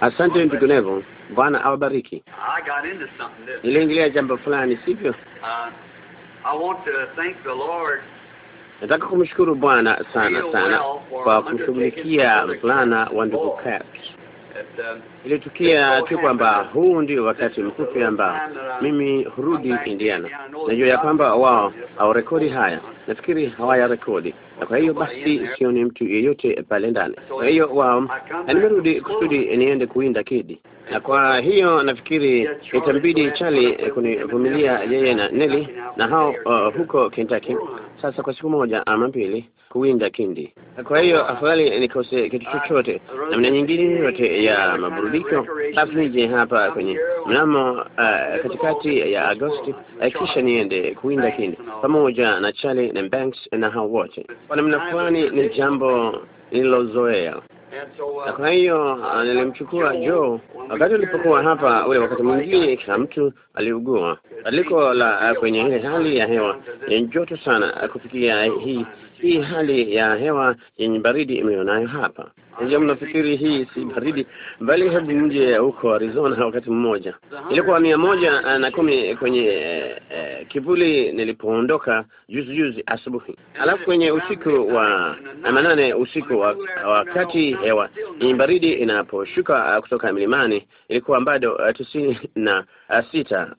Asante ndugu Nevo, Bwana awabariki. Niliingilia jambo fulani, sivyo? Uh, Nataka kumshukuru Bwana sana sana kwa kushughulikia mvulana wa ndugu Caps. Ilitukia tu kwamba uh, huu ndio wakati mfupi ambao mimi hurudi Indiana. Najua ya kwamba wao rekodi haya nafikiri hawayarekodi, na kwa hiyo basi sioni mtu yeyote pale ndani. Kwa hiyo wao, na nimerudi kusudi niende kuinda kidi, na kwa hiyo nafikiri itambidi Chali kunivumilia yeye na Neli na hao uh, huko Kentucky sasa kwa siku moja ama mbili kuwinda kindi. Kwa hiyo afadhali nikose kitu chochote namna nyingine yote ya maburudiko, alafu nije hapa kwenye mnamo uh, katikati ya Agosti, kisha niende kuwinda kindi pamoja na Chali na Banks na wote. kwa namna fulani ni jambo nililozoea, na kwa hiyo uh, nilimchukua Joe wakati ulipokuwa hapa ule wakati mwingine, kila mtu aliugua badiliko la uh, kwenye ile hali ya hewa ni joto sana uh, kufikia hii hii hali ya hewa yenye baridi imeonayo hapa. Najua mnafikiri hii si baridi, bali hebu nje huko Arizona, wakati mmoja ilikuwa mia moja na kumi kwenye eh, eh kivuli nilipoondoka juzi juzi asubuhi, alafu kwenye usiku wa eh, manane usiku wa wakati hewa ni baridi inaposhuka eh, kutoka milimani ilikuwa bado tisini na sita.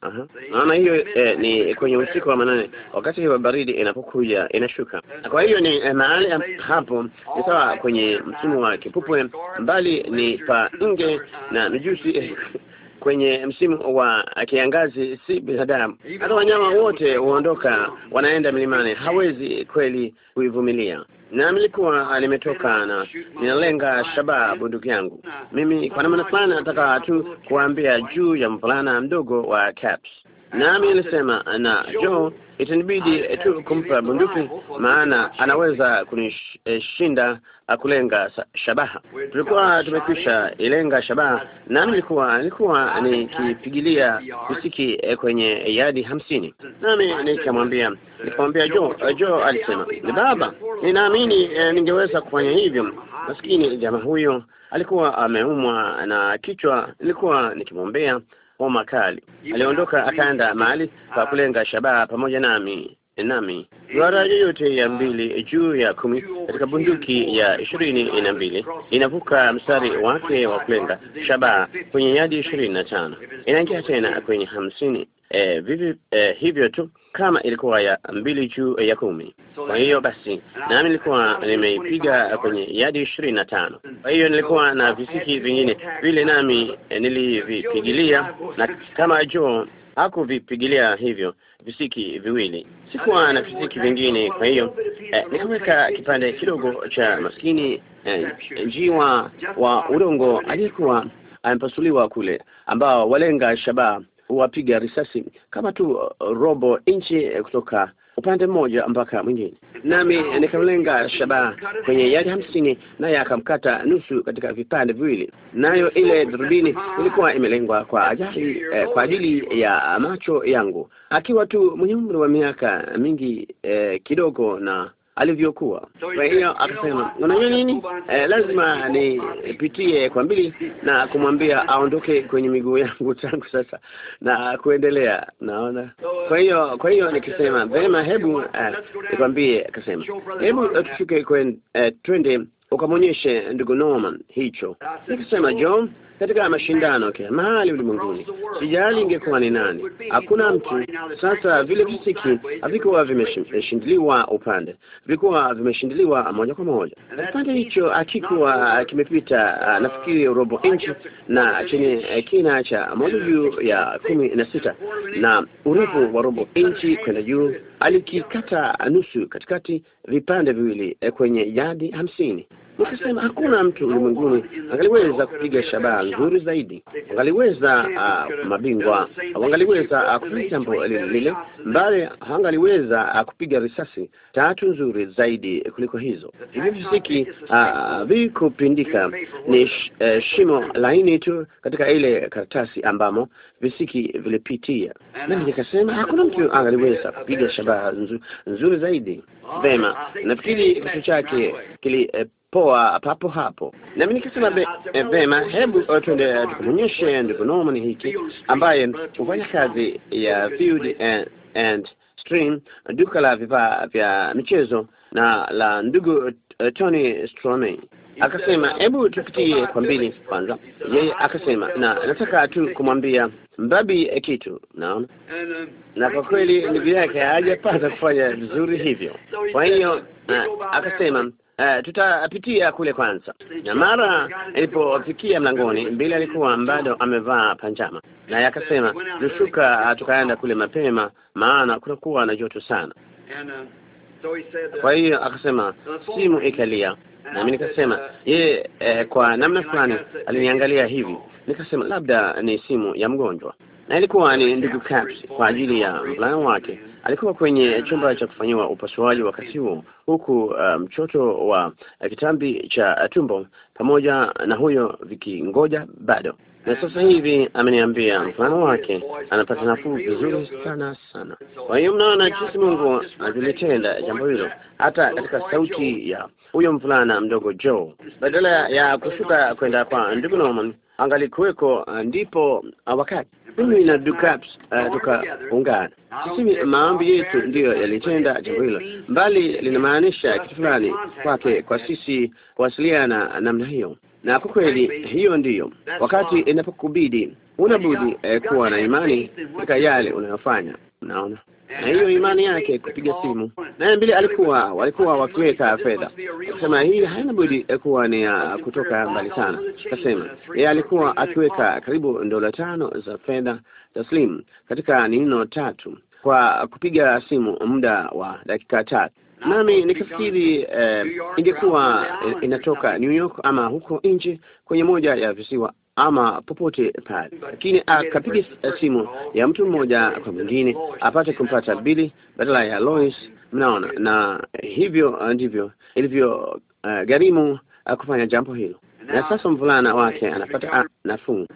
Naona hiyo eh, ni kwenye usiku wa manane wakati hewa baridi inapokuja inashuka. Kwa hiyo ni eh, mahali hapo ni sawa kwenye msimu wa kipupwe, mbali ni pa nge na mjusi kwenye msimu wa kiangazi, si binadamu. Hata wanyama wote huondoka, wanaenda milimani. Hawezi kweli kuivumilia. Na nilikuwa nimetoka na ninalenga shabaha bunduki yangu mimi. Kwa namna fulani, nataka tu kuambia juu ya mvulana mdogo wa Caps, nami nilisema na Joe itanibidi eh, tu kumpa bunduki, maana anaweza kunishinda eh, kulenga shabaha. Tulikuwa tumekwisha ilenga shabaha, na nilikuwa nilikuwa nikipigilia misiki eh, kwenye yadi hamsini, nami nikamwambia nikamwambia Jo Jo, alisema ni baba, ninaamini eh, ningeweza kufanya hivyo. Maskini jamaa huyo alikuwa ameumwa na kichwa, nilikuwa nikimwombea homa kali. Aliondoka akaenda mahali pa ah, kulenga shabaha pamoja nami, E, nami duara e, yoyote ya mbili e, juu ya kumi katika bunduki ya ishirini na mbili inavuka mstari wake wa kulenga shabaha kwenye yadi ishirini na tano inaingia tena kwenye hamsini eh, vivi, eh, hivyo tu kama ilikuwa ya mbili juu ya kumi. Kwa hiyo basi, nami nilikuwa nimeipiga kwenye yadi ishirini na tano. Kwa hiyo nilikuwa na visiki vingine vile nami nilivipigilia na kama jo hakuvipigilia hivyo visiki viwili. Sikuwa na visiki vingine, kwa hiyo eh, nikaweka kipande kidogo cha maskini eh, njiwa wa udongo aliyekuwa amepasuliwa kule, ambao walenga shabaha huwapiga risasi kama tu robo inchi eh, kutoka upande mmoja mpaka mwingine, nami eh, nikamlenga shabaha kwenye yadi hamsini, naye akamkata nusu katika vipande viwili. Nayo ile drubini ilikuwa imelengwa kwa ajali, eh, kwa ajili ya macho yangu, akiwa tu mwenye umri wa miaka mingi eh, kidogo na alivyokuwa. Kwa hiyo akasema, unajua nini, eh, lazima nipitie kwa mbili na kumwambia aondoke kwenye miguu yangu tangu sasa na kuendelea. Naona uh, kwa hiyo, kwa hiyo nikisema vema, hebu eh, Akasema hebu tushuke, eh, twende ukamwonyeshe ndugu Norman hicho. Nikisema John katika mashindano kila mahali ulimwenguni. Sijali ingekuwa ni nani, hakuna mtu. Sasa vile visiki havikuwa vimeshindiliwa upande, vilikuwa vimeshindiliwa moja kwa moja. Kipande hicho akikuwa kimepita, ah, nafikiri robo inchi na chenye eh, kina cha moja juu ya kumi na sita na urefu wa robo inchi kwenda juu. Alikikata nusu katikati, vipande viwili eh, kwenye yadi hamsini nikasema hakuna mtu ulimwenguni angaliweza kupiga shabaha nzuri zaidi, angaliweza uh, mabingwa wangaliweza uh, ah, kufanya jambo lile mbali, hangaliweza uh, kupiga risasi tatu nzuri zaidi kuliko hizo. Hivi visiki uh, vikupindika ni sh, uh, shimo laini tu katika ile karatasi ambamo visiki vilipitia, nami nikasema hakuna mtu angaliweza kupiga shabaha nzuri zaidi. Vema, nafikiri kitu chake kili uh, poa papo hapo. Nami nikasema eh, vema, hebu eh, twende eh, tukamwonyeshe ndugu Norman hiki ambaye hufanya kazi ya Field and, and Stream, duka la vifaa vya michezo na la ndugu uh, Tony Strome. Akasema hebu tupitie kwa mbili kwanza. Yeye akasema na nataka tu kumwambia mbabi kitu, naona na kwa kweli ndugu yake hajapata kufanya vizuri hivyo. Kwa hiyo akasema Uh, tutapitia kule kwanza, na mara ilipofikia mlangoni, Bili alikuwa bado amevaa panjama, naye akasema tushuka, tukaenda kule mapema, maana kutakuwa na joto sana. Um, kwa hiyo akasema simu ikalia, nami nikasema ye, eh, kwa namna fulani aliniangalia hivi, nikasema labda ni simu ya mgonjwa, na ilikuwa ni ndugu Caps kwa ajili ya mvulana wake Alikuwa kwenye chumba cha kufanyiwa upasuaji wakati huo, huku um, mtoto um, wa uh, kitambi cha uh, tumbo pamoja na huyo vikingoja bado, na sasa hivi ameniambia mfano wake, anapata nafuu vizuri sana sana. Kwa hiyo mnaona jinsi Mungu anavilitenda jambo hilo, hata katika sauti ya huyo mvulana mdogo Joe, badala ya kushuka kwenda kwa ndugu Norman angalikuweko uh, ndipo uh, wakati mimi na Dukaps uh, tukaungana. Sisi maombi yetu ndiyo yalitenda jambo hilo, mbali linamaanisha kitu fulani kwake, kwa sisi kuwasiliana namna hiyo, na kwa kweli hiyo ndiyo wakati inapokubidi, una budi eh, uh, kuwa na imani katika yale unayofanya. Unaona, na hiyo imani yake kupiga simu naye mbili alikuwa walikuwa wakiweka fedha, akasema hii haina budi eh, kuwa ni ya ah, kutoka mbali sana. Akasema yeye alikuwa akiweka karibu dola tano za fedha taslimu katika nino tatu kwa kupiga simu muda wa dakika tatu, nami nikafikiri eh, ingekuwa eh, inatoka New York ama huko nje kwenye moja ya visiwa ama popote pale, lakini akapiga ah, eh, simu ya mtu mmoja kwa mwingine apate kumpata Bili badala ya Lois. Mnaona, na hivyo ah, ndivyo ilivyo uh, gharimu uh, kufanya jambo hilo na sasa mvulana wake anapata nafuu.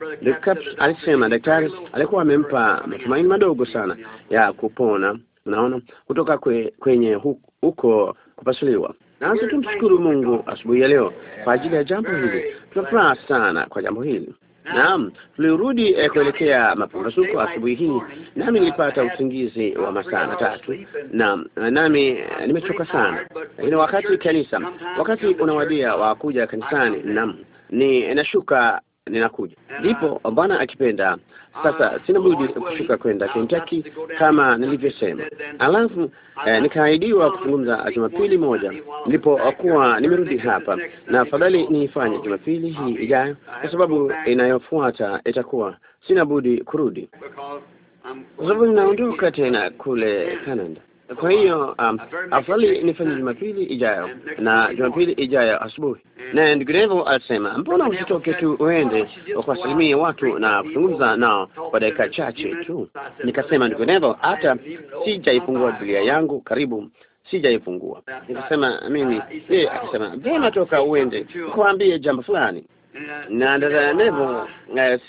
Alisema daktari alikuwa amempa matumaini madogo sana ya kupona, mnaona kutoka kwe, kwenye huko kupasuliwa. Nasi tumshukuru Mungu asubuhi ya leo kwa ajili ya jambo hili. Tunafuraha sana kwa jambo hili. Naam, tulirudi eh, kuelekea mapambazuko asubuhi hii, nami nilipata usingizi wa masaa matatu. na nami eh, nimechoka sana, lakini wakati kanisa, wakati unawadia wa kuja kanisani, naam, ni nashuka ninakuja. Ndipo Bwana akipenda, sasa ah. sina budi kushuka kwenda Kentucky kama nilivyosema. Alafu eh, nikaahidiwa kuzungumza Jumapili moja nilipokuwa nimerudi hapa, na afadhali niifanye Jumapili hii ijayo, kwa sababu inayofuata itakuwa sina budi kurudi, kwa sababu ninaondoka tena kule Canada. Kwa hiyo um, afadhali nifanye Jumapili ijayo na Jumapili ijayo asubuhi. Na ndugu Devo alisema mbona usitoke tu uende wakawasalimia watu na kuzungumza nao kwa dakika chache tu. Nikasema ndugu Devo, hata sijaifungua Biblia yangu karibu sijaifungua. Nikasema mimi, yeye akasema vyema, toka uende kuambie jambo fulani na dada Nevo, eh,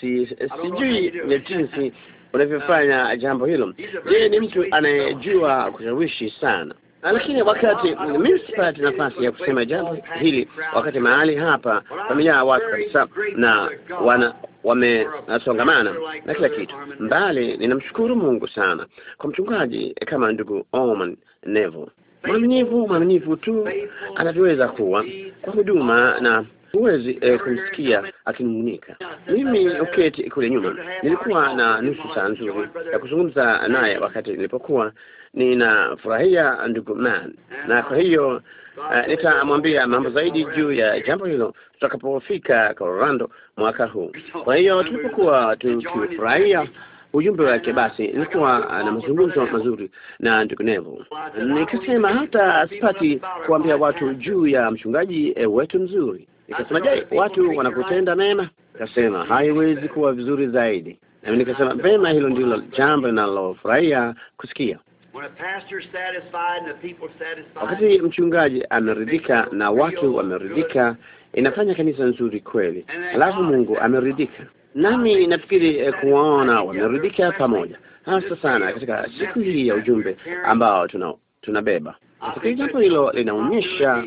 sijui jinsi unavyofanya jambo hilo. Yeye ni mtu anayejua kushawishi sana, ah, lakini wakati mimi sipati nafasi ya kusema jambo hili, wakati mahali hapa familia watu kabisa na wana wamesongamana na kila kitu mbali. Ninamshukuru Mungu sana kwa mchungaji kama ndugu Oman Neville, mwaminifu mwaminifu tu anatuweza kuwa kwa huduma na huwezi eh, kumsikia akinung'unika. Mimi uketi kule nyuma, nilikuwa na nusu saa nzuri ya kuzungumza naye wakati nilipokuwa ninafurahia ndugu man, na kwa hiyo uh, nitamwambia mambo zaidi juu ya jambo hilo tutakapofika Colorado mwaka huu. Kwa hiyo tulipokuwa tukifurahia ujumbe wake, basi nilikuwa na mazungumzo mazuri na ndugu Nevo, nikisema hata sipati kuambia watu juu ya mchungaji eh, wetu mzuri Nikasema, je, watu wanakutenda mema? Nikasema haiwezi kuwa vizuri zaidi. Nami nikasema vema, hilo ndilo jambo linalofurahia kusikia. Wakati mchungaji ameridhika na watu wameridhika, inafanya kanisa nzuri kweli, alafu Mungu ameridhika nami. Nafikiri eh, kuwaona wameridhika pamoja, hasa sana katika siku hii ya ujumbe ambao tuna tunabeba. Nafikiri jambo hilo linaonyesha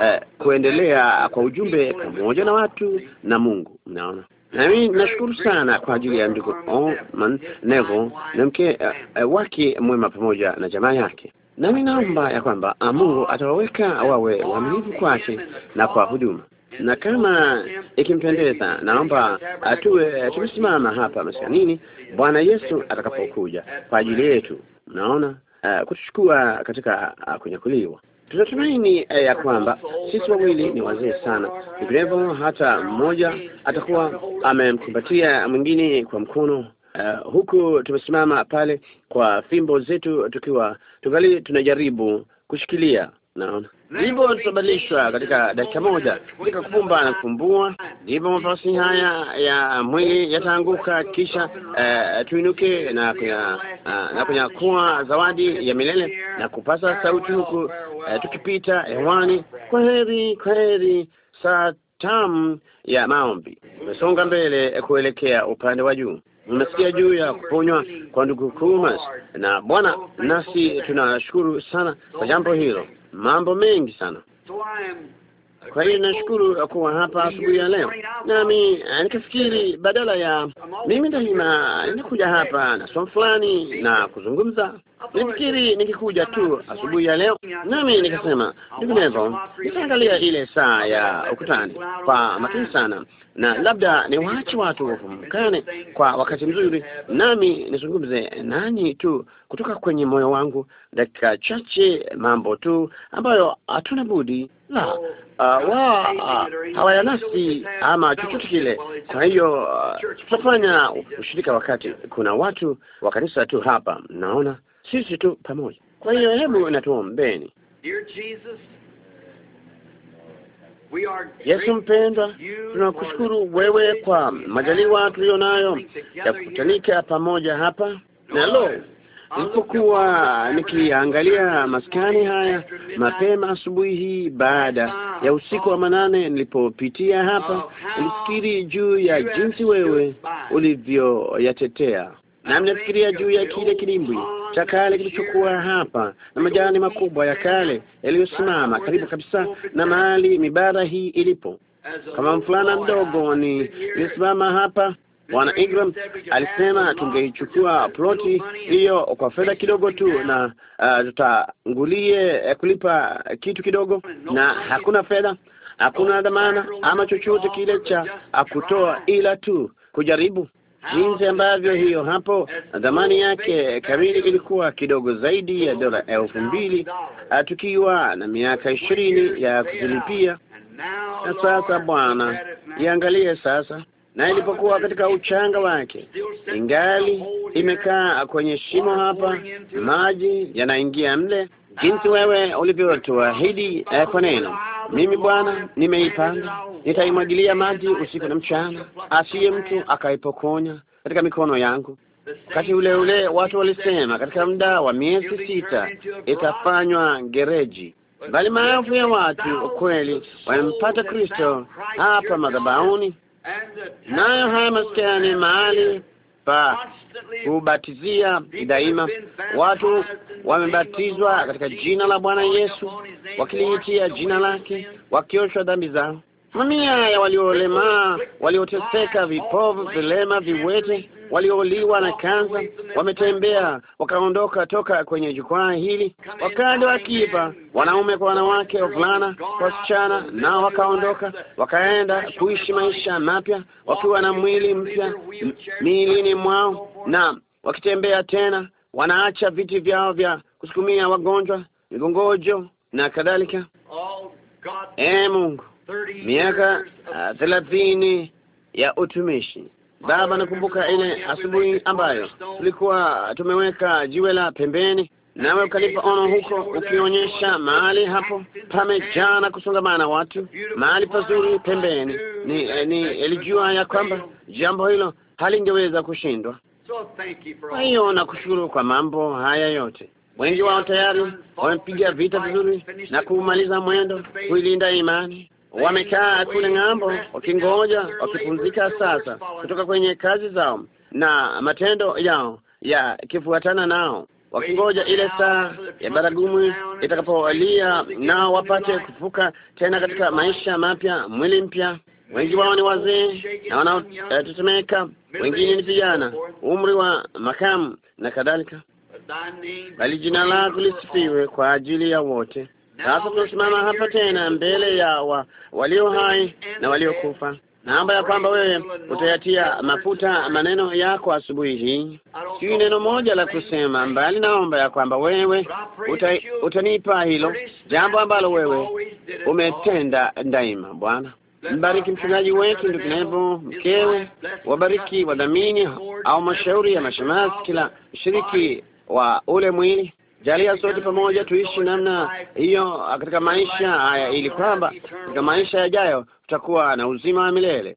eh, kuendelea kwa ujumbe pamoja na watu na Mungu. Mnaona, nami nashukuru sana kwa ajili ya ndugu Oman Neville na mke uh, wake mwema pamoja na jamaa yake, nami naomba ya kwamba ah, Mungu atawaweka wawe waaminifu kwake na kwa huduma na kama ikimpendeza, naomba atuwe tumesimama hapa maskanini Bwana Yesu atakapokuja kwa ajili yetu, naona uh, kutuchukua katika uh, kunyakuliwa. Tunatumaini eh, ya kwamba sisi wawili ni wazee sana, vinginevyo hata mmoja atakuwa amemkumbatia mwingine kwa mkono. Uh, huku tumesimama pale kwa fimbo zetu tukiwa tungali tunajaribu kushikilia, naona Ndipo tutabadilishwa katika dakika moja, katika kupumba na kufumbua. Ndipo mafasi haya ya mwili yataanguka, kisha uh, tuinuke na kunya, uh, na kunyakua zawadi ya milele na kupasa sauti huku uh, tukipita hewani, kwa heri, kwa heri. Saa tamu ya maombi umesonga mbele kuelekea upande wa juu. Umesikia juu ya kuponywa kwa ndugu Kumas na Bwana, nasi tunashukuru sana kwa jambo hilo mambo mengi sana. Kwa hiyo nashukuru kuwa hapa asubuhi ya leo, nami eh, nikafikiri badala ya mimi daima nikuja hapa na somo fulani na kuzungumza, nilifikiri nikikuja tu asubuhi ya leo, nami nikasema ndivyo nitaangalia ile saa ya ukutani kwa makini sana, na labda ni waache watu wafumukane kwa wakati mzuri, nami nizungumze nanyi tu kutoka kwenye moyo wangu dakika chache, mambo tu ambayo hatuna budi na ah, uh, wa ah, hawayanasi ama chochote kile. Kwa hiyo ah, tutafanya ushirika wakati kuna watu wa kanisa tu hapa, naona sisi tu pamoja. Kwa hiyo hebu natuombeni. Yesu mpendwa, tunakushukuru wewe kwa majaliwa tuliyo nayo ya kukutanika pamoja hapa na lo nilipokuwa nikiangalia maskani haya mapema asubuhi hii, baada ya usiku wa manane, nilipopitia hapa, nilifikiri juu ya jinsi wewe ulivyoyatetea na mnafikiria juu ya kile kidimbwi cha kale kilichokuwa hapa na majani makubwa ya kale yaliyosimama karibu kabisa na mahali mibara hii ilipo. Kama mfulana mdogo ni nilisimama hapa Bwana Ingram alisema tungeichukua ploti hiyo kwa fedha kidogo tu, na uh, tutangulie uh, kulipa kitu kidogo, na hakuna fedha, hakuna dhamana ama chochote kile cha kutoa, ila tu kujaribu jinsi ambavyo hiyo hapo dhamani yake kamili ilikuwa kidogo zaidi ya dola elfu mbili uh, tukiwa na miaka ishirini ya kuzilipia. Na sasa Bwana, iangalie sasa na ilipokuwa katika uchanga wake, ingali imekaa kwenye shimo hapa, maji yanaingia mle, jinsi wewe ulivyotuahidi eh, kwa neno. Mimi Bwana nimeipanda, nitaimwagilia maji usiku na mchana, asiye mtu akaipokonya katika mikono yangu. Wakati ule ule watu walisema katika muda wa miezi sita itafanywa gereji bali maelfu ya watu kweli wamempata Kristo hapa madhabahuni nayo haya maskani mahali pa kubatizia daima. Watu wamebatizwa katika jina la Bwana Yesu, wakiliitia jina lake, wakioshwa dhambi zao. Mamia ya waliolemaa walioteseka, vipovu vilema, viwete waliouliwa na kansa wametembea wakaondoka toka kwenye jukwaa hili, wakada wakiva wanaume kwa wanawake, wavulana kwa wasichana, nao wakaondoka wakaenda kuishi maisha mapya wakiwa na mwili mpya miilini mwao, na wakitembea tena, wanaacha viti vyao vya kusukumia wagonjwa, migongojo na kadhalika. E Mungu, miaka ah, thelathini ya utumishi Baba, nakumbuka ile asubuhi ambayo tulikuwa tumeweka jiwe la pembeni, nawe ukalipa ono huko, ukionyesha mahali hapo pamejaa na kusongamana watu, mahali pazuri pembeni. Ni, ni ya kwamba jambo hilo halingeweza kushindwa. Kwa hiyo nakushukuru kwa mambo haya yote. Wengi wao tayari wamepiga vita vizuri na kumaliza mwendo, kuilinda imani wamekaa kule ng'ambo, wakingoja wakipumzika sasa kutoka kwenye kazi zao na matendo yao yakifuatana nao, wakingoja ile saa ya baragumu itakapowalia, nao wapate kufuka tena katika maisha mapya, mwili mpya. Wengi wao ni wazee na wanaotetemeka, wengine ni vijana, umri wa makamu na kadhalika. Bali jina lako lisifiwe kwa ajili ya wote. Sasa tunasimama hapa tena mbele ya wa, walio hai na waliokufa, naomba ya kwamba wewe utayatia mafuta maneno yako asubuhi hii. Sijui neno moja la kusema, mbali naomba ya kwamba wewe utanipa hilo jambo ambalo wewe umetenda daima. Bwana mbariki mchungaji wetu ndugu Nebo, mkewe, wabariki wadhamini au mashauri ya mashemasi, kila mshiriki wa ule mwili Jalia sote pamoja tuishi namna hiyo katika maisha haya, ili kwamba katika maisha yajayo tutakuwa na uzima wa milele.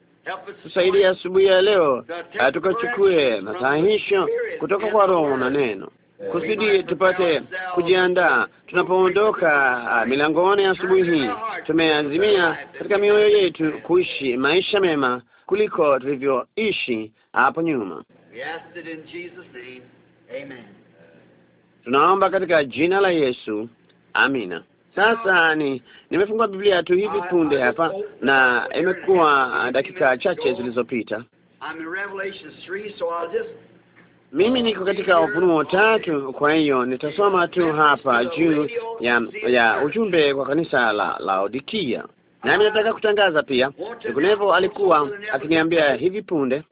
Tusaidie asubuhi ya leo eh, tukachukue masahihisho kutoka kwa Roho na neno kusudi tupate kujiandaa tunapoondoka ah, milangoni asubuhi hii. Tumeazimia katika mioyo yetu kuishi maisha mema kuliko tulivyoishi hapo nyuma. Tunaomba katika jina la Yesu, amina. Sasa ni nimefungua Biblia tu hivi punde hapa, na imekuwa uh, dakika chache zilizopita. Mimi niko katika Ufunuo tatu, kwa hiyo nitasoma tu hapa juu ya, ya ujumbe kwa kanisa la Laodikia nami nataka kutangaza pia. Ndugu alikuwa akiniambia hivi punde,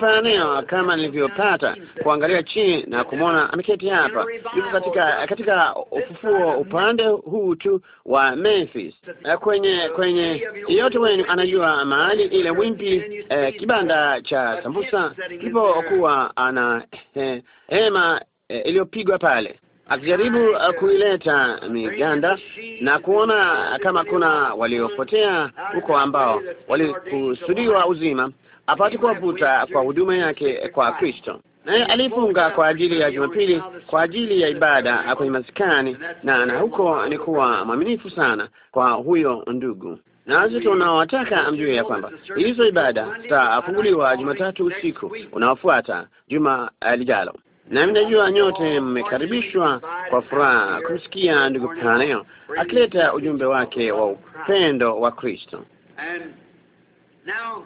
Paneo, kama nilivyopata kuangalia chini na kumwona ameketi hapa, yuko katika katika ufufuo upande huu tu wa Memphis, eh, kwenye kwenye yeyote wenu anajua mahali ile wimpi eh, kibanda cha sambusa kilipokuwa ana eh, hema eh, iliyopigwa pale akijaribu uh, kuileta miganda na kuona kama kuna waliopotea huko ambao walikusudiwa uzima, apate kuwavuta kwa huduma yake kwa Kristo. Naye alifunga kwa ajili ya Jumapili kwa ajili ya ibada kwenye masikani, na na huko ni kuwa mwaminifu sana kwa huyo ndugu nasi tunawataka mjue ya kwamba hizo ibada zitafunguliwa Jumatatu usiku unaofuata juma uh, lijalo na ninajua nyote mmekaribishwa kwa furaha kumsikia ndugu paneo akileta ujumbe wake wa upendo wa Kristo.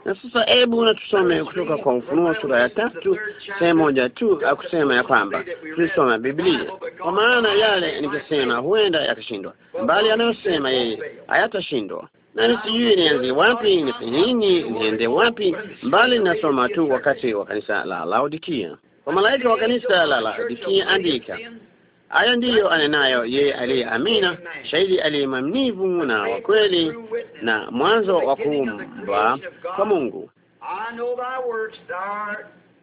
Na sasa hebu natusome kutoka kwa Ufunuo sura ya tatu sehemu moja tu, akusema ya kwamba tulisoma Biblia kwa maana yale nikisema huenda yakashindwa, mbali anayosema yeye hayatashindwa. Nami sijui nianze wapi, nifanye nini, niende wapi, mbali nasoma tu wakati wa kanisa la Laodikia. Kwa malaika wa kanisa la Laodikia andika, haya ndiyo anenayo yeye aliye Amina, shahidi aliye mwaminifu na wa kweli, na mwanzo wa kuumba kwa Mungu.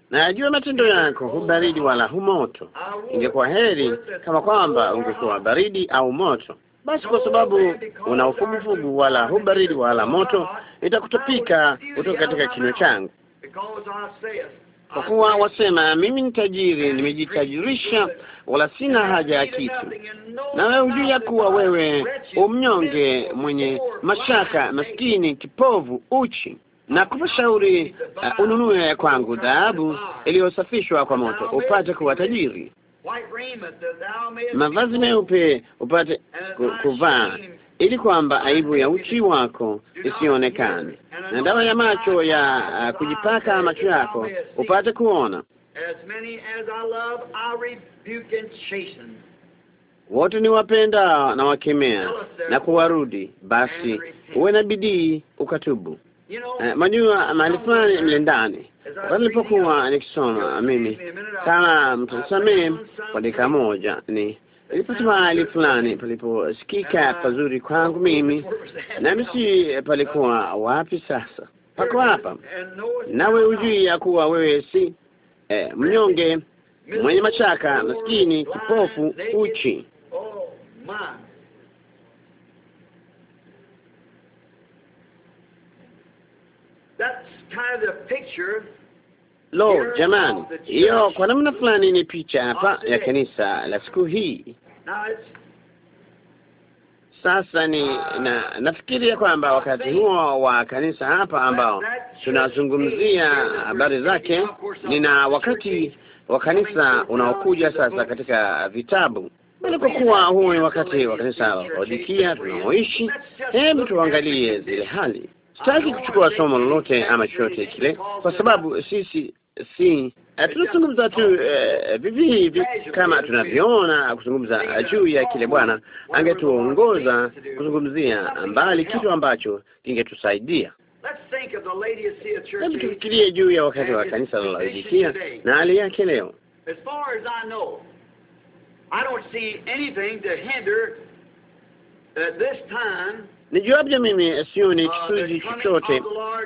Na ajua matendo yako, hu baridi wala hu moto. Ingekuwa heri kama kwamba ungekuwa baridi au moto. Basi kwa sababu una ufugufugu wala hu baridi wala moto, itakutapika kutoka katika kinywa changu kwa kuwa wasema, mimi ni tajiri, nimejitajirisha, wala sina haja ya kitu. Nawe hujui ya kuwa wewe umnyonge, mwenye mashaka, maskini, kipovu, uchi na kukushauri uh, ununue kwangu dhahabu iliyosafishwa kwa moto upate kuwa tajiri, mavazi meupe upate kuvaa ili kwamba aibu ya uchi wako isionekane, na dawa ya macho ya uh, kujipaka macho yako upate kuona. Wote ni wapenda na wakemea na kuwarudi, basi uwe na bidii ukatubu. Uh, eh, majua mahali fulani mle ndani, wakati nilipokuwa nikisoma mimi, kama mtamsamehe kwa dakika moja ni Ilipo mahali fulani paliposikika pazuri kwangu mimi, nami si eh, palikuwa wapi? Sasa pako hapa, nawe ujui ya kuwa wewe si eh, mnyonge, mwenye mashaka, maskini, kipofu, uchi. Lo, jamani, hiyo kwa namna fulani ni picha hapa ya kanisa la siku hii. Sasa ni ah, na nafikiria kwamba wakati huo wa kanisa hapa ambao tunazungumzia habari zake, nina wakati wa kanisa unaokuja sasa katika vitabu, bali kwa kuwa huu ni wakati wa kanisa la Laodikia tunaoishi, hebu tuangalie zile hali. Sitaki kuchukua somo lolote ama chochote kile, kwa sababu sisi si eh, tunazungumza tu eh, vivi hivi kama tunavyoona kuzungumza eh, juu ya kile Bwana angetuongoza kuzungumzia mbali, kitu ambacho kingetusaidia. Hebu tufikirie juu ya wakati wa kanisa la Laodikia na hali yake leo. Uh, Nijuavyo mimi eh, sioni uh, kisuzi chochote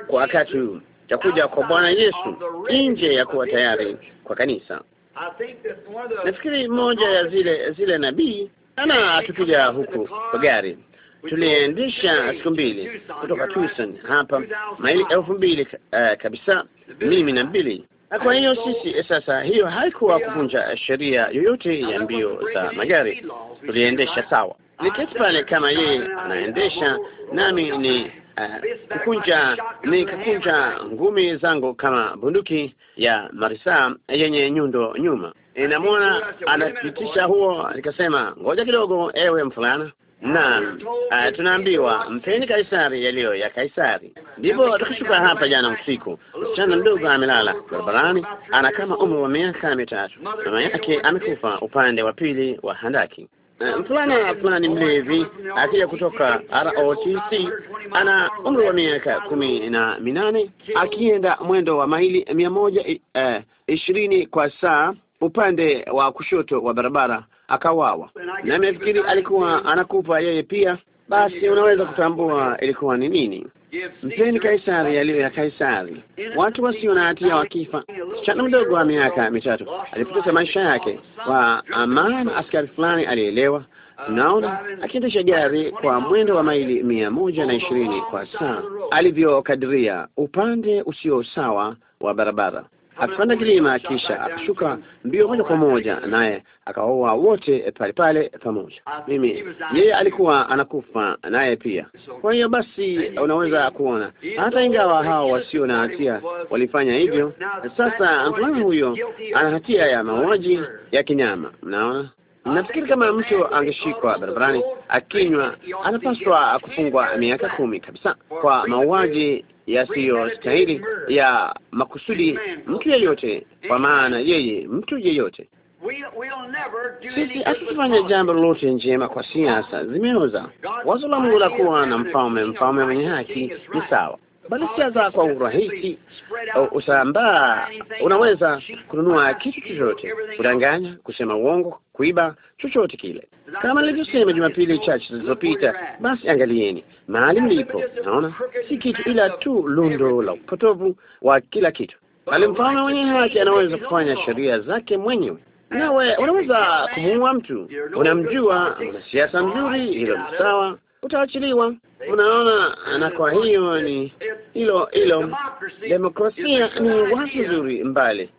kwa wakati huu itakuja kwa Bwana Yesu nje ya kuwa tayari kwa kanisa. Nafikiri mmoja ya zile zile nabii ana atukuja huku kwa gari tuliendesha siku mbili kutoka Tucson hapa maili elfu mbili uh, kabisa mimi na mbili. Kwa hiyo sisi eh, sasa, hiyo haikuwa kuvunja sheria yoyote ya mbio za magari, tuliendesha sawa. Niketi pale kama yeye anaendesha nami ni uh, kukunja nikakunja ngumi zangu kama bunduki ya marisa yenye nyundo nyuma. Inamwona anapitisha huo, nikasema ngoja kidogo, ewe mfulana na uh, tunaambiwa mpeni Kaisari yaliyo ya Kaisari. Ndipo tukishuka hapa jana usiku, msichana mdogo amelala barabarani, ana kama umri wa miaka mitatu. Mama yake amekufa upande wa pili wa handaki. Eh, fulana fulani mlevi akija kutoka ROTC, ana umri wa miaka kumi na minane, akienda mwendo wa maili mia moja eh, ishirini kwa saa upande wa kushoto wa barabara akawawa, na namefikiri alikuwa anakupa yeye pia. Basi unaweza kutambua ilikuwa ni nini. Mpeni Kaisari yaliyo ya Kaisari. Watu wasio na hatia wakifa. Msichana mdogo wa miaka mitatu alipoteza maisha yake kwa amana, askari fulani alielewa, naona akiendesha gari kwa mwendo wa maili mia moja na ishirini kwa saa, alivyokadiria upande usio sawa wa barabara akapanda kilima, kisha akashuka mbio moja kwa moja, naye akaoa wote pale pale pamoja. Mimi yeye alikuwa anakufa naye pia. Kwa hiyo basi, unaweza kuona hata ingawa hao wasio na hatia walifanya hivyo, sasa mtu huyo ana hatia ya mauaji ya kinyama. Mnaona? Nafikiri kama mtu angeshikwa barabarani akinywa, anapaswa kufungwa miaka kumi kabisa kwa mauaji stahili ya makusudi, mtu yeyote, kwa maana yeye, mtu yeyote. Sisi hatutafanya jambo lolote njema kwa siasa zimeoza. Wazo la Mungu la kuwa na mfalme, mfalme mwenye haki ni sawa bali za kwa urahisi usambaa. Unaweza kununua kitu chochote, kudanganya, kusema uongo, kuiba, chochote kile. Kama nilivyosema Jumapili chache zilizopita, basi angalieni mahali mlipo. Naona si kitu ila tu lundo la upotovu wa kila kitu. Bali mfalme mwenye haki anaweza kufanya sheria zake mwenyewe. Nawe unaweza kumuua mtu, unamjua, una siasa mzuri, hilo ni sawa utaachiliwa. Unaona, na kwa hiyo ni hilo hilo, demokrasia ni watu zuri mbali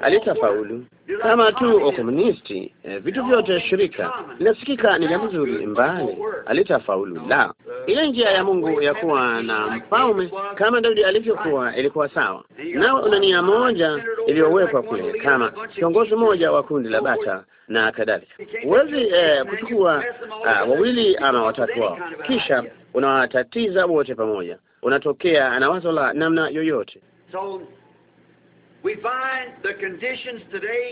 alitafaulu kama tu ukomunisti. Eh, vitu vyote shirika inasikika ni jambo zuri mbali, alitafaulu la ile njia ya Mungu ya kuwa na mfalme kama Daudi alivyokuwa ilikuwa sawa, nawe una nia moja iliyowekwa kule kama kiongozi mmoja wa kundi la bata na kadhalika. Huwezi eh, kuchukua ah, wawili ama watatu wao kisha unawatatiza wote pamoja, unatokea na wazo la namna yoyote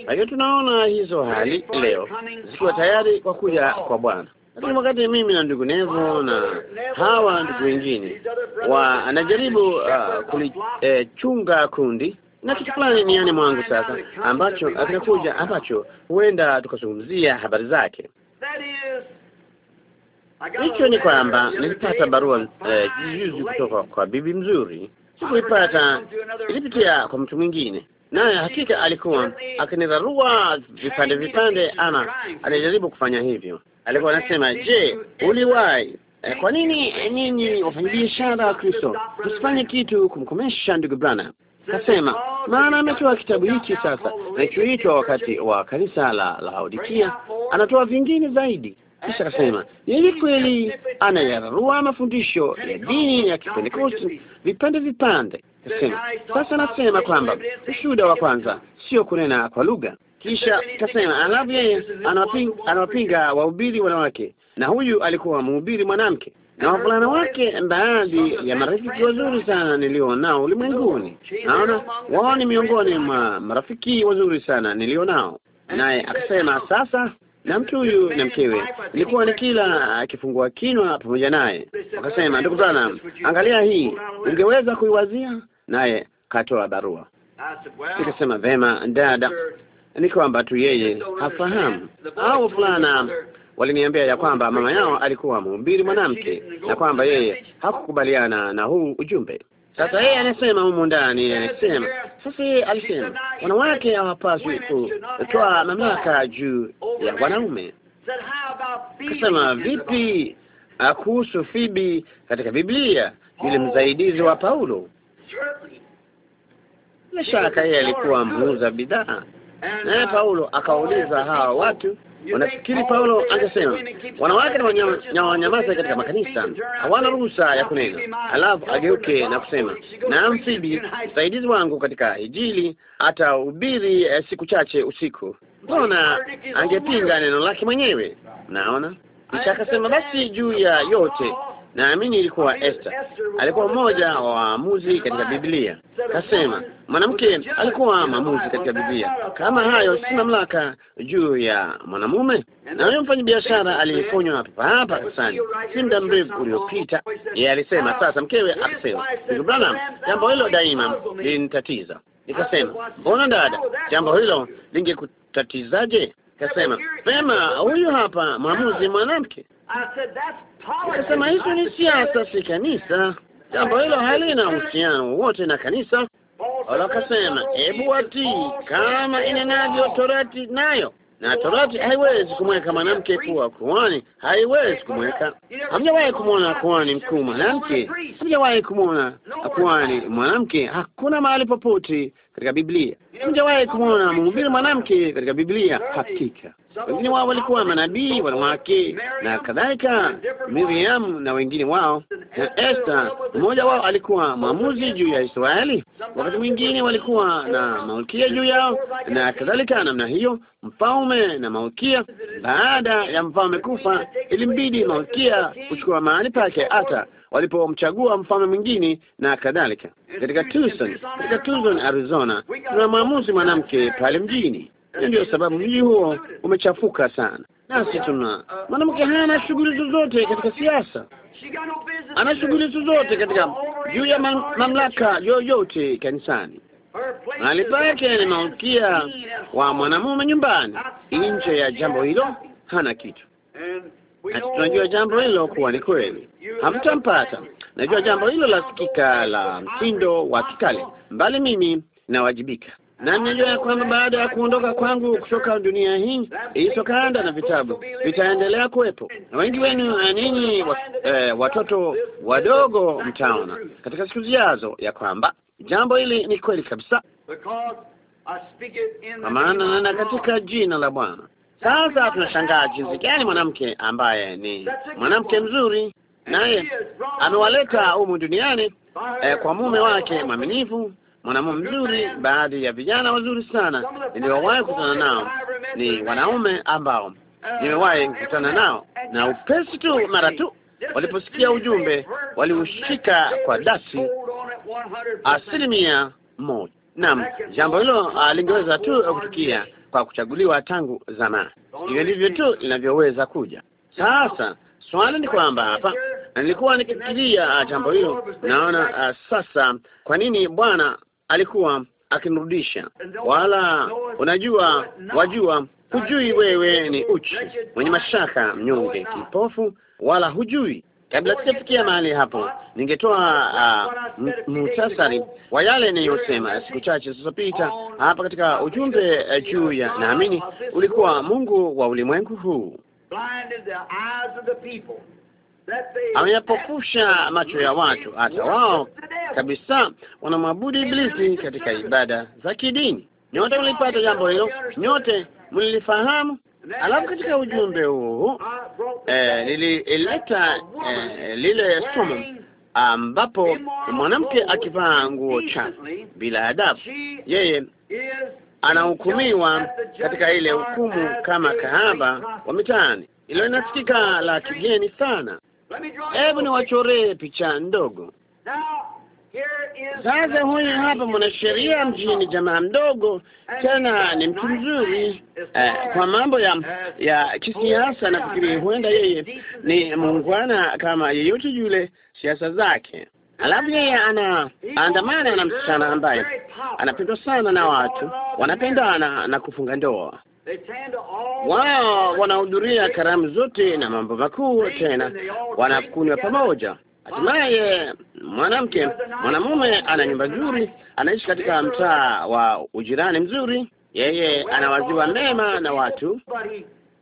kwa hiyo tunaona hizo hali leo zikiwa tayari kwa kuja kwa Bwana, lakini wakati mimi na ndugu Nevo na hawa ndugu wengine wanajaribu uh, kulichunga eh, kundi na kitu fulani ni yani mwangu sasa, ambacho kinakuja ambacho huenda tukazungumzia habari zake. Hicho ni kwamba nilipata barua eh, juzi kutoka kwa bibi mzuri sikuipata, ilipitia kwa mtu mwingine, naye hakika alikuwa akinirarua vipande vipande, ama alijaribu kufanya hivyo. Alikuwa anasema, je, uliwahi eh, kwa nini ninyi wafanyabiashara wa Kristo tusifanye kitu kumkomesha ndugu bwana? Kasema maana ametoa kitabu hiki sasa nachoitwa wakati wa kanisa la Laodikia, anatoa vingine zaidi kisha akasema, yeye kweli anayararua mafundisho ya dini ya Kipentekosti vipande vipande. Kasema, sasa nasema kwamba ushuhuda wa kwanza sio kunena kwa lugha. Kisha kasema, alafu yeye anawapinga wahubiri wanawake, na huyu alikuwa mhubiri mwanamke na wavulana wake, baadhi ya marafiki wazuri sana nilio nao ulimwenguni. Naona wao ni miongoni mwa marafiki wazuri sana nilio nao. Naye akasema sasa na mtu huyu na mkewe, nilikuwa ni kila akifungua kinywa pamoja naye. Wakasema, ndugu bwana, angalia hii, ungeweza kuiwazia? Naye katoa barua. Nikasema, vema dada, ni kwamba tu yeye hafahamu au fulana waliniambia ya kwamba mama yao alikuwa mhubiri mwanamke na kwamba yeye hakukubaliana na huu ujumbe. Sasa yeye anasema humu ndani, anasema sasa, yeye alisema wanawake hawapaswi kutoa mamlaka juu ya wanaume. Kasema vipi ah, kuhusu Fibi katika Biblia, yule msaidizi wa Paulo? Bila shaka yeye alikuwa muuza bidhaa, naye Paulo akauliza hawa watu Wanafikiri Paulo angesema wanawake na wanyamaza katika makanisa, hawana ruhusa ya kunena, alafu ageuke na kusema na Fibi msaidizi wangu katika Injili atahubiri eh, siku chache usiku. Mbona angepinga neno lake mwenyewe, naona kisha akasema basi juu ya yote naamini ilikuwa Esther, alikuwa mmoja wa waamuzi katika Biblia. Kasema mwanamke alikuwa mwamuzi katika Biblia. Kama hayo, si mamlaka juu ya mwanamume. Na huyo mfanyabiashara biashara aliyefunywa hapa kasani, si muda mrefu uliopita, yeye alisema sasa mkewe akasema, ndugu Branham, jambo hilo daima linitatiza Nikasema, mbona dada, oh, jambo hilo lingekutatizaje? Kasema, pema, huyu hapa mwamuzi mwanamke Kasema hizi ni siasa, si kanisa. Jambo hilo halina uhusiano wowote na kanisa. Paulo akasema, hebu watii kama inenavyo torati nayo na torati haiwezi kumweka mwanamke kuwa kuhani, haiwezi kumweka. Hamjawahi kumwona kuhani mkuu mwanamke, hamjawahi kumwona kuhani mwanamke. Hakuna mahali popote katika Biblia. Mjawahi kumwona mhubiri mwanamke katika Biblia? Hakika wengine wao walikuwa manabii wanawake na kadhalika, Miriam na wengine wao na Esther. Mmoja wao alikuwa mwamuzi juu ya Israeli, wakati mwingine walikuwa na malkia juu yao na kadhalika, namna hiyo, mfalme na malkia. Baada ya mfalme kufa, ilimbidi malkia kuchukua mahali pake hata walipomchagua mfano mwingine na kadhalika. Katika Tucson, katika Tucson Arizona, tuna mwamuzi mwanamke pale mjini. Hiyo ndio sababu mji huo umechafuka sana, nasi tuna uh, uh, mwanamke hana shughuli zozote uh, katika siasa, ana shughuli zozote katika juu ya mamlaka yoyote kanisani mahali pake ni malkia wa mwanamume nyumbani. Nje ya jambo hilo hana kitu tunajua jambo hilo kuwa ni kweli, hamtampata. Najua jambo hilo la sikika la mtindo wa kikale, mbali mimi nawajibika na ninajua ya kwamba baada ya kuondoka kwangu kutoka dunia hii, isokanda na vitabu vitaendelea kuwepo, na wengi wenu ninyi wat, eh, eh watoto wadogo mtaona katika siku zijazo ya kwamba jambo hili ni kweli kabisa, kwa maana na katika jina la Bwana sasa tunashangaa jinsi gani mwanamke ambaye ni mwanamke mzuri naye amewaleta humu duniani eh, kwa mume wake mwaminifu, mwanamume mzuri. Baadhi ya vijana wazuri sana niliowahi kukutana nao ni wanaume ambao nimewahi kukutana nao, na upesi tu, mara tu waliposikia ujumbe waliushika kwa dasi asilimia moja. Naam, jambo hilo ah, lingeweza tu kutukia kwa kuchaguliwa tangu zamani. Hivyo ndivyo tu linavyoweza kuja. Sasa swali ni kwamba hapa nilikuwa nikifikiria ah, jambo hilo, naona uh, sasa kwa nini Bwana alikuwa akinirudisha? Wala unajua, wajua, hujui wewe ni uchi, mwenye mashaka, mnyonge, kipofu, wala hujui Kabla sijafikia mahali hapo, ningetoa uh, muhtasari wa yale niliyosema siku chache zilizopita hapa katika ujumbe eh, juu ya naamini ulikuwa Mungu wa ulimwengu huu ameyapofusha macho ya watu, hata wao kabisa wanamwabudu Iblisi katika ibada za kidini. Nyote mlipata jambo hilo, nyote mlilifahamu. Alafu katika ujumbe huu eh, nilileta eh, lile somo ambapo mwanamke akivaa nguo chafu bila adabu, yeye anahukumiwa katika ile hukumu kama kahaba wa mitaani. Ilo inasikika la kigeni sana. Hebu niwachoree picha ndogo sasa huyu hapa mwanasheria mjini, jamaa mdogo tena ni mtu mzuri eh, kwa mambo ya ya kisiasa. Nafikiri huenda yeye ni muungwana kama yeyote yule, siasa zake. Alafu yeye ana andamana na msichana ambaye anapendwa sana na watu, wanapendana na kufunga ndoa wao, wanahudhuria karamu zote na mambo makuu, tena wanakunywa pamoja Hatimaye mwanamke mwanamume ana nyumba nzuri, anaishi katika mtaa wa ujirani mzuri, yeye anawaziwa mema na watu,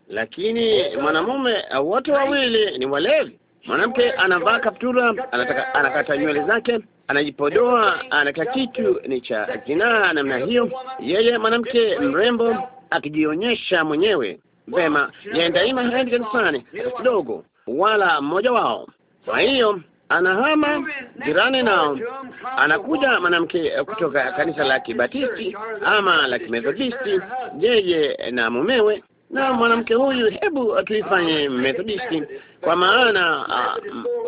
lakini mwanamume wote wawili ni walevi. Mwanamke anavaa kaptura, anataka, anakata nywele zake, anajipodoa, anaka kitu ni cha zinaa namna hiyo. Yeye mwanamke mrembo akijionyesha mwenyewe vema, yeye daima haendi kanisani kidogo, wala mmoja wao. Kwa hiyo anahama jirani nao, anakuja mwanamke eh, kutoka kanisa la Kibatisti ama la Kimethodisti, yeye na mumewe na mwanamke huyu, hebu tuifanye Methodisti kwa maana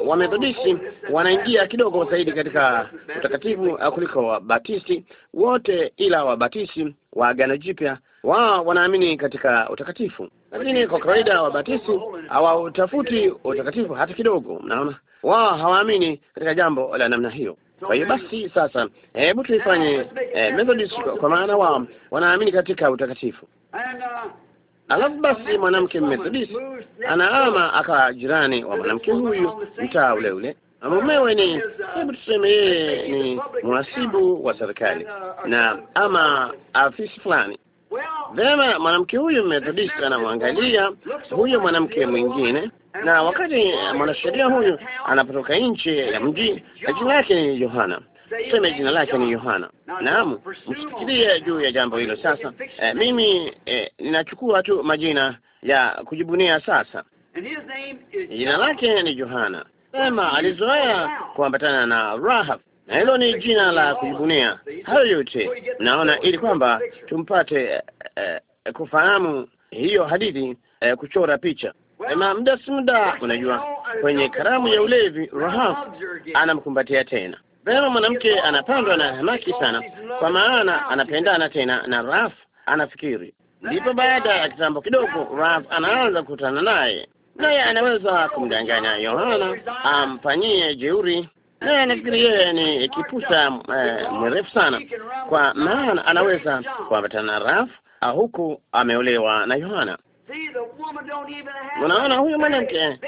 uh, methodisti wanaingia kidogo zaidi katika utakatifu ah, kuliko batisti wote, ila Batisti wa Agano Jipya wao wanaamini katika utakatifu, lakini kwa kawaida Wabatisti hawautafuti utakatifu hata kidogo. Mnaona wao hawaamini katika jambo la namna hiyo. Kwa hiyo basi sasa, hebu tuifanye eh, Methodist kwa maana wao wanaamini katika utakatifu. Alafu basi mwanamke Methodist anaama akawa jirani wa mwanamke huyu mtaa ule ule mumewe ni hebu tuseme yeye ni mhasibu wa serikali na ama afisi fulani. Vema, mwanamke huyu Methodist anamwangalia huyo mwanamke mwingine na wakati mwanasheria huyu anapotoka nje ya mji, na jina lake ni Yohana, tuseme jina lake ni Yohana. Naam, msifikirie juu ya jambo hilo sasa. E, mimi e, ninachukua tu majina ya kujibunia sasa. Jina lake ni Yohana. Sema alizoea kuambatana na Rahab, na hilo ni jina la kujibunia. Hayo yote naona, ili kwamba tumpate e, kufahamu hiyo hadithi e, kuchora picha na muda si muda, unajua, kwenye karamu ya ulevi Rahabu anamkumbatia tena. Vema, mwanamke anapandwa na hamaki sana, kwa maana anapendana tena na Raf, anafikiri. Ndipo baada ya kitambo kidogo, Raf anaanza kukutana naye, naye anaweza kumdanganya Yohana amfanyie jeuri naye nafikiri yeye ni kipusa e, mrefu sana, kwa maana anaweza kuambatana na rafu ah, huku ameolewa na Yohana. Unaona, huyu mwanamke eh,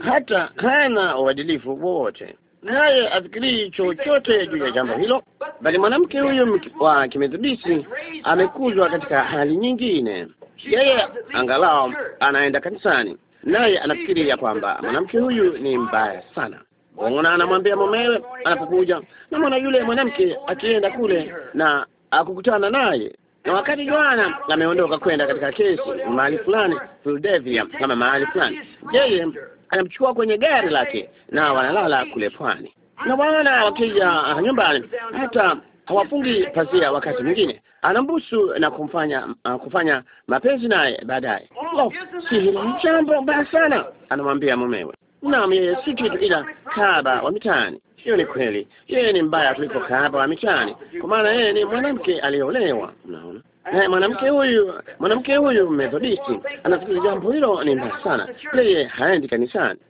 hata hana uadilifu wote naye afikirii chochote juu ya jambo hilo, bali mwanamke huyu wa kimethibisi amekuzwa katika hali nyingine. Yeye angalau anaenda kanisani, naye anafikiri ya kwamba mwanamke huyu ni mbaya sana. Ona, anamwambia mumewe anapokuja, namwana yule mwanamke akienda kule na akukutana naye na wakati Joana ameondoka kwenda katika kesi mahali fulani Philadelphia, kama mahali fulani, yeye anamchukua kwenye gari lake na wanalala kule pwani, na wana wakija ah, nyumbani hata hawafungi pazia. Wakati mwingine anambusu na kumfanya uh, kufanya mapenzi naye baadaye. Oh, si hilo jambo mbaya sana, anamwambia mumewe. Naam, yeye si kitu, ila kaba wa mitaani hiyo ni kweli. Yeye ni mbaya kuliko kahaba wa mitaani, kwa maana yeye ni mwanamke aliyeolewa. Unaona, naye eh, mwanamke huyu, mwanamke huyu Methodisti anafikiri jambo hilo ni mbaya sana. Yeye haendi kanisani,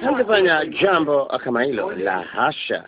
hangefanya jambo kama hilo, la hasha.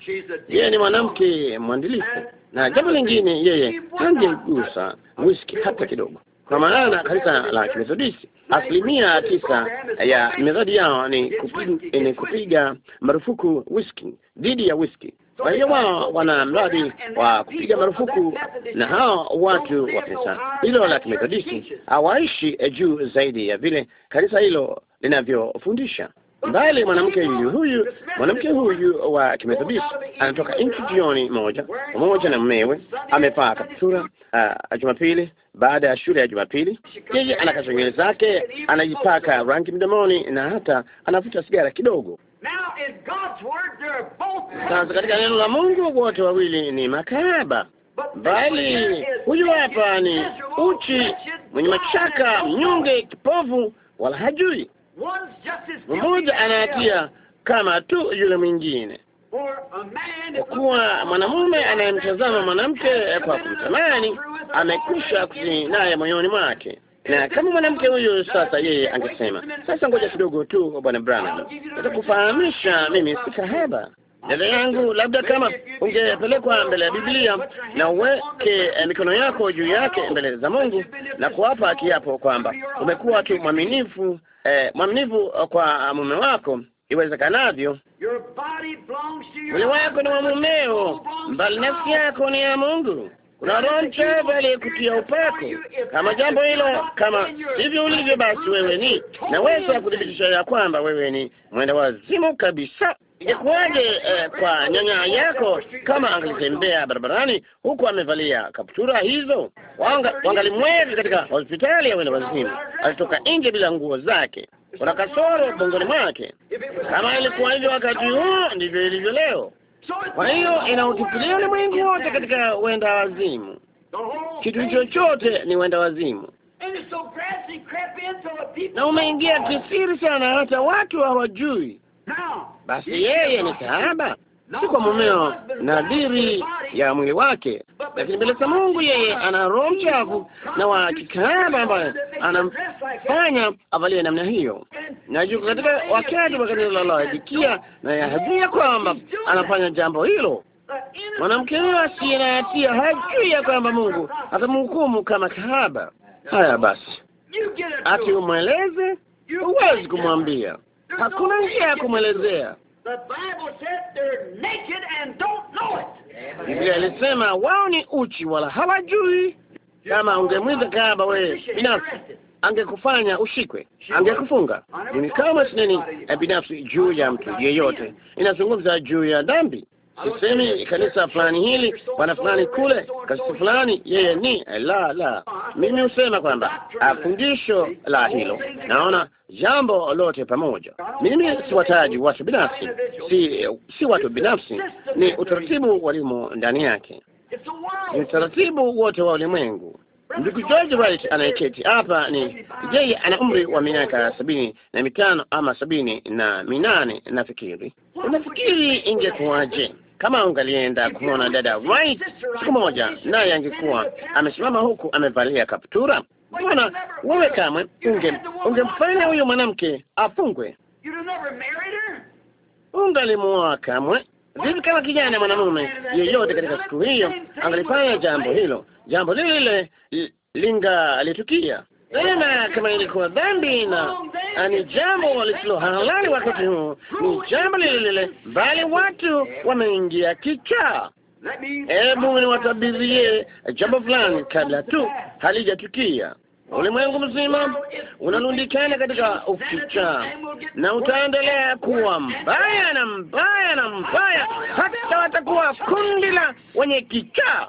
Yeye ni mwanamke mwandilifu. Na jambo lingine, yeye hangegusa whisky hata kidogo, kwa maana kanisa la Kimethodisti asilimia tisa ya miradi yao ni kupiga, ni kupiga marufuku whisky, dhidi ya whisky. Kwa hiyo wao wana mradi wa kupiga marufuku, na hao watu wa kanisa hilo la Kimethodisti hawaishi juu zaidi ya vile kanisa hilo linavyofundisha bali mwanamke huyu huyu mwanamke huyu wa kimethodist anatoka nchi jioni moja pamoja na mmewe, amevaa kaptura ah, Jumapili baada ya shule ya Jumapili. Yeye anakata nywele zake, anajipaka rangi mdomoni na hata anavuta sigara kidogo. Sasa katika neno la Mungu wote wawili ni makahaba, bali huyu hapa ni uchi, mwenye mashaka, mnyonge, kipofu, wala hajui mmoja anaatia kama tu yule mwingine. kuwa mwanamume anayemtazama mwanamke kwa kumtamani amekwisha kuzini naye moyoni mwake, na kama mwanamke huyo sasa, yeye angesema sasa, ngoja kidogo tu, bwana Branham, nitakufahamisha mimi si kahaba dada yangu, labda kama ungepelekwa mbele ya Biblia na uweke eh, mikono yako juu yake mbele za Mungu na kuapa kiapo kwamba umekuwa tu eh, mwaminifu eh, mwaminifu kwa ah, mume wako iwezekanavyo. Mwili wako ni wa mumeo, mbali nafsi yako ni ya Mungu. Kuna Roho Mtakatifu aliyekutia upako. Kama jambo hilo, kama hivyo ulivyo, basi wewe ni naweza kudhibitisha ya kwamba wewe ni mwenda wazimu kabisa. Ingekuwaje eh, kwa nyanya yako kama angalitembea barabarani huku amevalia kaptura hizo? Wangalimweka katika hospitali ya wenda wazimu. Alitoka nje bila nguo zake, kuna kasoro bongoni mwake. Kama ilikuwa hivyo wakati huo, ndivyo ilivyo leo. Kwa hiyo inautupilia ulimwengu wote katika wenda wazimu. Kitu chochote ni wenda wazimu na umeingia kisiri sana, hata watu hawajui basi yeye ni kahaba, si kwa mumeo nadhiri ya mwili wake, lakini mbele za Mungu yeye ana roho mchafu na wa kikahaba, ambaye anamfanya avalie namna hiyo. Na yuko katika wakati wa kanisa laloadikia na yahajua kwamba anafanya jambo hilo. Mwanamke huyo asiye na hatia hajui ya kwamba Mungu atamhukumu kama kahaba. Haya basi, ati umweleze, huwezi kumwambia hakuna njia ya kumwelezea. Biblia ilisema wao ni uchi wala hawajui. Kama ungemwiza kahaba wewe binafsi, angekufanya ushikwe, angekufunga. Ni kama sineni binafsi juu ya mtu yeyote, inazungumza juu ya dhambi Sisemi kanisa fulani hili, bwana fulani kule, kanisa fulani, yeye ni la la. Mimi husema kwamba ah, fundisho la hilo, naona jambo lote pamoja. Mimi siwataji watu binafsi, si si watu binafsi, ni utaratibu walimo ndani yake, ni utaratibu wote wa ulimwengu Ndugu George Wright anayeketi hapa ni yeye, ana umri wa miaka sabini na mitano ama sabini na minane nafikiri. Unafikiri ingekuwaje kama ungalienda kumwona dada Wright siku moja, naye angekuwa amesimama huku amevalia kaptura? Bwana wewe, kamwe ungemfanya huyo mwanamke afungwe, ungalimwoa kamwe. Vipi kama kijana mwanamume yeyote katika siku hiyo angalifanya jambo hilo jambo lile lile alitukia tena. Kama ilikuwa dhambi na ni jambo lisilo halali wakati huu, ni jambo lile lile, bali watu wameingia kichaa. Hebu niwatabirie jambo fulani kabla tu halijatukia. Ulimwengu mzima unarundikana katika ukicha na utaendelea kuwa mbaya na mbaya na mbaya, hata watakuwa kundi la wenye kichaa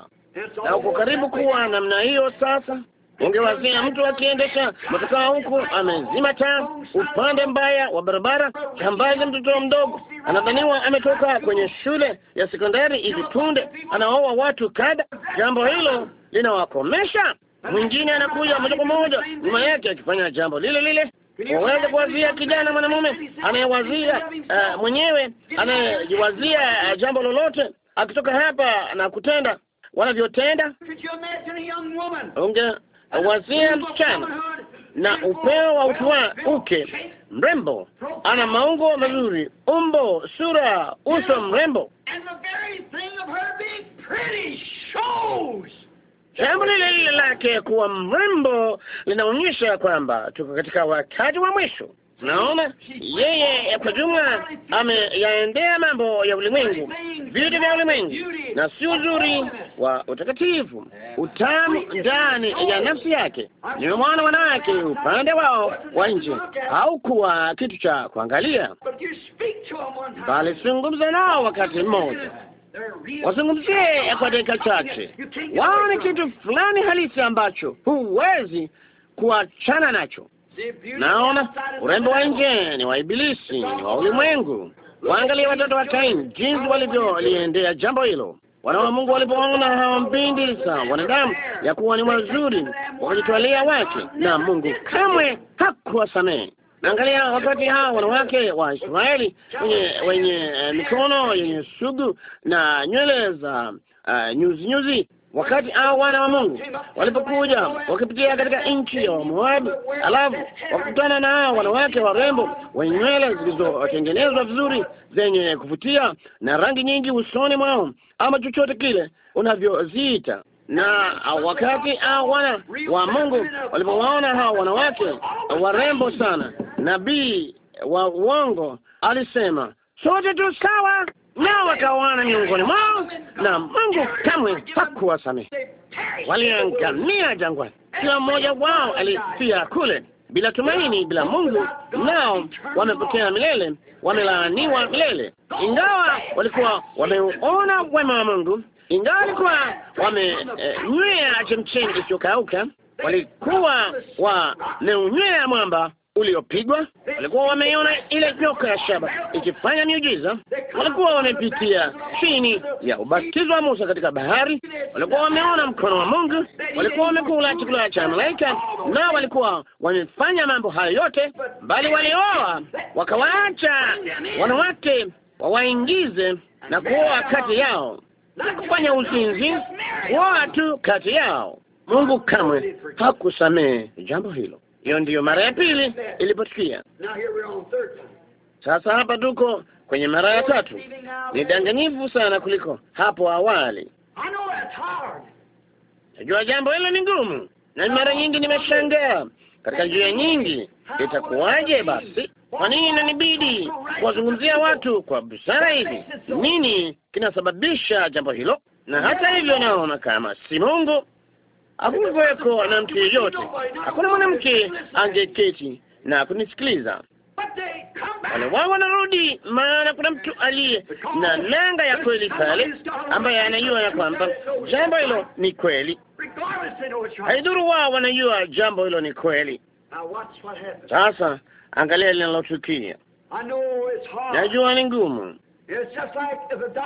na uko karibu kuwa namna hiyo. Sasa ungewazia mtu akiendesha motokaa huku amezima taa, upande mbaya wa barabara, jambazi, mtoto mdogo anadhaniwa ametoka kwenye shule ya sekondari hivi punde, anaoa watu kada. Jambo hilo linawakomesha. Mwingine anakuja moja kwa moja nyuma yake akifanya jambo lile lile. Waweze kuwazia kijana mwanamume anayewazia uh, mwenyewe anayewazia uh, eh, jambo lolote akitoka hapa na kutenda wanavyotenda. Ungewazia msichana na upeo wa utu wake mrembo, ana maungo mazuri, umbo, sura, uso mrembo. Jambo lile lile lake kuwa mrembo linaonyesha kwamba tuko katika wakati wa mwisho. Naona yeye kwa jumla ameyaendea mambo ya ulimwengu, vitu vya ulimwengu, na si uzuri wa utakatifu, utamu ndani ya nafsi yake. ni mwana wanawake upande wao wa nje, haukuwa kitu cha kuangalia, bali zungumza nao wakati mmoja wazungumzie kwa dakika chache. Wao ni kitu fulani halisi ambacho huwezi kuachana nacho. Naona urembo wa nje ni wa Ibilisi, ni wa ulimwengu. Waangalie watoto wa Kaini, jinsi walivyoliendea jambo hilo. Wana wa Mungu walipoona hawa mbindi za wanadamu ya kuwa ni wazuri, wakajitwalia wake, na Mungu kamwe hakuwasamehe. Naangalia wakati hao wanawake wa Israeli wenye wenye eh, mikono yenye sugu na nywele za uh, nyuzi nyuzi Wakati hao wana wa Mungu walipokuja wakipitia katika nchi ya Moab, alafu wakutana na hao wanawake warembo wenye nywele zilizotengenezwa vizuri zenye kuvutia na rangi nyingi usoni mwao, ama chochote kile unavyoziita na wakati hao wana wa Mungu walipowaona hao wanawake warembo sana, nabii wa uongo alisema sote tu sawa nao wakaoana miongoni mwao, na Mungu kamwe hakuwasamehe. Waliangamia jangwani, kila mmoja wao alifia kule bila tumaini, bila Mungu, nao wamepotea milele, wamelaaniwa milele. Ingawa walikuwa wameuona wema wa Mungu, ingawa walikuwa wamenywea eh, chemchemi isiyokauka, walikuwa wameunywea mwamba uliopigwa. Walikuwa wameiona ile nyoka ya shaba ikifanya miujiza. Walikuwa wamepitia chini ya ubatizo wa Musa katika bahari. Walikuwa wameona mkono wa Mungu. Walikuwa wamekula chakula cha malaika, na walikuwa wamefanya mambo hayo yote, bali walioa wakawaacha wanawake wawaingize na kuoa kati yao na kufanya uzinzi, kuoa tu kati yao. Mungu kamwe hakusamehe jambo hilo. Hiyo ndiyo mara ya pili ilipotukia. Sasa hapa tuko kwenye mara ya tatu. Ni danganyifu sana kuliko hapo awali. Najua jambo hilo ni ngumu, na mara nyingi nimeshangaa katika njia nyingi. Itakuwaje basi? Kwa nini inanibidi kuwazungumzia watu kwa busara hivi? Nini kinasababisha jambo hilo? Na hata hivyo, naona kama si Mungu hakukuweko na mtu yeyote, hakuna mwanamke angeketi na kunisikiliza. Wale wao wanarudi, maana kuna mtu aliye na nanga ya kweli pale, ambaye anajua ya kwamba jambo hilo ni kweli. Haidhuru wao wanajua jambo hilo ni kweli. Sasa angalia linalotukia. Najua ni ngumu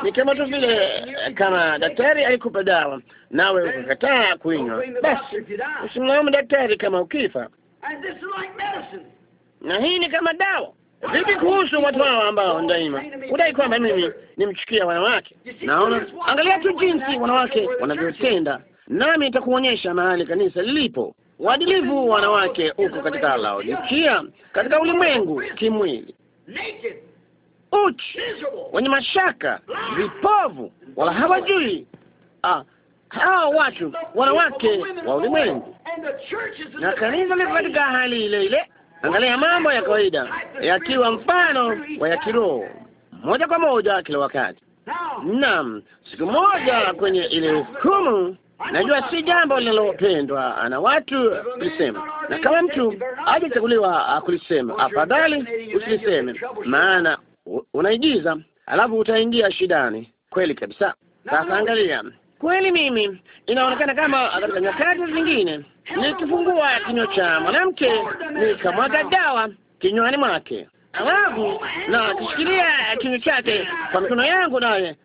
ni kama tu vile eh, kama daktari alikupa dawa nawe ukakataa kuinywa, basi usimlaumu daktari kama ukifa. Na hii ni kama dawa. Vipi kuhusu watu hao ambao daima hudai kwamba mimi nimchukia wanawake? Naona, angalia tu jinsi wanawake wanavyotenda, nami nitakuonyesha mahali kanisa lilipo. Uadilifu wanawake huko katika Laodikia, katika ulimwengu kimwili uchi, wenye mashaka, vipovu, wala hawajui ah, hawa watu wanawake wa ulimwengu, na kanisa liko katika hali ile ile. Angalia mambo ya kawaida yakiwa mfano wa ya kiroho moja kwa moja kila wakati. Naam, siku moja kwenye ile hukumu, najua si jambo linalopendwa na watu kulisema, na kama mtu hajachaguliwa ah, kulisema, afadhali usiliseme, maana unaigiza, alafu utaingia shidani. Kweli kabisa. Sasa angalia, kweli mimi inaonekana kama katika nyakati zingine nikifungua kinywa cha mwanamke nikamwaga dawa kinywani mwake, alafu na kishikilia kinywa chake kwa mikono yangu, naye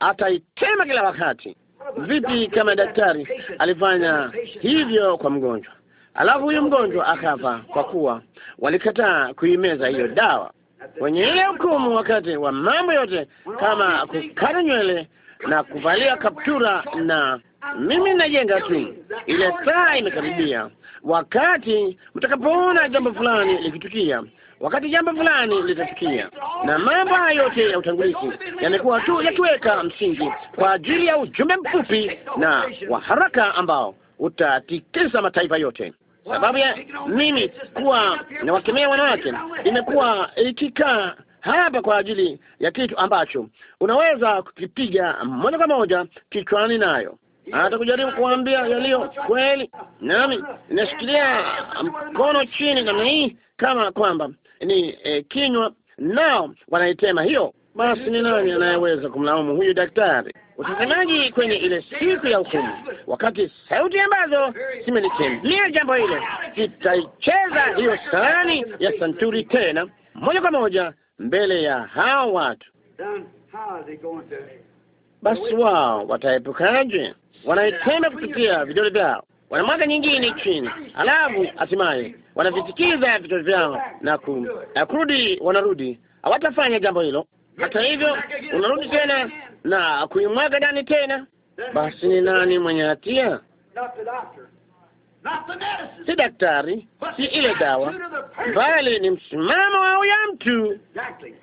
ataitema kila wakati. Vipi kama daktari alifanya hivyo kwa mgonjwa, alafu huyo mgonjwa akafa kwa kuwa walikataa kuimeza hiyo dawa? kwenye ile hukumu wakati wa mambo yote kama kukata nywele na kuvalia kaptura. Na mimi najenga tu, ile saa imekaribia, wakati mtakapoona jambo fulani likitukia, wakati jambo fulani litatukia, na mambo hayo yote ya utangulizi yamekuwa tu yakiweka msingi kwa ajili ya ujumbe mfupi na wa haraka ambao utatikisa mataifa yote sababu ya mimi kuwa na wakemea wanawake imekuwa ikikaa hapa kwa ajili ya kitu ambacho unaweza kukipiga moja kwa moja kichwani nayo hata kujaribu kuambia yaliyo kweli, nami inashikilia mkono chini namna hii, kama kwamba ni e, kinywa nao wanaitema hiyo basi ni nani anayeweza kumlaumu huyu daktari? utazamaji kwenye ile siku ya hukumu, wakati sauti ambazo zimenikimbilia jambo hilo zitaicheza hiyo sahani ya santuri tena moja kwa moja mbele ya hao watu. Basi wao wataepukaje? wanaitemba kupitia vidole vyao, wanamwaga nyingine chini, alafu hatimaye wanavitikiza vidole vyao na kurudi, wanarudi hawatafanya jambo hilo. Hata hivyo unarudi tena na kuimwaga ndani tena, basi ni nani mwenye hatia? Si daktari, si ile dawa, bali ni msimamo wa huyo mtu.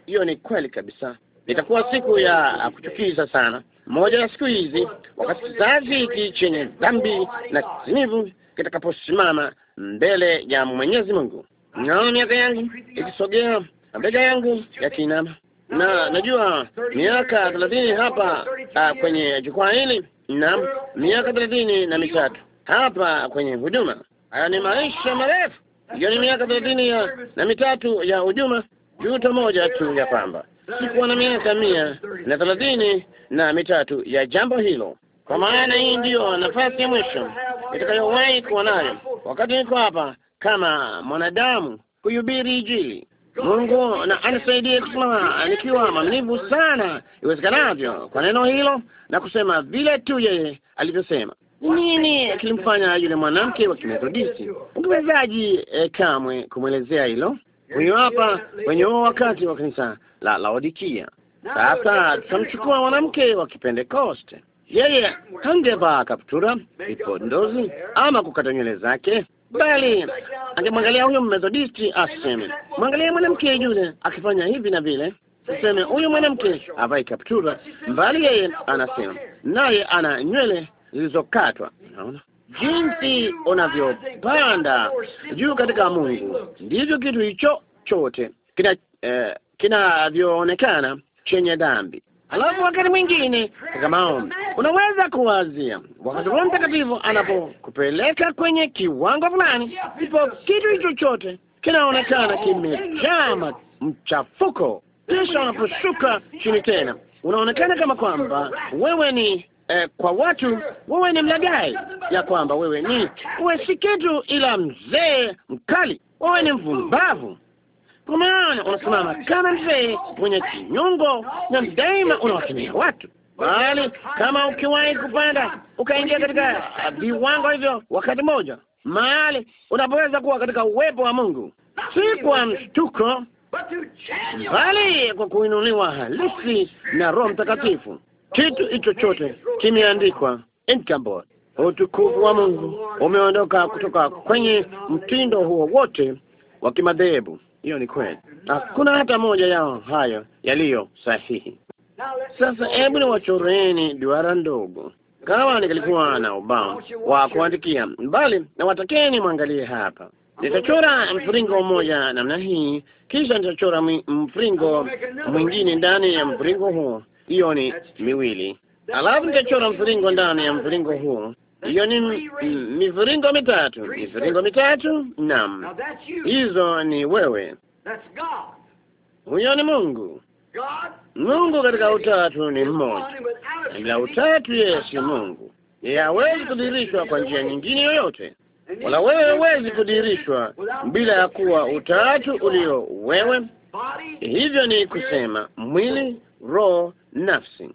Hiyo ni kweli kabisa. Itakuwa siku ya kuchukiza sana, moja ya siku hizi, wakati kizazi hiki chenye dhambi na kizinivu kitakaposimama mbele ya Mwenyezi Mungu. Naona miaka yangu ikisogea, mabega yangu yakiinama na najua miaka thelathini hapa uh, kwenye jukwaa hili na miaka thelathini na mitatu hapa kwenye huduma. Haya ni maisha marefu. Hiyo ni miaka thelathini na mitatu ya huduma, juta moja tu ya kwamba sikuwa na miaka mia na thelathini na mitatu ya jambo hilo, kwa maana hii ndiyo nafasi ya mwisho itakayowahi kuwa nayo wakati niko hapa kama mwanadamu kuhubiri Injili Mungu na anisaidie kusimama nikiwa mamnivu sana iwezekanavyo kwa neno hilo na kusema vile tu yeye alivyosema. Nini kilimfanya yule mwanamke wa Kimethodisti? Ungewezaji eh, kamwe kumwelezea hilo? Huyo hapa kwenye huo wakati wa kanisa la Laodikia. Sasa tutamchukua mwanamke wa Kipentekoste. Yeye hangevaa kaptura, vipondozi ama kukata nywele zake bali angemwangalia huyo methodisti aseme, mwangalie mwanamke yule akifanya hivi na vile, tuseme huyu mwanamke avai kaptura, mbali yeye anasema, naye ana nywele zilizokatwa. Unaona jinsi unavyopanda juu katika Mungu, ndivyo kitu hicho chote kina eh, kinavyoonekana chenye dhambi. Alafu wakati mwingine katika maombi unaweza kuwazia, wakati Roho Mtakatifu anapokupeleka kwenye kiwango fulani, ndipo kitu chochote kinaonekana kimejaa mchafuko, kisha unaposhuka chini tena unaonekana kama kwamba wewe ni eh, kwa watu wewe ni mlagai, ya kwamba wewe ni wewe si kitu ila mzee mkali, wewe ni mvumbavu kwa maana unasimama kama mzee mwenye kinyongo na daima unawatumia watu, bali kama ukiwahi kupanda ukaingia katika viwango hivyo wakati mmoja, mahali unapoweza kuwa katika uwepo wa Mungu, si kwa mshtuko, bali kwa kuinuliwa halisi na Roho Mtakatifu. Kitu hicho chote kimeandikwa Utukufu wa Mungu umeondoka kutoka kwenye mtindo huo wote wa kimadhehebu. Hiyo ni kweli, hakuna hata moja yao hayo yaliyo sahihi. Sasa hebu niwachoreni duara ndogo, kama nikalikuwa na ubao wa kuandikia, bali nawatakeni mwangalie hapa. Nitachora mviringo mmoja namna hii, kisha nitachora mfringo mwingine ndani ya mfuringo huo, hiyo ni miwili, alafu nitachora mviringo ndani ya mviringo huo hiyo ni miviringo mitatu, miviringo mitatu. Naam, hizo ni wewe, huyo ni Mungu. Mungu katika utatu ni mmoja, bila utatu yeye si Mungu. Yeye hawezi kudirishwa kwa njia nyingine yoyote, wala wewe huwezi kudirishwa bila ya kuwa utatu ulio wewe. Hivyo ni kusema mwili, roho, nafsi.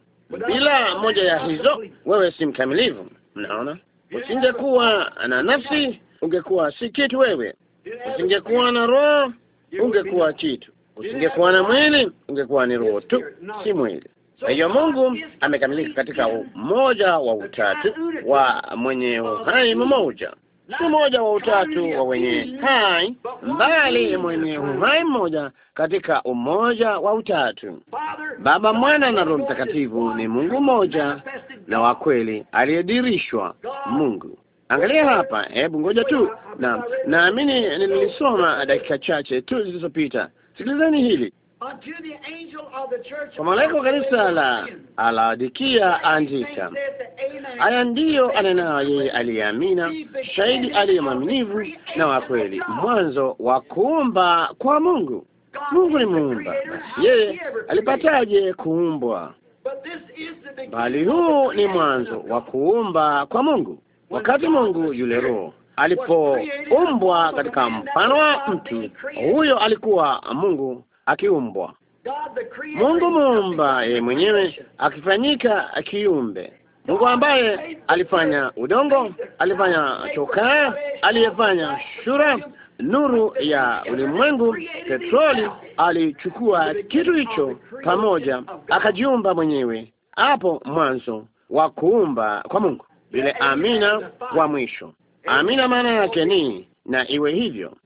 Bila moja ya hizo wewe si mkamilifu. Mnaona, usingekuwa na nafsi ungekuwa si kitu wewe, usingekuwa na roho ungekuwa kitu, usingekuwa na mwili ungekuwa ni roho tu, si mwili. Kwa hiyo Mungu amekamilika katika umoja wa utatu wa mwenye uhai mmoja si mmoja wa utatu wa wenye hai, bali mwenye uhai mmoja katika umoja wa utatu. Baba, Mwana na Roho Mtakatifu ni Mungu mmoja na wa kweli aliyedirishwa Mungu. Angalia hapa, hebu ngoja tu, na naamini nilisoma dakika chache tu zilizopita. Sikilizeni hili. Kwa malaika wa kanisa la Laodikia andika, haya ndiyo anenayo yeye aliyeamina, shahidi aliye mwaminivu na wa kweli, mwanzo wa kuumba kwa Mungu. Mungu ni muumba, basi yeye alipataje kuumbwa? Bali huu ni mwanzo wa kuumba kwa Mungu, wakati Mungu yule Roho alipoumbwa katika mfano wa mtu, huyo alikuwa Mungu akiumbwa, Mungu muumba yeye mwenyewe akifanyika kiumbe, Mungu ambaye alifanya udongo, alifanya chokaa, aliyefanya shura nuru ya ulimwengu, petroli. Alichukua kitu hicho pamoja, akajiumba mwenyewe hapo mwanzo wa kuumba kwa Mungu. Vile amina wa mwisho, amina maana yake ni na iwe hivyo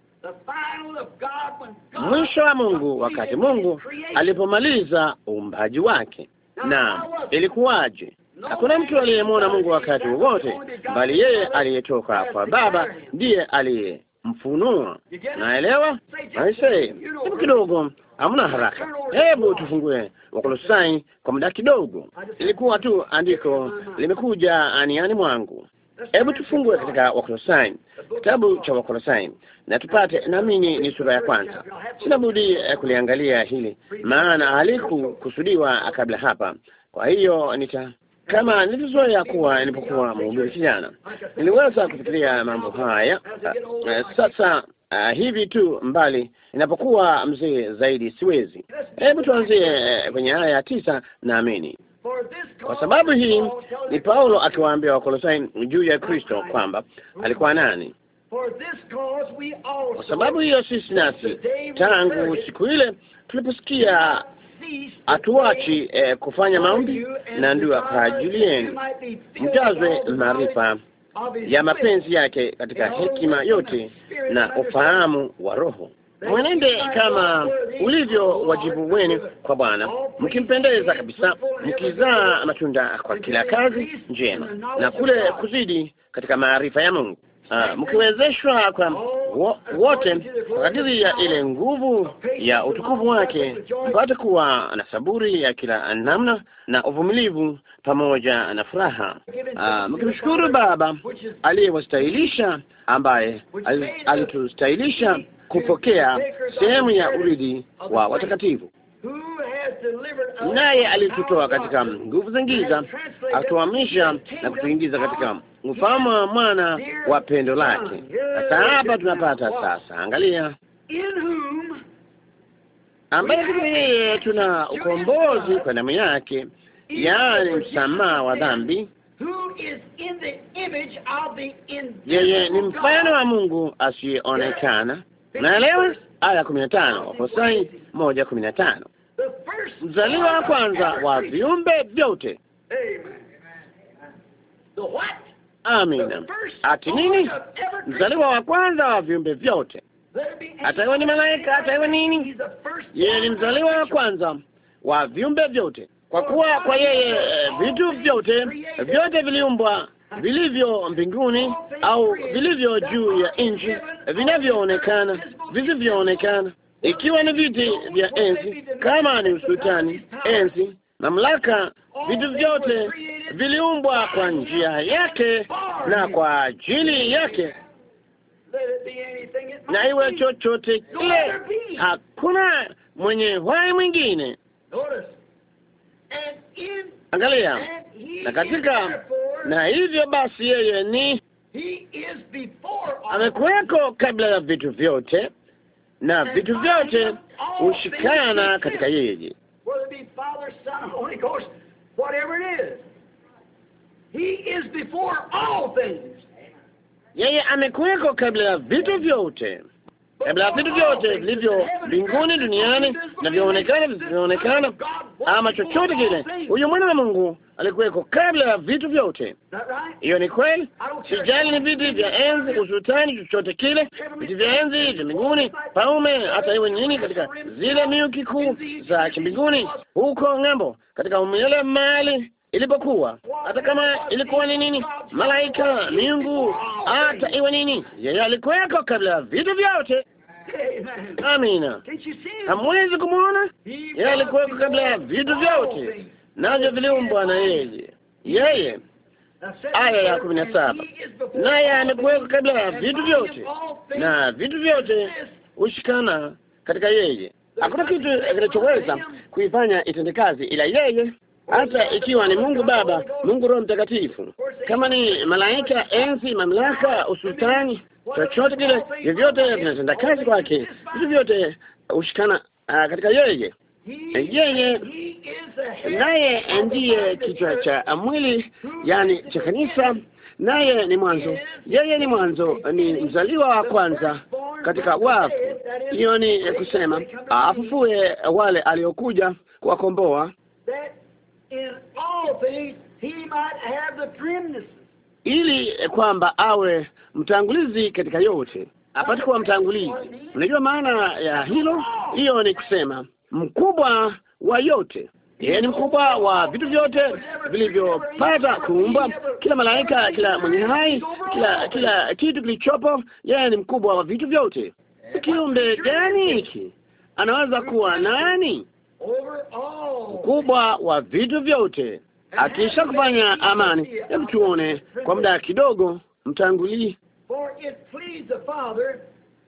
mwisho wa Mungu, wakati Mungu alipomaliza uumbaji wake. Na ilikuwaje? Hakuna mtu aliyemwona Mungu wakati wowote, bali yeye aliyetoka kwa Baba ndiye aliyemfunua. Naelewa aisee, hebu kidogo, hamna haraka, hebu tufungue Wakolosai kwa muda kidogo. Ilikuwa tu andiko limekuja aniani mwangu. Hebu tufungue katika Wakolosai, kitabu cha Wakolosai na tupate naamini ni sura ya kwanza. Sina budi eh, kuliangalia hili, maana halikukusudiwa kabla hapa. Kwa hiyo nita kama nilivyozoea kuwa nilipokuwa mhubiri kijana, niliweza kufikiria mambo haya eh, eh, sasa uh, hivi tu mbali, inapokuwa mzee zaidi siwezi. Hebu tuanzie kwenye aya ya tisa, naamini kwa sababu hii ni Paulo akiwaambia Wakolosai juu ya Kristo kwamba alikuwa nani kwa sababu hiyo sisi nasi tangu siku ile tuliposikia hatuachi eh, kufanya maombi na ndua kwa ajili yenu, mjazwe maarifa ya mapenzi yake katika hekima yote na ufahamu wa Roho. Mwenende kama ulivyo wajibu wenu kwa Bwana, mkimpendeza kabisa, mkizaa matunda kwa kila kazi njema na kule kuzidi katika maarifa ya Mungu uh, mkiwezeshwa kwa wote kadiri ya ile nguvu ya utukufu wake, mpate kuwa na saburi ya kila namna na uvumilivu pamoja na furaha, uh, mkimshukuru Baba aliyewastahilisha, ambaye alitustahilisha kupokea sehemu ya urithi wa watakatifu naye alitutoa katika nguvu za giza akatuhamisha na kutuingiza katika ufahamu wa mwana wa pendo lake. Sasa hapa tunapata sasa, angalia, ambaye katika yeye tuna ukombozi kwa damu yake, yaani msamaha wa dhambi. Yeye ni mfano wa Mungu asiyeonekana. Naelewa aya kumi na tano Wakolosai moja kumi na tano mzaliwa wa kwanza wa viumbe vyote. Amina. Ati nini? Mzaliwa wa kwanza wa viumbe vyote, hata ni malaika, hata nini, yeye ni mzaliwa wa kwanza wa viumbe vyote, kwa kuwa kwa yeye eh, vitu vyote vyote viliumbwa vilivyo mbinguni au vilivyo juu ya nchi, vinavyoonekana, visivyoonekana, ikiwa ni viti vya enzi, kama ni usultani, enzi, mamlaka, vitu vyote viliumbwa kwa njia yake na kwa ajili yake, na iwe chochote kile. Hakuna mwenye uhai mwingine. Angalia, na katika na hivyo basi, yeye ni amekuweko kabla ya vitu vyote, na vitu vyote hushikana katika yeye. Yeye amekuweko kabla ya vitu vyote, kabla ya vitu vyote vilivyo mbinguni, duniani na vionekana visivyoonekana, ama chochote kile. Huyu mwana wa Mungu alikuweko kabla ya vitu vyote. Hiyo ni kweli. Sijali ni viti vya enzi, usultani, chochote kile, viti vya enzi vya mbinguni, paume, hata iwe nini, katika zile miuki kuu za kimbinguni, huko ng'ambo, katika umele mali ilipokuwa, hata kama ilikuwa ni nini, malaika, miungu, hata iwe nini, yeye alikuweko kabla ya vitu vyote. Amina. Hamwezi kumwona yeye? Alikuweko kabla ya vitu vyote, navyo viliumbwa na yeye. Yeye aya ya kumi na saba, naye amekuwekwa kabla ya vitu vyote, na vitu vyote hushikana katika yeye. Hakuna kitu kinachoweza kuifanya itende kazi ila yeye hata ikiwa ni Mungu Baba, Mungu Roho Mtakatifu, kama ni malaika, enzi, mamlaka, usultani, chochote kile, vyovyote vinatenda kazi kwake, vitu vyote hushikana ah, katika yeye. Yeye naye ndiye kichwa cha mwili, yani cha kanisa, naye ni mwanzo. Yeye ni mwanzo, ni mzaliwa wa kwanza katika wafu, hiyo ni kusema afufue wale aliokuja kuwakomboa ili kwamba awe mtangulizi katika yote, apate kuwa mtangulizi. Unajua maana ya hilo? Hiyo ni kusema mkubwa wa yote. Yeye ni mkubwa wa vitu vyote vilivyopata kuumba, kila malaika, kila mwenye hai, kila kila kitu kilichopo. Yeye ni mkubwa wa vitu vyote. Kiumbe gani hiki? Anaweza kuwa nani? ukubwa wa vitu vyote, akisha kufanya amani. Hebu tuone kwa muda kidogo, mtangulie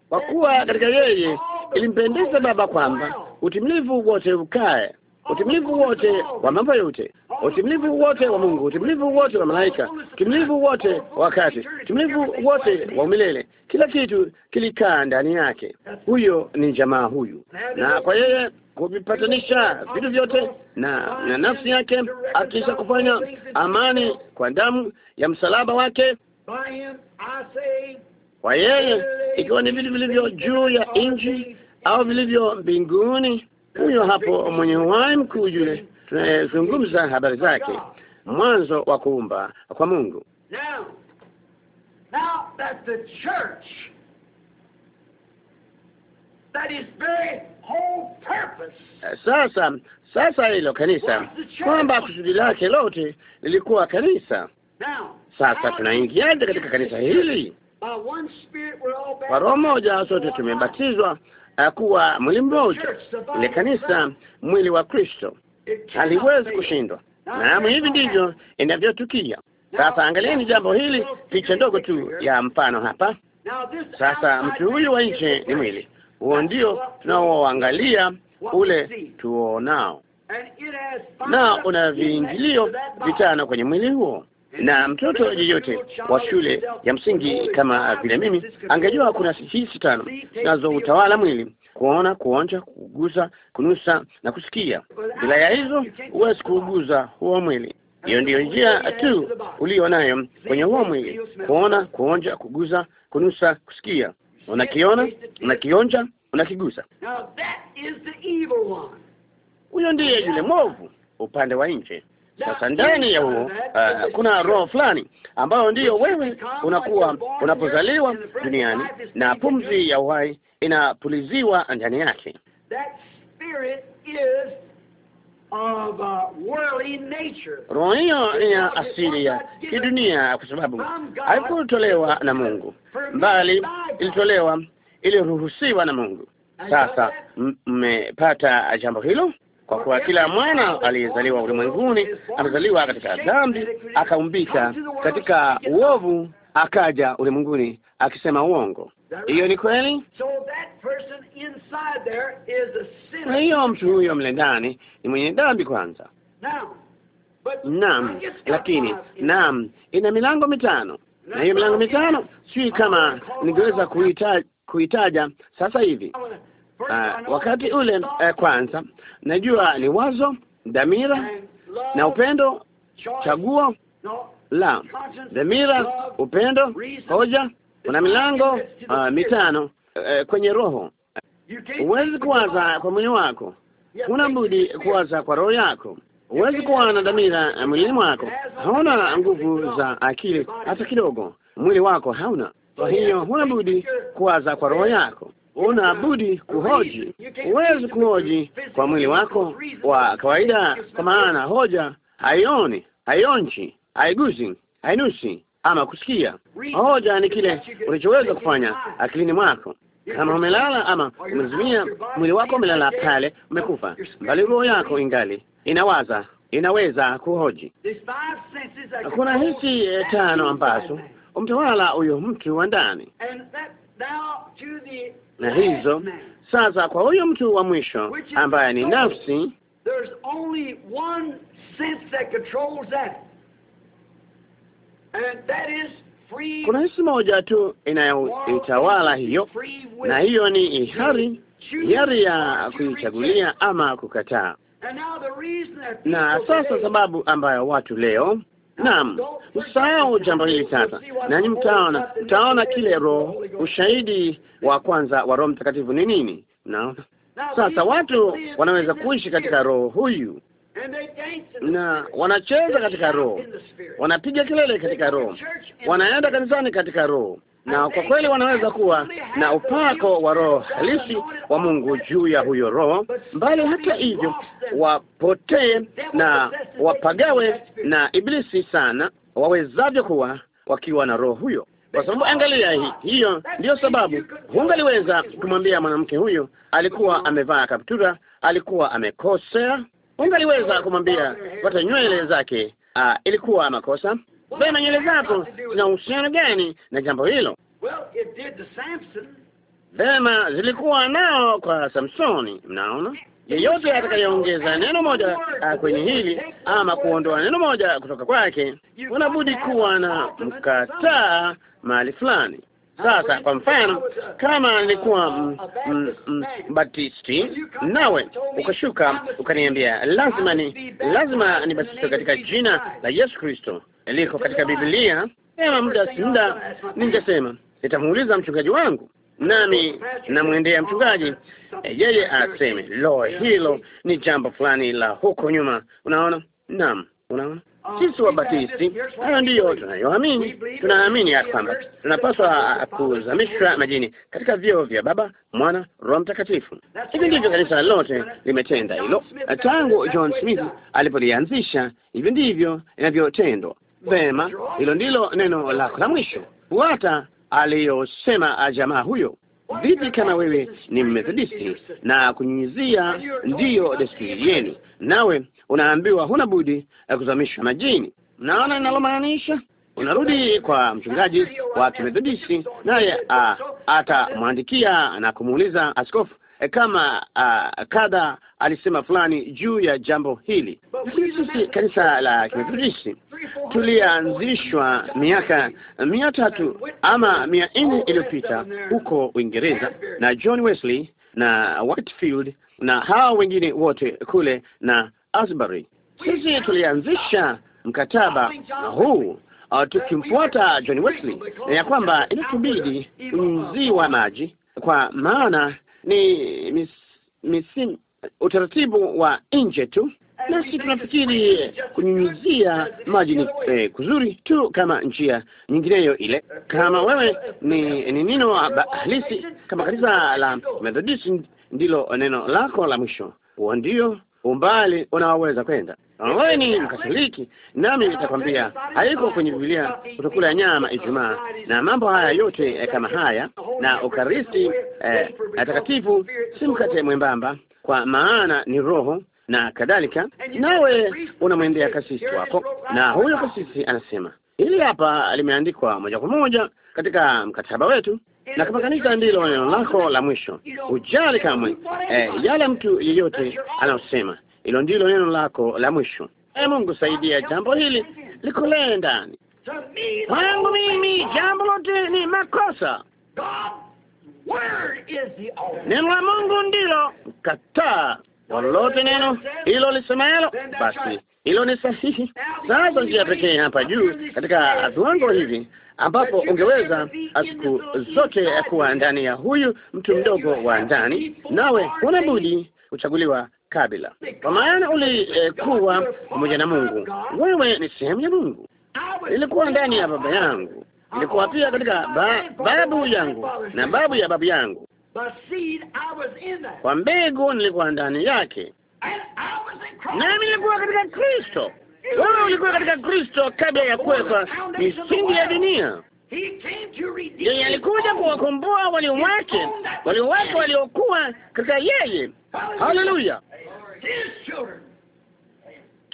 kwa kuwa katika yeye ilimpendeza Baba kwamba utimilivu wote ukae, utimilivu wote wa mambo yote, utimilivu wote wa Mungu, utimilivu wote wa malaika, utimilivu wote wa wakati, utimilivu wote wa umilele. Kila kitu kilikaa ndani yake. Huyo ni jamaa huyu, na kwa yeye kuvipatanisha vitu vyote na, na nafsi yake, akisha kufanya amani kwa damu ya msalaba wake kwa yeye, ikiwa ni vitu vilivyo juu ya nchi au vilivyo mbinguni. Huyo hapo mwenye uhai mkuu yule tunayezungumza habari zake, mwanzo wa kuumba kwa Mungu. Now that the church that is very Eh, sasa sasa, hilo kanisa kwamba kusudi lake lote lilikuwa kanisa. Sasa tunaingiaje katika kanisa hili? Kwa roho moja sote tumebatizwa eh, kuwa mwili mmoja, ile kanisa, mwili wa Kristo, haliwezi kushindwa. Naam, hivi ndivyo inavyotukia. Sasa angalieni jambo hili, picha ndogo tu ya mfano hapa. Sasa mtu huyu wa nje ni mwili huo ndio tunaoangalia ule tuonao, na una viingilio vitano kwenye mwili huo na mtoto yeyote wa shule ya msingi kama vile mimi angejua kuna hisi tano zinazoutawala mwili: kuona, kuonja, kugusa, kunusa na kusikia. Bila ya hizo huwezi kuuguza huo mwili. Hiyo ndiyo njia tu ulio nayo kwenye huo mwili: kuona, kuonja, kuguza kunusa, kusikia. Unakiona, unakionja, unakigusa. Huyo ndiye yule mwovu upande wa nje. Sasa ndani ya huo uh, kuna roho fulani ambayo ndiyo wewe unakuwa unapozaliwa duniani, na pumzi ya uhai inapuliziwa ndani yake. Roho hiyo ni ya asili ya kidunia, kwa sababu haikutolewa na Mungu, bali ilitolewa, iliruhusiwa na Mungu. Sasa mmepata jambo hilo, kwa kuwa kila mwana aliyezaliwa ulimwenguni amezaliwa katika dhambi, akaumbika katika uovu akaja ulimwenguni akisema uongo. Hiyo ni kweli. Kwa hiyo mtu huyo mle ndani ni mwenye dhambi kwanza. Naam, lakini naam, ina milango mitano, na hiyo milango mitano sijui kama ningeweza kuhitaja kuitaja sasa hivi. Uh, wakati ule uh, kwanza najua ni wazo, dhamira na upendo, chaguo la dhamira, upendo, hoja. Kuna milango uh, mitano uh, kwenye roho. Huwezi kuwaza kwa mwili wako, kuna budi kuwaza kwa roho yako. Huwezi kuwa na dhamira eh, mwilini mwako, hauna nguvu za akili hata kidogo. Mwili wako hauna, kwa hiyo huna budi kuwaza kwa roho yako. Una budi kuhoji. Huwezi kuhoji kwa mwili wako wa kawaida, kwa maana hoja haioni, haionchi haiguzi, hainusi ama kusikia. Hoja ni kile unachoweza kufanya akilini mwako. Kama umelala ama umezimia, mwili wako umelala pale, umekufa, bali roho yako ingali inawaza, inaweza kuhoji. Kuna hisi eh, tano ambazo umtawala huyo mtu wa ndani, na hizo sasa, kwa huyo mtu wa mwisho ambaye ni nafsi kuna hisi moja tu inayoitawala hiyo, na hiyo ni hiari, hiari ya kuichagulia ama kukataa. Na sasa sababu ambayo watu leo Naam, msahau jambo hili sasa, nanyi mtaona, mtaona kile roho ushahidi wa kwanza wa Roho Mtakatifu ni nini. Naona sasa watu wanaweza kuishi katika roho huyu, na wanacheza katika roho, wanapiga kelele katika roho, wanaenda kanisani katika roho, na kwa kweli wanaweza kuwa na upako wa roho halisi wa Mungu juu ya huyo roho, bali hata hivyo wapotee na wapagawe na Ibilisi sana wawezavyo kuwa wakiwa na roho huyo kwa sababu angalia hi, hiyo ndiyo sababu hungaliweza kumwambia mwanamke huyo alikuwa amevaa kaptura, alikuwa amekosea, ungaliweza kumwambia pata nywele zake, uh, ilikuwa makosa. Vema, nywele zako zina uhusiano gani na jambo hilo? Vema, zilikuwa nao kwa Samsoni. Mnaona, yeyote atakayeongeza neno moja ah, kwenye hili ama kuondoa neno moja kutoka kwake, unabudi kuwa na mkataa mahali fulani. Sasa kwa mfano, kama nilikuwa mbatisti nawe ukashuka ukaniambia, lazima ni lazima nibatiswe katika jina la Yesu Kristo liko katika Biblia, sema muda si muda, ningesema nitamuuliza mchungaji wangu, nami namwendea mchungaji, e, yeye aseme lo, hilo ni jambo fulani la huko nyuma. Unaona? Naam, unaona sisi Wabatisti, hayo ndiyo tunayoamini. Tunaamini ya kwamba tunapaswa kuzamishwa majini katika vyoo vya Baba, Mwana, Roho Mtakatifu. Hivi ndivyo kanisa lote limetenda hilo tangu John Smith alipolianzisha. Hivi ndivyo inavyotendwa vema. Hilo ndilo neno lako la mwisho, fuata aliyosema ah, jamaa huyo. Vipi kama wewe ni methodisti na kunyunyizia ndiyo desturi yenu, nawe unaambiwa huna budi eh, kuzamishwa majini? Mnaona ninalomaanisha? Unarudi kwa mchungaji wa Kimethodisti, naye ah, atamwandikia na kumuuliza askofu eh, kama ah, kadha alisema fulani juu ya jambo hili. sisi kanisa la Kimethodisti tulianzishwa miaka mia tatu ama mia nne iliyopita huko Uingereza na John Wesley na Whitefield na hawa wengine wote kule na Asbury. Sisi tulianzisha mkataba na huu uh, tukimfuata John Wesley ya kwamba inatubidi kunyunyiziwa maji kwa maana ni mis, misim, utaratibu wa nje tu, uh, nasi tunafikiri kunyunyizia maji ni eh, kuzuri tu kama njia nyingineyo ile. Uh, kama wewe ni, ni nino halisi, kama kanisa la Methodist ndilo neno lako la mwisho, huo ndio umbali unaoweza kwenda ni mkatoliki, nami nitakwambia haiko kwenye Biblia kutokula nyama Ijumaa na mambo haya yote eh, kama haya na Ukaristi eh, takatifu si mkate mwembamba, kwa maana ni roho na kadhalika. Nawe unamwendea kasisi wako, na huyo kasisi anasema hili hapa limeandikwa moja kwa moja katika mkataba wetu, na kama kanisa ndilo neno lako la mwisho, ujali kamwe eh, yale mtu yeyote anayosema hilo ndilo neno lako la mwisho. E Mungu, saidia jambo hili likolee ndani kwangu. Mimi jambo lote ni makosa. Neno la Mungu ndilo kataa lolote neno hilo lisemalo, basi hilo ni sahihi. Sasa njia pekee hapa juu katika viwango hivi ambapo ungeweza siku zote kuwa ndani ya huyu mtu mdogo wa ndani, nawe unabudi kuchaguliwa kabila, kwa maana ulikuwa eh, pamoja na Mungu. Wewe ni sehemu ya Mungu. Nilikuwa ndani ya baba yangu, nilikuwa pia katika ba babu yangu na babu ya babu yangu. Kwa mbegu nilikuwa ndani yake, nami nilikuwa katika Kristo. Wewe ulikuwa katika Kristo kabla ya kuwekwa misingi ya dunia. Yeye alikuja kuwakomboa walio wake, walio wake waliokuwa katika yeye. Haleluya!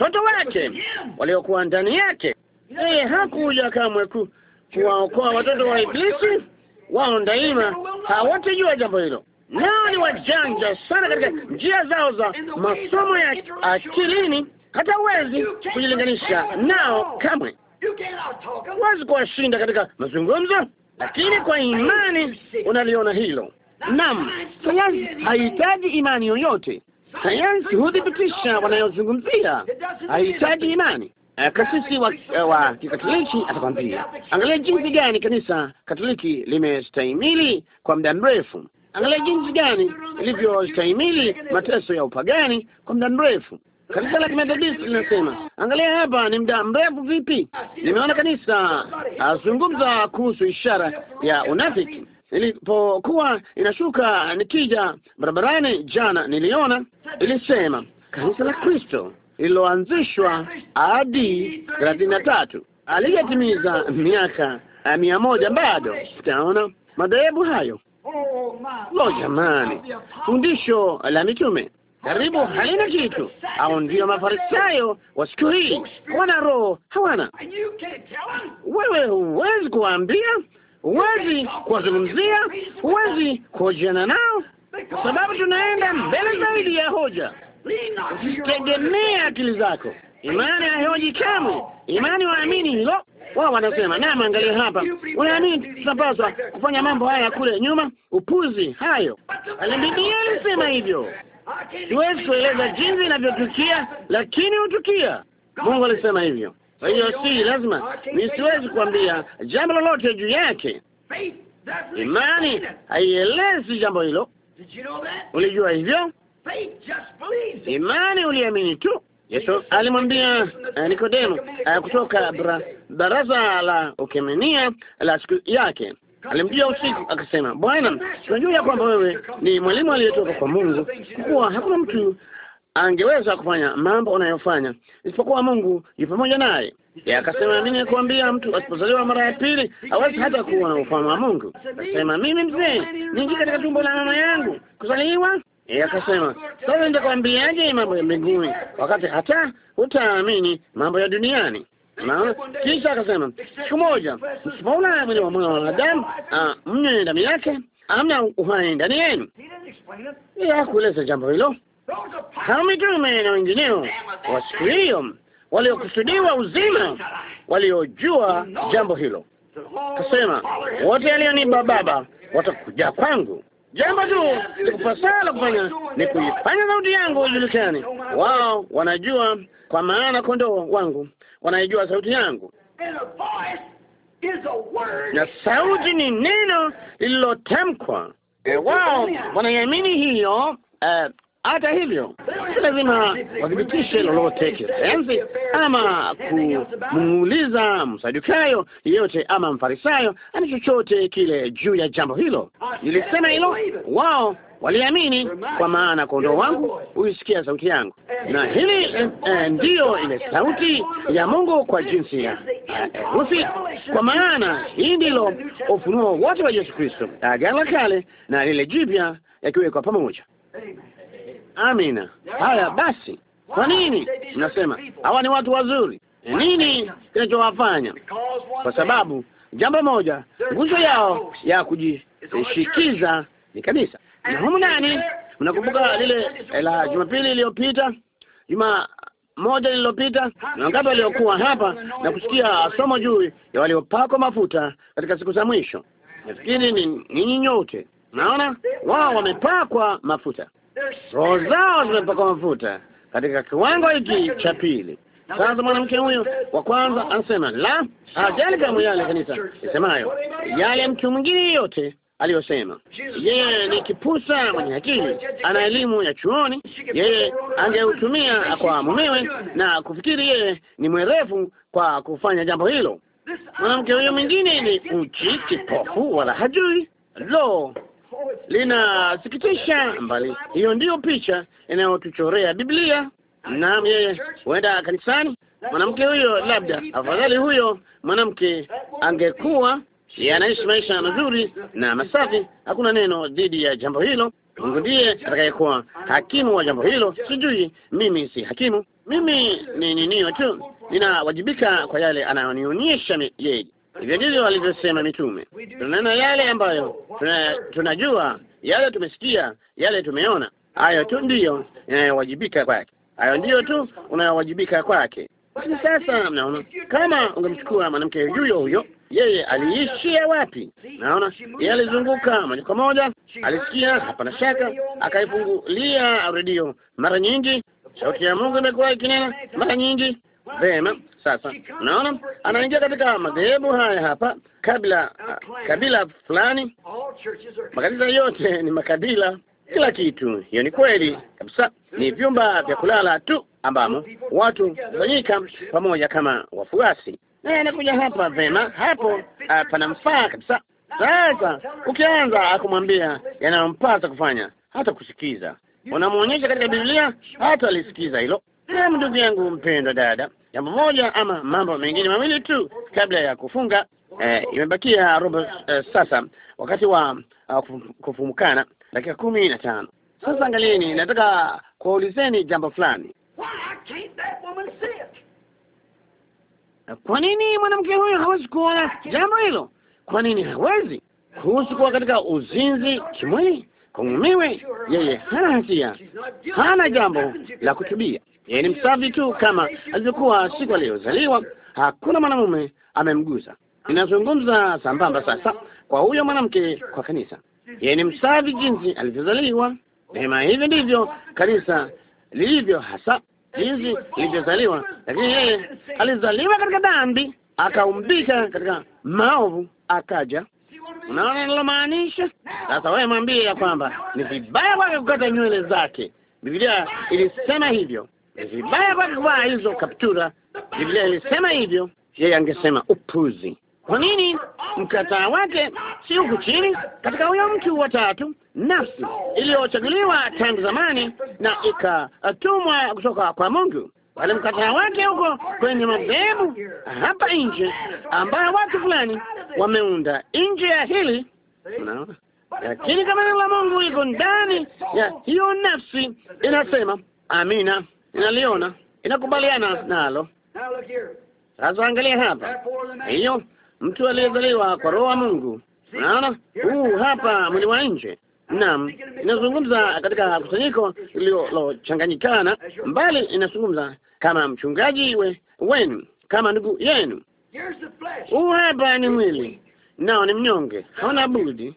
watoto wake waliokuwa ndani yake. Yeye hakuja kamwe kuwaokoa watoto wa Iblisi, wao daima hawatajua jambo hilo. Nao ni wajanja sana katika njia zao za masomo ya akilini. Hata huwezi kujilinganisha nao kamwe, huwezi kuwashinda katika mazungumzo, lakini kwa imani unaliona hilo. Naam, sayansi haihitaji imani yoyote sayansi huthibitisha wanayozungumzia, haihitaji imani. Eh, Kasisi wa, eh, wa Kikatoliki atakwambia, angalia jinsi gani kanisa Katoliki limestahimili kwa muda mrefu, angalia jinsi gani ilivyostahimili mateso ya upagani kwa muda mrefu. Kanisa la Kimethodisti linasema, angalia hapa, ni muda mrefu vipi? Nimeona kanisa azungumza kuhusu ishara ya unafiki Ilipokuwa inashuka nikija barabarani jana, niliona ilisema kanisa la Kristo lililoanzishwa hadi thelathini na tatu alijatimiza miaka mia moja bado. Utaona madhehebu hayo. Lo, jamani, fundisho la mitume karibu halina kitu. Au ndio mafarisayo wa siku hii wana roho hawana. Wewe huwezi kuwaambia huwezi kuwazungumzia, huwezi kuhojiana nao, kwa sababu tunaenda mbele zaidi ya hoja. Usitegemea akili zako. Imani haihoji kamwe. Imani waamini hilo. Wao wanasema na angalia hapa, unaamini tunapaswa kufanya mambo haya kule nyuma. Upuzi hayo, alibidia alisema hivyo. Siwezi kueleza jinsi inavyotukia, lakini hutukia. Mungu alisema hivyo. Kwa hiyo si lazima, nisiwezi kuambia jambo lolote juu yake. Imani haielezi jambo hilo. Ulijua hivyo? Imani uliamini tu. Yesu alimwambia uh, Nikodemo uh, kutoka bra, baraza la Ukemenia la siku yake alimjia usiku, akasema Bwana, tunajua ya kwamba wewe ni mwalimu aliyetoka kwa Mungu, kwa kuwa hakuna mtu angeweza kufanya mambo unayofanya isipokuwa Mungu yu pamoja naye. Akasema, mimi nikwambia, mtu asipozaliwa mara ya pili hawezi hata kuona ufahamu wa Mungu. Akasema, mimi mzee ningi katika tumbo la mama yangu kuzaliwa? Akasema, sasa nitakwambiaje mambo ya mbinguni wakati hata utaamini mambo ya duniani? Naona kisha akasema, siku moja msipoona mwili wa mwana wa Adamu ah, mnywe damu yake, amna uhai ndani yenu. Hakueleza jambo hilo kama mitume na wengineo wa siku hiyo waliokusudiwa uzima, waliojua jambo hilo. Kasema wote alionipa Baba watakuja kwangu. Jambo tu likupasala kufanya ni kuifanya sauti yangu ijulikane. Wao wanajua, kwa maana kondoo wangu wanaijua sauti yangu, na sauti ni neno lililotamkwa. E, wao wanaiamini hiyo uh, hata hivyo, si lazima wathibitishe lolote kisayansi, ama kumuuliza msadukayo yeyote ama mfarisayo ana chochote kile juu ya jambo hilo. Nilisema hilo, wao waliamini, kwa maana kondoo wangu huisikia sauti yangu, na hili eh, eh ndiyo ile sauti ya Mungu kwa jinsi ya eh, herufi eh, kwa maana hii ndilo ufunuo wote wa Yesu Kristo, Agano la Kale na lile Jipya yakiwekwa pamoja. Amina. Haya basi, kwa nini mnasema hawa ni watu wazuri? Nini kinachowafanya? Kwa sababu jambo moja, nguzo yao ya kujishikiza ni kabisa. Na humu ndani, mnakumbuka lile la Jumapili iliyopita, juma moja lililopita, na wangapi waliokuwa hapa na kusikia somo juu ya waliopakwa mafuta katika siku za mwisho? Nafikiri ni ninyi nyote, naona wao wamepakwa mafuta roho zao zimepakwa mafuta katika kiwango hiki cha pili. Sasa mwanamke huyo wa kwanza anasema la, hajali kamwe yale kanisa isemayo yale mtu mwingine yote aliyosema. Yeye ni kipusa mwenye akili, ana elimu ya chuoni. Yeye angeutumia kwa mumewe na kufikiri yeye ni mwerevu kwa kufanya jambo hilo. Mwanamke huyo mwingine ni uchi, kipofu, wala hajui lo linasikitisha mbali. Hiyo ndiyo picha inayotuchorea Biblia. Naam, yeye huenda kanisani. Mwanamke huyo, labda afadhali huyo mwanamke angekuwa anaishi maisha mazuri na masafi. Hakuna neno dhidi ya jambo hilo. Mungu ndiye atakayekuwa hakimu wa jambo hilo. Sijui, mimi si hakimu. Mimi ni ninio tu, ninawajibika kwa yale anayonionyesha yeye. Hivyo ndivyo walivyosema mitume. Tunanena yale ambayo tuna, tunajua yale tumesikia, yale tumeona. Hayo tu ndiyo inayowajibika eh, kwake, hayo ndiyo tu unayowajibika kwake. Lakini sasa mnaona, kama ungemchukua mwanamke huyo huyo, yeye aliishia wapi? Naona yeye alizunguka moja kwa moja, alisikia, hapana shaka, akaifungulia redio mara nyingi, sauti ya Mungu imekuwa ikinena mara nyingi Vema, sasa unaona, anaingia katika madhehebu haya hapa, kabila kabila fulani. makabila yote ni makabila, kila kitu. Hiyo ni kweli kabisa, ni vyumba vya kulala tu ambamo watu kufanyika pamoja kama wafuasi. Anakuja hapa, vema, hapo ah, panamfaa kabisa. Sasa ukianza akumwambia yanayompasa kufanya, hata kusikiza, unamwonyesha katika Biblia, hata alisikiza hilo Naam, ndugu yangu mpendwa dada, jambo moja ama mambo mengine mawili tu kabla ya kufunga. Eh, imebakia robo eh, sasa wakati wa uh, kufumukana dakika kumi na tano. Sasa angalieni, nataka kuwaulizeni jambo fulani. Kwa nini mwanamke huyu hawezi kuona jambo hilo? Kwa nini hawezi kuhusu kuwa katika uzinzi kimwili? Kung'umiwe, yeye hana hatia, hana jambo la kutubia yeye ni msafi tu kama alivyokuwa siku aliyozaliwa. Hakuna mwanamume amemgusa. Ninazungumza sambamba sasa kwa huyo mwanamke, kwa kanisa. Yeye ni msafi jinsi alivyozaliwa. Neema, hivyo ndivyo kanisa lilivyo hasa, jinsi lilivyozaliwa. Lakini yeye alizaliwa katika dhambi, akaumbika katika maovu, akaja Unaona nilomaanisha? Sasa wewe mwambie ya kwamba ni vibaya kwake kukata nywele zake. Biblia ilisema hivyo, vibaya kwa kuvaa hizo kaptura. Biblia ilisema hivyo. Yeye angesema upuzi. Kwa nini mkataa wake si huku chini katika huyo mtu wa tatu, nafsi iliyochaguliwa tangu zamani na ikatumwa kutoka kwa Mungu? Wale mkataa wake huko kwenye madhehebu hapa nje, ambayo watu fulani wameunda nje ya hili Lakini kama neno la Mungu iko ndani ya hiyo nafsi, inasema amina inaliona, inakubaliana nalo. Sasa angalia hapa, hiyo mtu aliyezaliwa kwa roho wa Mungu. Unaona, huu hapa mwili wa nje Naam, inazungumza katika kusanyiko lililochanganyikana, mbali inazungumza kama mchungaji we, wenu kama ndugu yenu. Huu hapa ni mwili nao ni mnyonge, hauna budi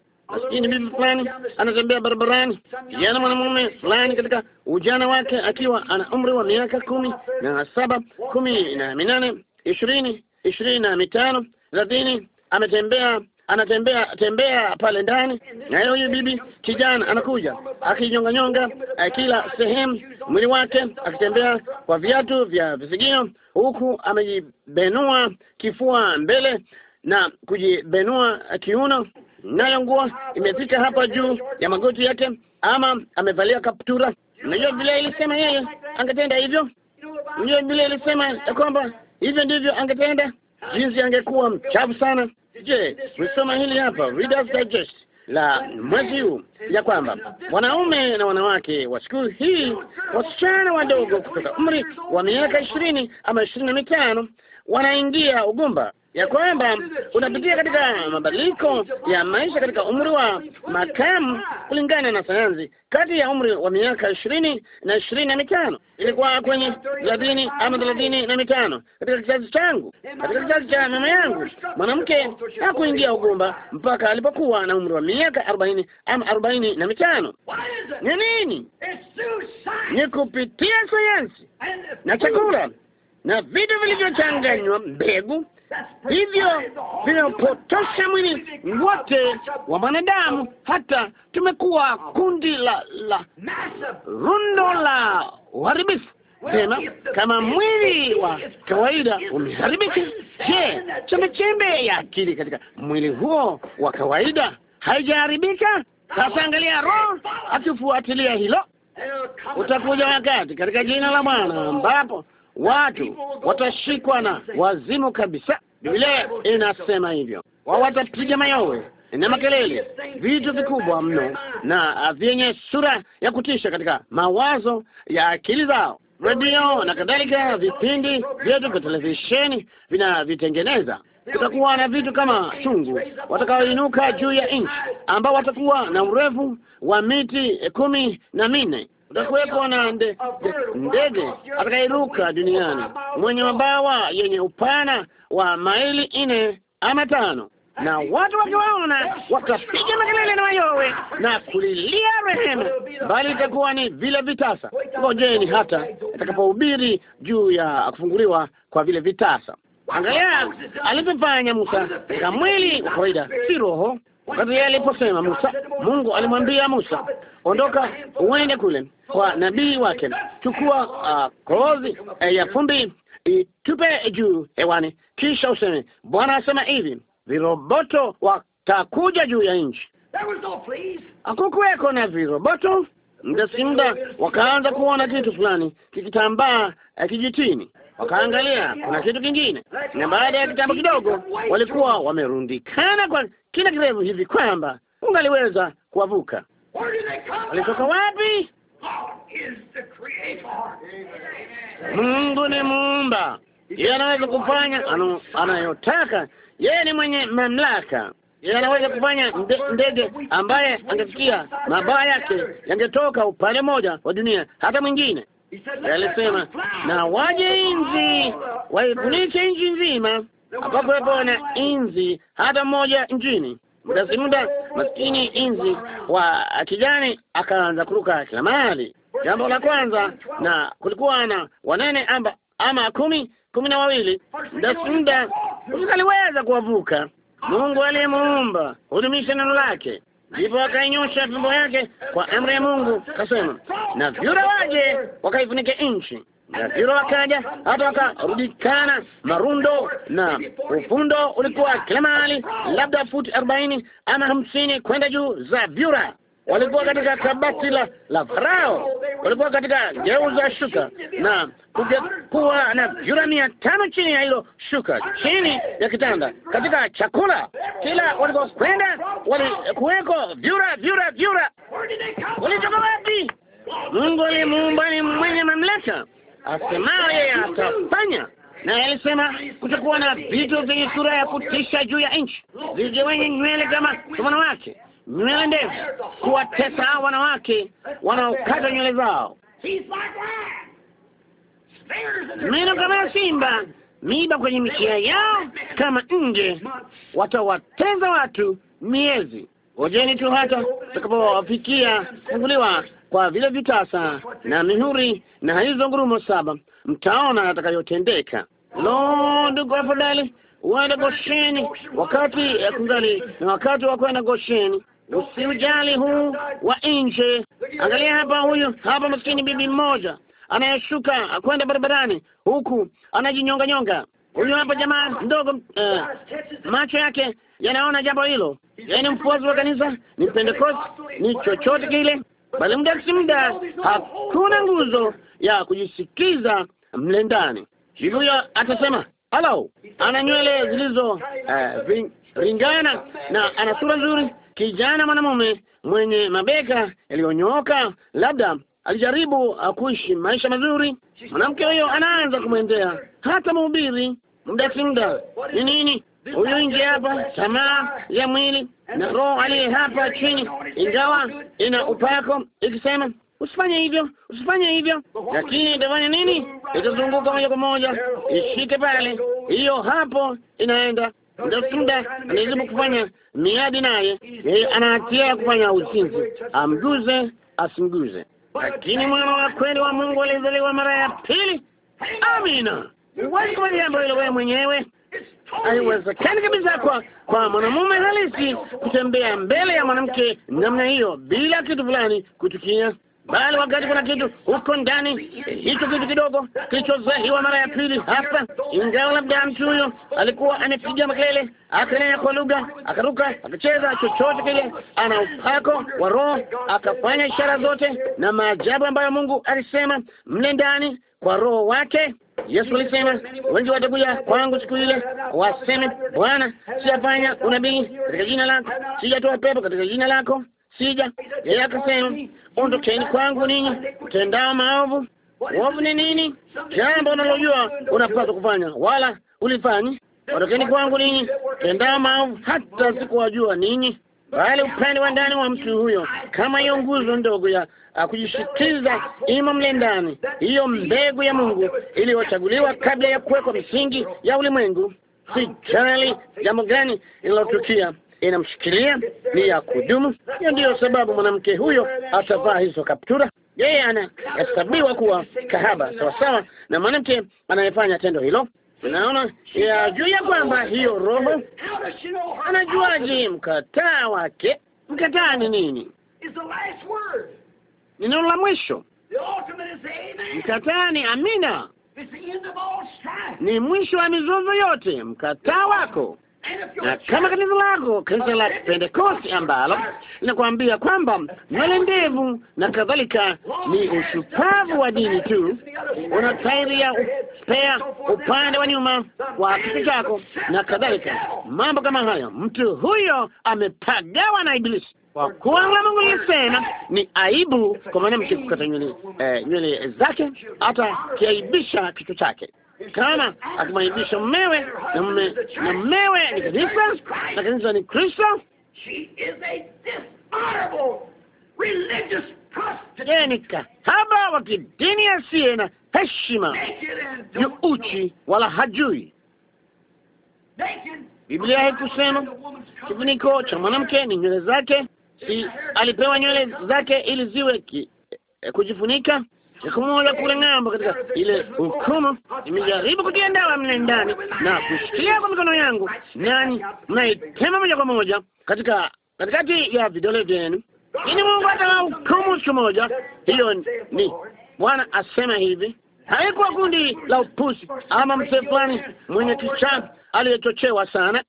hii bibi fulani anatembea barabarani, kijana mwanamume fulani katika ujana wake, akiwa ana umri wa miaka kumi na saba, kumi na minane, ishirini, ishirini na mitano, thelathini. Ametembea, anatembea tembea pale ndani, na huyu bibi kijana anakuja akinyonganyonga eh, kila sehemu mwili wake, akitembea kwa viatu vya visigino, huku amejibenua kifua mbele na kujibenua kiuno nayo nguo imefika hapa juu ya magoti yake, ama amevalia kaptura. Unajua vile ilisema yeye angetenda hivyo. Unajua vile ilisema ya kwamba hivyo ndivyo angetenda, jinsi angekuwa mchafu sana. Je, msoma hili hapa Reader's Digest la mwezi huu ya kwamba wanaume na wanawake wa siku hii, wasichana wadogo kutoka umri wa miaka ishirini ama ishirini na mitano wanaingia ugumba ya kwamba unapitia katika mabadiliko ya maisha katika umri wa makamu kulingana na sayansi, kati ya umri wa miaka ishirini na ishirini na mitano ilikuwa kwenye thelathini ama thelathini na mitano katika kizazi changu, katika kizazi cha mama yangu. Mwanamke hakuingia ugumba mpaka alipokuwa na umri wa miaka arobaini ama arobaini na mitano. Ni nini? Ni kupitia sayansi na chakula na vitu vilivyochanganywa, mbegu hivyo vinapotosha mwili wote wa mwanadamu, hata tumekuwa kundi la la rundo la uharibifu. Tena kama mwili wa kawaida umeharibika, je, chembechembe ya akili katika mwili huo wa kawaida haijaharibika? Sasa angalia Roho akifuatilia hilo, utakuja wakati katika jina la Bwana ambapo watu watashikwa na wazimu kabisa. Biblia inasema hivyo, wa watapiga mayowe na makelele, vitu vikubwa mno na vyenye sura ya kutisha katika mawazo ya akili zao. Redio na kadhalika, vipindi vyetu vya televisheni vinavitengeneza. Kutakuwa na vitu kama chungu watakaoinuka juu ya nchi, ambao watakuwa na urefu wa miti kumi na minne utakuwepo na nde, ndege atakayeruka duniani mwenye mabawa yenye upana wa maili nne ama tano, na watu wakiwaona wakapiga makelele na mayowe na kulilia rehema, bali itakuwa ni vile vitasa. Ngojeni hata atakapohubiri juu ya kufunguliwa kwa vile vitasa. Angalia alivyofanya Musa, kamwili wa kawaida, si roho Wakati yeye aliposema Musa, Mungu alimwambia Musa, ondoka uende kule kwa nabii wake, chukua uh, kozi eh, ya fumbi itupe juu hewani, kisha useme, Bwana asema hivi, viroboto watakuja juu ya nchi. Hakukuweko na viroboto mdasi si muda wakaanza kuona kitu fulani kikitambaa eh, kijitini, wakaangalia kuna kitu kingine, na baada ya kitambo kidogo walikuwa wamerundikana kwa kina kirefu hivi kwamba ungaliweza kuwavuka. Walitoka wapi? Mungu ni muumba, yeye anaweza kufanya anayotaka. Yeye ni mwenye mamlaka, yeye anaweza kufanya ndege ambaye angesikia mabawa yake yangetoka upande mmoja wa dunia hata mwingine. Alisema na waje inzi waifunike nchi nzima hapakuwepo na inzi hata mmoja nchini. Muda si muda, maskini inzi wa kijani akaanza kuruka kila mahali. Jambo la kwanza, na kulikuwa na wanene amba, ama kumi kumi na wawili. Muda si muda usikaliweza kuwavuka. Mungu aliyemuumba hudumisha neno lake. Ndipo akainyosha fimbo yake kwa amri ya Mungu, kasema na vyura waje wakaifunike nchi na hilo wakaja hata wakarudikana marundo, na ufundo ulikuwa kila mahali, labda futi arobaini ama hamsini kwenda juu za vyura. Walikuwa katika kabati la, la Farao, walikuwa katika za shuka, na kungekuwa na vyura mia tano chini ya hilo shuka, chini ya kitanda, katika chakula. Kila walipokwenda walikuweko vyura, vyura, vyura. Walitoka wapi? Mungu alimuumba, ni mwenye mamlaka asemao yeye atafanya. na alisema kutakuwa na vitu vyenye sura ya kutisha juu ya nchi, vije wenye nywele kama wanawake, nywele ndefu, kuwatesa wanawake wanaokata nywele zao, meno kama simba, miiba kwenye mikia yao kama nge, watawateza watu miezi. Ngojeni tu hata takapowafikia funguliwa kwa vile vitasa na mihuri na hizo ngurumo saba, mtaona atakayotendeka. Lo, ndugu afadhali uende Gosheni wakati eh, kungali na wakati wa kwenda Gosheni. Usiujali huu wa nje. Angalia hapa, huyu hapa maskini bibi mmoja anayeshuka eh, kwenda barabarani, huku anajinyonga nyonga. Huyu hapa jamaa mdogo, uh, macho yake yanaona jambo hilo. Yeye ni mfuasi wa kanisa, ni Pentecost, ni chochote kile, bali muda si muda, hakuna nguzo ya kujisikiza mle ndani. Hivyo atasema halo, ana nywele zilizo eh, ringana na ana sura nzuri, kijana mwanamume mwenye mabega yaliyonyooka, labda alijaribu ah, kuishi maisha mazuri. Mwanamke huyo anaanza kumwendea hata mhubiri. Muda si muda, ni nini huyu nje hapa, tamaa ya mwili na roho aliye hapa chini, ingawa ina upako ikisema usifanye hivyo, usifanye hivyo, lakini itafanya nini? Itazunguka moja kwa moja, ishike pale, hiyo hapo inaenda ndasuda anajaribu kufanya miadi naye, yeye anahatia ya kufanya uzinzi, amguze asimguze. Lakini mwana wa kweli wa Mungu alizaliwa mara ya pili. Amina, huwezi kufanya jambo hilo wewe mwenyewe, kani kabisa kwa kwa mwanamume halisi kutembea mbele ya mwanamke namna hiyo bila kitu fulani kutukia, bali wakati kuna kitu huko ndani, hicho kitu kidogo kilichozaliwa mara ya pili hapa. Ingawa labda mtu huyo alikuwa amepiga makelele, akanena kwa lugha, akaruka, akacheza chochote kile, ana upako wa Roho, akafanya ishara zote na maajabu ambayo Mungu alisema mle ndani kwa Roho wake Yesu alisema wengi watakuja kwangu siku ile, waseme Bwana, sijafanya unabii katika jina lako, sijatoa pepo katika jina lako, sija. Yeye akasema ondokeni kwangu ninyi mtendao maovu. Uovu ni nini? Jambo unalojua unapaswa kufanya wala ulifanyi. Ondokeni kwangu ninyi mtendao maovu, hata sikuwajua ninyi, bali upande wa ndani wa mtu huyo, kama hiyo nguzo ndogo ya Ah, kujishikiza imo mle ndani, hiyo mbegu ya Mungu iliyochaguliwa kabla ya kuwekwa misingi ya ulimwengu. Sijali jambo gani lililotukia, inamshikilia ni ya kudumu. Hiyo ndiyo sababu mwanamke huyo atavaa hizo kaptura. Yeye anahesabiwa kuwa kahaba sawasawa na mwanamke anayefanya tendo hilo. Naona juu ya kwamba hiyo roho, anajuaje mkataa wake? Mkataa ni nini? ni neno la mwisho. Mkataa ni amina, ni mwisho wa mizozo yote, mkataa wako. Na kama kanisa lako, kanisa la Pentekosti ambalo linakuambia kwamba nywele ndevu na kadhalika ni ushupavu wa dini tu, unatairia upea upande wa nyuma wa kiti chako na kadhalika, mambo kama hayo, mtu huyo amepagawa na Ibilisi. Kwa kuwa Mungu alisema ni aibu kwa mwanamke kukata nywele eh, nywele zake, hata kiaibisha kichwa chake. Kama akimwaibisha mmewe na mme, na mmewe ni kanisa na kanisa ni Kristo, yeye ni kahaba wa kidini asiye na heshima, ni uchi wala hajui. Biblia haikusema kifuniko cha mwanamke ni nywele zake si alipewa nywele zake ili ziwe ki, eh, kujifunika kumula kule ng'ambo katika ile hukumu. Nimejaribu kukiandawa mle ndani na kushikilia kwa mikono yangu, nani mnaitema moja kwa moja katika katikati ya vidole vyenu, ili Mungu atawa hukumu siku moja. Hiyo ni Bwana asema hivi. Haikuwa kundi la upusi ama msefani fulani mwenye kichaa aliyechochewa sana,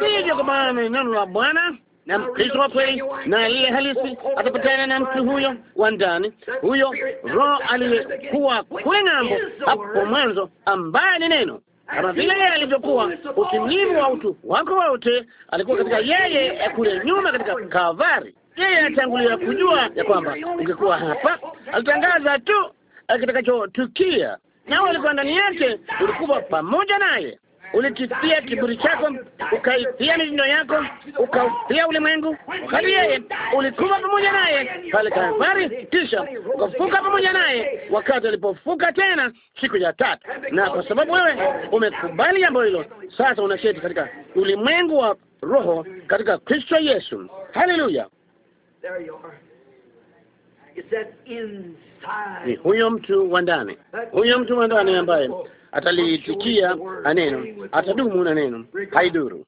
sivyo, kwa maana neno la Bwana na Mkristo wa kweli na aliye halisi atapatana na mtu huyo wa ndani, huyo Roho aliyekuwa kule ng'ambo hapo mwanzo, ambaye ni neno kama vile yeye alivyokuwa utimilivu wa utu wako wote, alikuwa katika yeye kule nyuma katika Kavari. Yeye atangulia kujua ya kwamba ungekuwa hapa, alitangaza tu kitakachotukia, nao alikuwa ndani yake, ulikuwa pamoja naye ulikifia kiburi chako, ukaifia mitindo yako, ukaufia ulimwengu. Bali yeye ulikufa pamoja naye pale Kalvari, kisha ukafuka pamoja naye wakati alipofuka tena siku ya tatu. Na kwa sababu wewe umekubali jambo hilo, sasa unaketi katika ulimwengu wa roho katika Kristo Yesu. Haleluya! Ni huyo mtu wa ndani, huyo mtu wa ndani ambaye ataliitikia neno, atadumu na neno, haidhuru.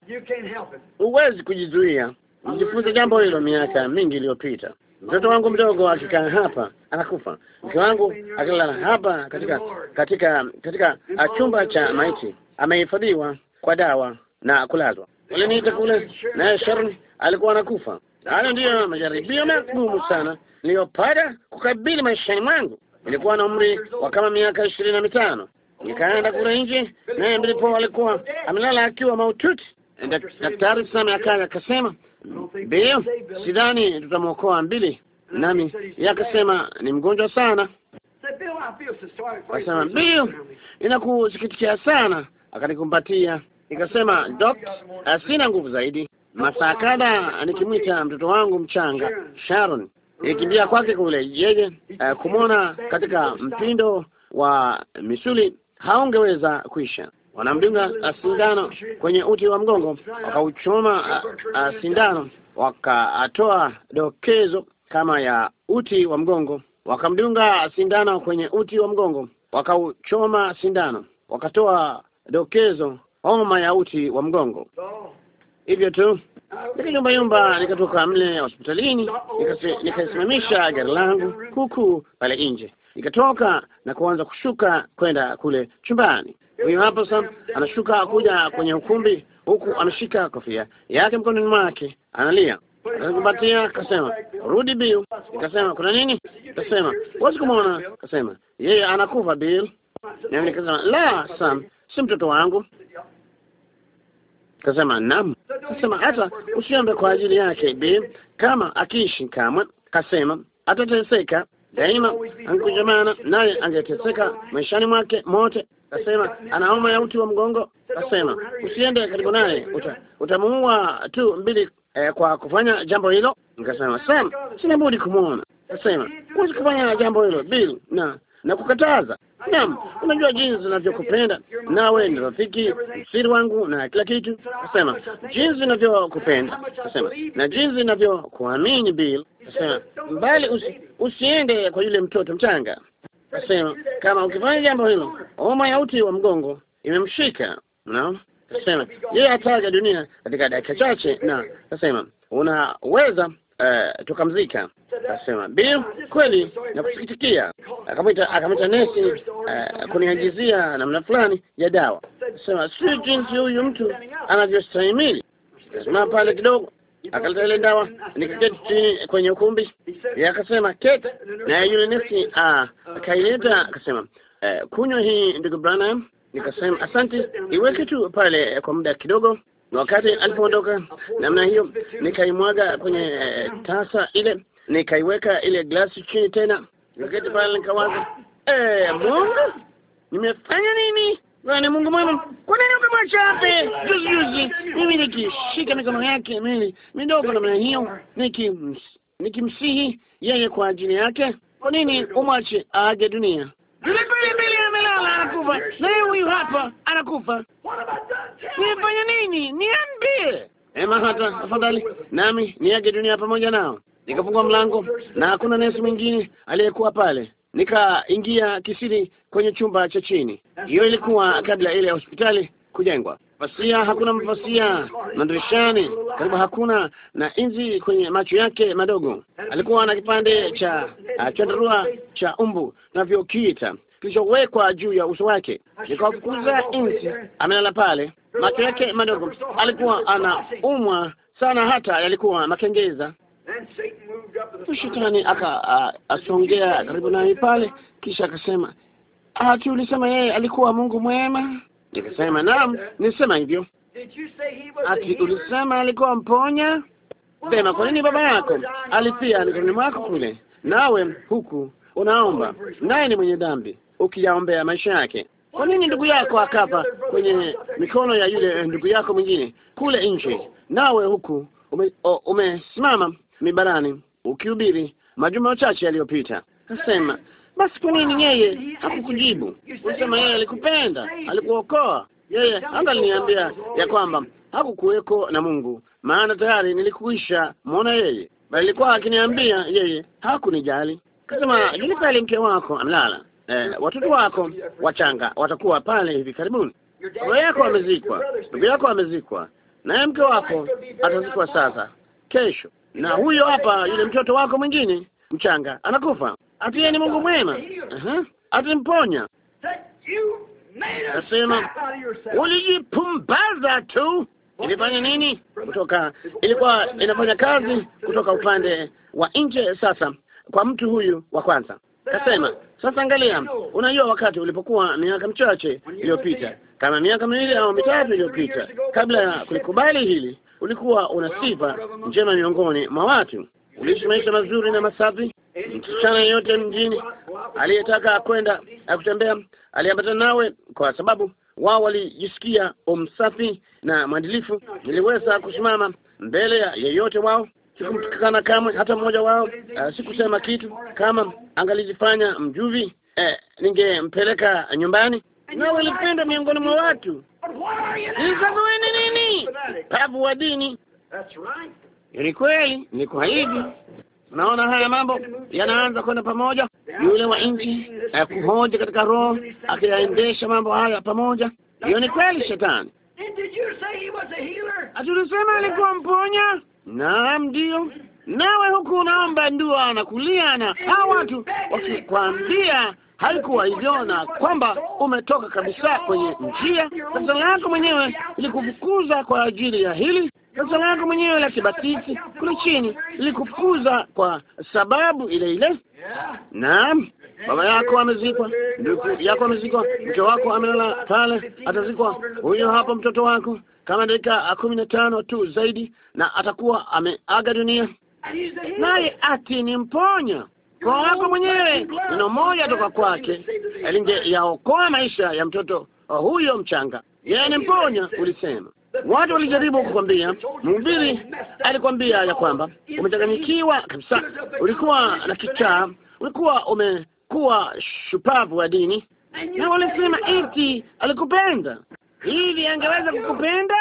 Huwezi kujizuia. Mjifunze jambo hilo miaka mingi iliyopita. Mtoto wangu mdogo akikaa hapa anakufa, mke wangu akilala hapa katika katika katika ah, chumba cha maiti, amehifadhiwa kwa dawa na kulazwa. niite kule, naye Sharon alikuwa anakufa. Hayo ndiyo majaribio magumu sana niliyopata kukabili maishani mwangu. ilikuwa na umri wa kama miaka ishirini na mitano nikaenda kule nje, naye ndipo alikuwa amelala akiwa maututi. Daktari Sami akaja akasema, ndiyo, sidhani tutamwokoa mbili. Nami yakasema akasema ni mgonjwa sana. Akasema ndiyo, inakusikitikia sana. Akanikumbatia nikasema, dok, sina nguvu zaidi. Masaa kadhaa nikimwita mtoto wangu mchanga Sharon ikimbia kwake kule yeye eh, kumwona katika mpindo wa misuli haungeweza kuisha. Wanamdunga sindano kwenye uti wa mgongo, wakauchoma sindano, wakatoa dokezo kama ya uti wa mgongo, wakamdunga sindano kwenye uti wa mgongo, wakauchoma sindano, wakatoa dokezo homa ya uti wa mgongo. Hivyo tu nikayumba yumba, nikatoka mle hospitalini, nikasimamisha gari langu kuku pale nje ikatoka na kuanza kushuka kwenda kule chumbani. Huyo hapo Sam anashuka kuja kwenye ukumbi, huku ameshika kofia yake mkononi mwake, analia. Akakumbatia akasema, rudi Bill. Nikasema, kuna nini? Akasema, huwezi kumwona. Akasema, yeye anakufa Bill. nikasema, la Sam, si mtoto wangu. Kasema naam. Kasema hata usiombe kwa ajili yake Bill, kama akiishi kamwe, kasema atateseka daima angekuchamana naye angeteseka maishani mwake mote. Kasema ana homa ya uti wa mgongo. Kasema usiende karibu naye, uta, utamuua tu mbili eh, kwa kufanya jambo hilo. Nikasema Sam, sina budi kumwona. Kasema huwezi kufanya jambo hilo bili na na kukataza Naam, unajua jinsi ninavyokupenda, nawe ni rafiki msiri wangu na kila kitu. Nasema jinsi ninavyokupenda, nasema na jinsi ninavyokuamini Bill. Nasema mbali usi, usiende kwa yule mtoto mchanga. Nasema kama ukifanya jambo hilo, homa ya uti wa mgongo imemshika. Naam, nasema yeye ataaga dunia katika dakika chache, na nasema unaweza uh, eh, tukamzika. Akasema bi kweli, nakusikitikia. Akamwita akamwita nesi uh, eh, kuniagizia namna fulani ya dawa. Akasema si jinsi huyu mtu anavyostahimili. Akasimama pale kidogo, akaleta ile dawa, nikaketi chini kwenye ukumbi. Akasema keti, na yule nesi ah, akaileta, akasema eh, kunywa hii, ndugu Branham. Nikasema asante, iweke tu pale kwa muda kidogo na wakati alipoondoka namna hiyo, nikaimwaga kwenye eh, tasa ile, nikaiweka ile glasi chini tena, wakati pale, nikawaza eh, Mungu, nimefanya nini? Bwana Mungu mwema, kwa nini ukamwacha hape juzi juzi? Mimi nikishika mikono yake mili midogo namna hiyo, nikimsihi yeye kwa ajili yake, kwa nini umwache aage dunia? anakufa yeye huyu hapa anakufa. Nifanye nini? Niambie. Ema, hata afadhali nami niage dunia pamoja nao. Nikafungua mlango na hakuna nesi mwingine aliyekuwa pale. Nikaingia kisiri kwenye chumba cha chini. Hiyo ilikuwa kabla ile hospitali kujengwa. Fasia hakuna mapasia madirishani, karibu hakuna na inzi kwenye macho yake madogo. Alikuwa na kipande cha chandarua cha umbu tunavyokiita, kilichowekwa juu ya uso wake. Nikawafukuza nzi, amelala pale, macho yake madogo, alikuwa anaumwa sana, hata yalikuwa makengeza. Shetani akasongea karibu naye pale, kisha akasema, ati ulisema yeye alikuwa Mungu mwema? Nikasema naam, nisema hivyo. Ati ulisema alikuwa mponya? Sema, kwa nini baba yako alifia mikononi mwako kule, nawe huku unaomba, naye ni mwenye dhambi? ukiyaombea maisha yake. Kwa nini ndugu yako akapa kwenye mikono ya yule eh, ndugu yako mwingine kule nje, nawe huku umesimama ume mibarani ukihubiri majuma machache yaliyopita? Nasema basi, kwa nini yeye hakukujibu? Unasema yeye alikupenda, alikuokoa. Yeye anga aliniambia ya kwamba hakukuweko na Mungu, maana tayari nilikuisha mwona yeye, bali alikuwa akiniambia yeye hakunijali. Kasema juli mke wako amlala eh, watoto wako wachanga watakuwa pale hivi karibuni. Baba yako amezikwa, ndugu yako amezikwa, naye mke wako atazikwa sasa kesho, na huyo hapa yule mtoto wako mwingine mchanga anakufa. Atiye ni Mungu mwema, atimponya. Nasema ulijipumbaza tu. Ilifanya nini? Kutoka ilikuwa inafanya kazi kutoka upande wa nje, sasa kwa mtu huyu wa kwanza. nasema sasa angalia, unajua wakati ulipokuwa miaka michache iliyopita, kama miaka miwili au mitatu iliyopita, kabla ya kulikubali hili, ulikuwa una sifa njema miongoni mwa watu, uliishi maisha mazuri na masafi. Msichana yeyote mjini aliyetaka kwenda akutembea aliambatana nawe, kwa sababu wao walijisikia umsafi na mwadilifu. Niliweza kusimama mbele ya yeyote wao sikutukana kamwe hata mmoja wao. Uh, sikusema kitu. Kama angalizifanya mjuvi, eh, ningempeleka nyumbani. na walipenda miongoni mwa watu nisabueni nini? babu wa dini ni kweli, ni kwa hivi. Unaona, haya mambo yanaanza kwenda pamoja, yule wa nchi eh, kuhoja katika roho, akiyaendesha mambo haya pamoja. Hiyo ni kweli, shetani. Hatulisema alikuwa mponya Naam, ndio Nawe huku unaomba ndua na kulia na hawa watu wakikwambia haikuwa hivyo, na kwamba umetoka kabisa kwenye njia. Sasa lako mwenyewe ilikufukuza kwa ajili ya hili. Sasa lako mwenyewe la kibatisi kule chini ilikufukuza kwa sababu ile ile. Naam, baba yako amezikwa, ndugu yako amezikwa, mke wako amelala pale, atazikwa huyo hapo mtoto wako kama dakika kumi na tano tu zaidi, na atakuwa ameaga dunia, naye ati ni mponya kwa wako mwenyewe. Neno moja toka kwake yaokoa maisha ya mtoto huyo mchanga. Yeye ni mponya, ulisema. Watu walijaribu kukwambia, mhubiri alikwambia ya kwamba umechanganyikiwa kabisa, ulikuwa na kichaa, ulikuwa umekuwa shupavu wa dini, na walisema eti alikupenda hivi angeweza kukupenda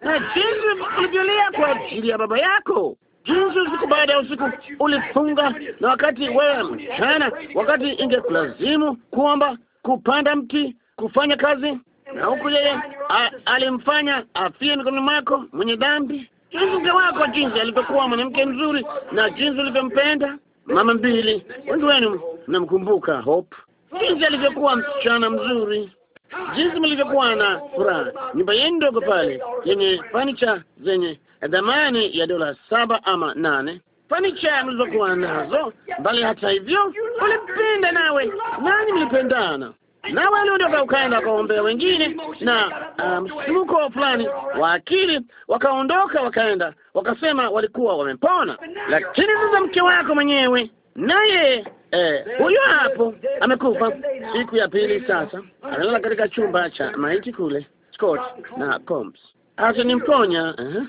na jinsi ulivyolia kwa ajili ya baba yako, jinsi usiku baada ya usiku ulifunga, na wakati wewe mchana, wakati ingekulazimu kuomba, kupanda mti, kufanya kazi, na huku yeye alimfanya afie mikononi mwako mwenye dhambi. Jinsi mke wako, jinsi alivyokuwa mwanamke mzuri, na jinsi ulivyompenda. Mama mbili, wengi wenu mnamkumbuka Hope, jinsi alivyokuwa msichana mzuri jinsi mlivyokuwa na furaha. Nyumba yenu ndogo pale yenye fanicha zenye dhamani ya dola saba ama nane, fanicha mlizokuwa nazo bali, hata hivyo, ulipenda nawe nani, mlipendana nawe aliondoka, ukaenda wakaombea wengine, na msimuko um, fulani wa akili, wakaondoka wakaenda, wakasema walikuwa wamepona. Lakini sasa mke wako mwenyewe naye eh, huyo eh, hapo amekufa siku ya pili sasa, analala katika chumba cha maiti kule Scott na Combs akinimponya eh,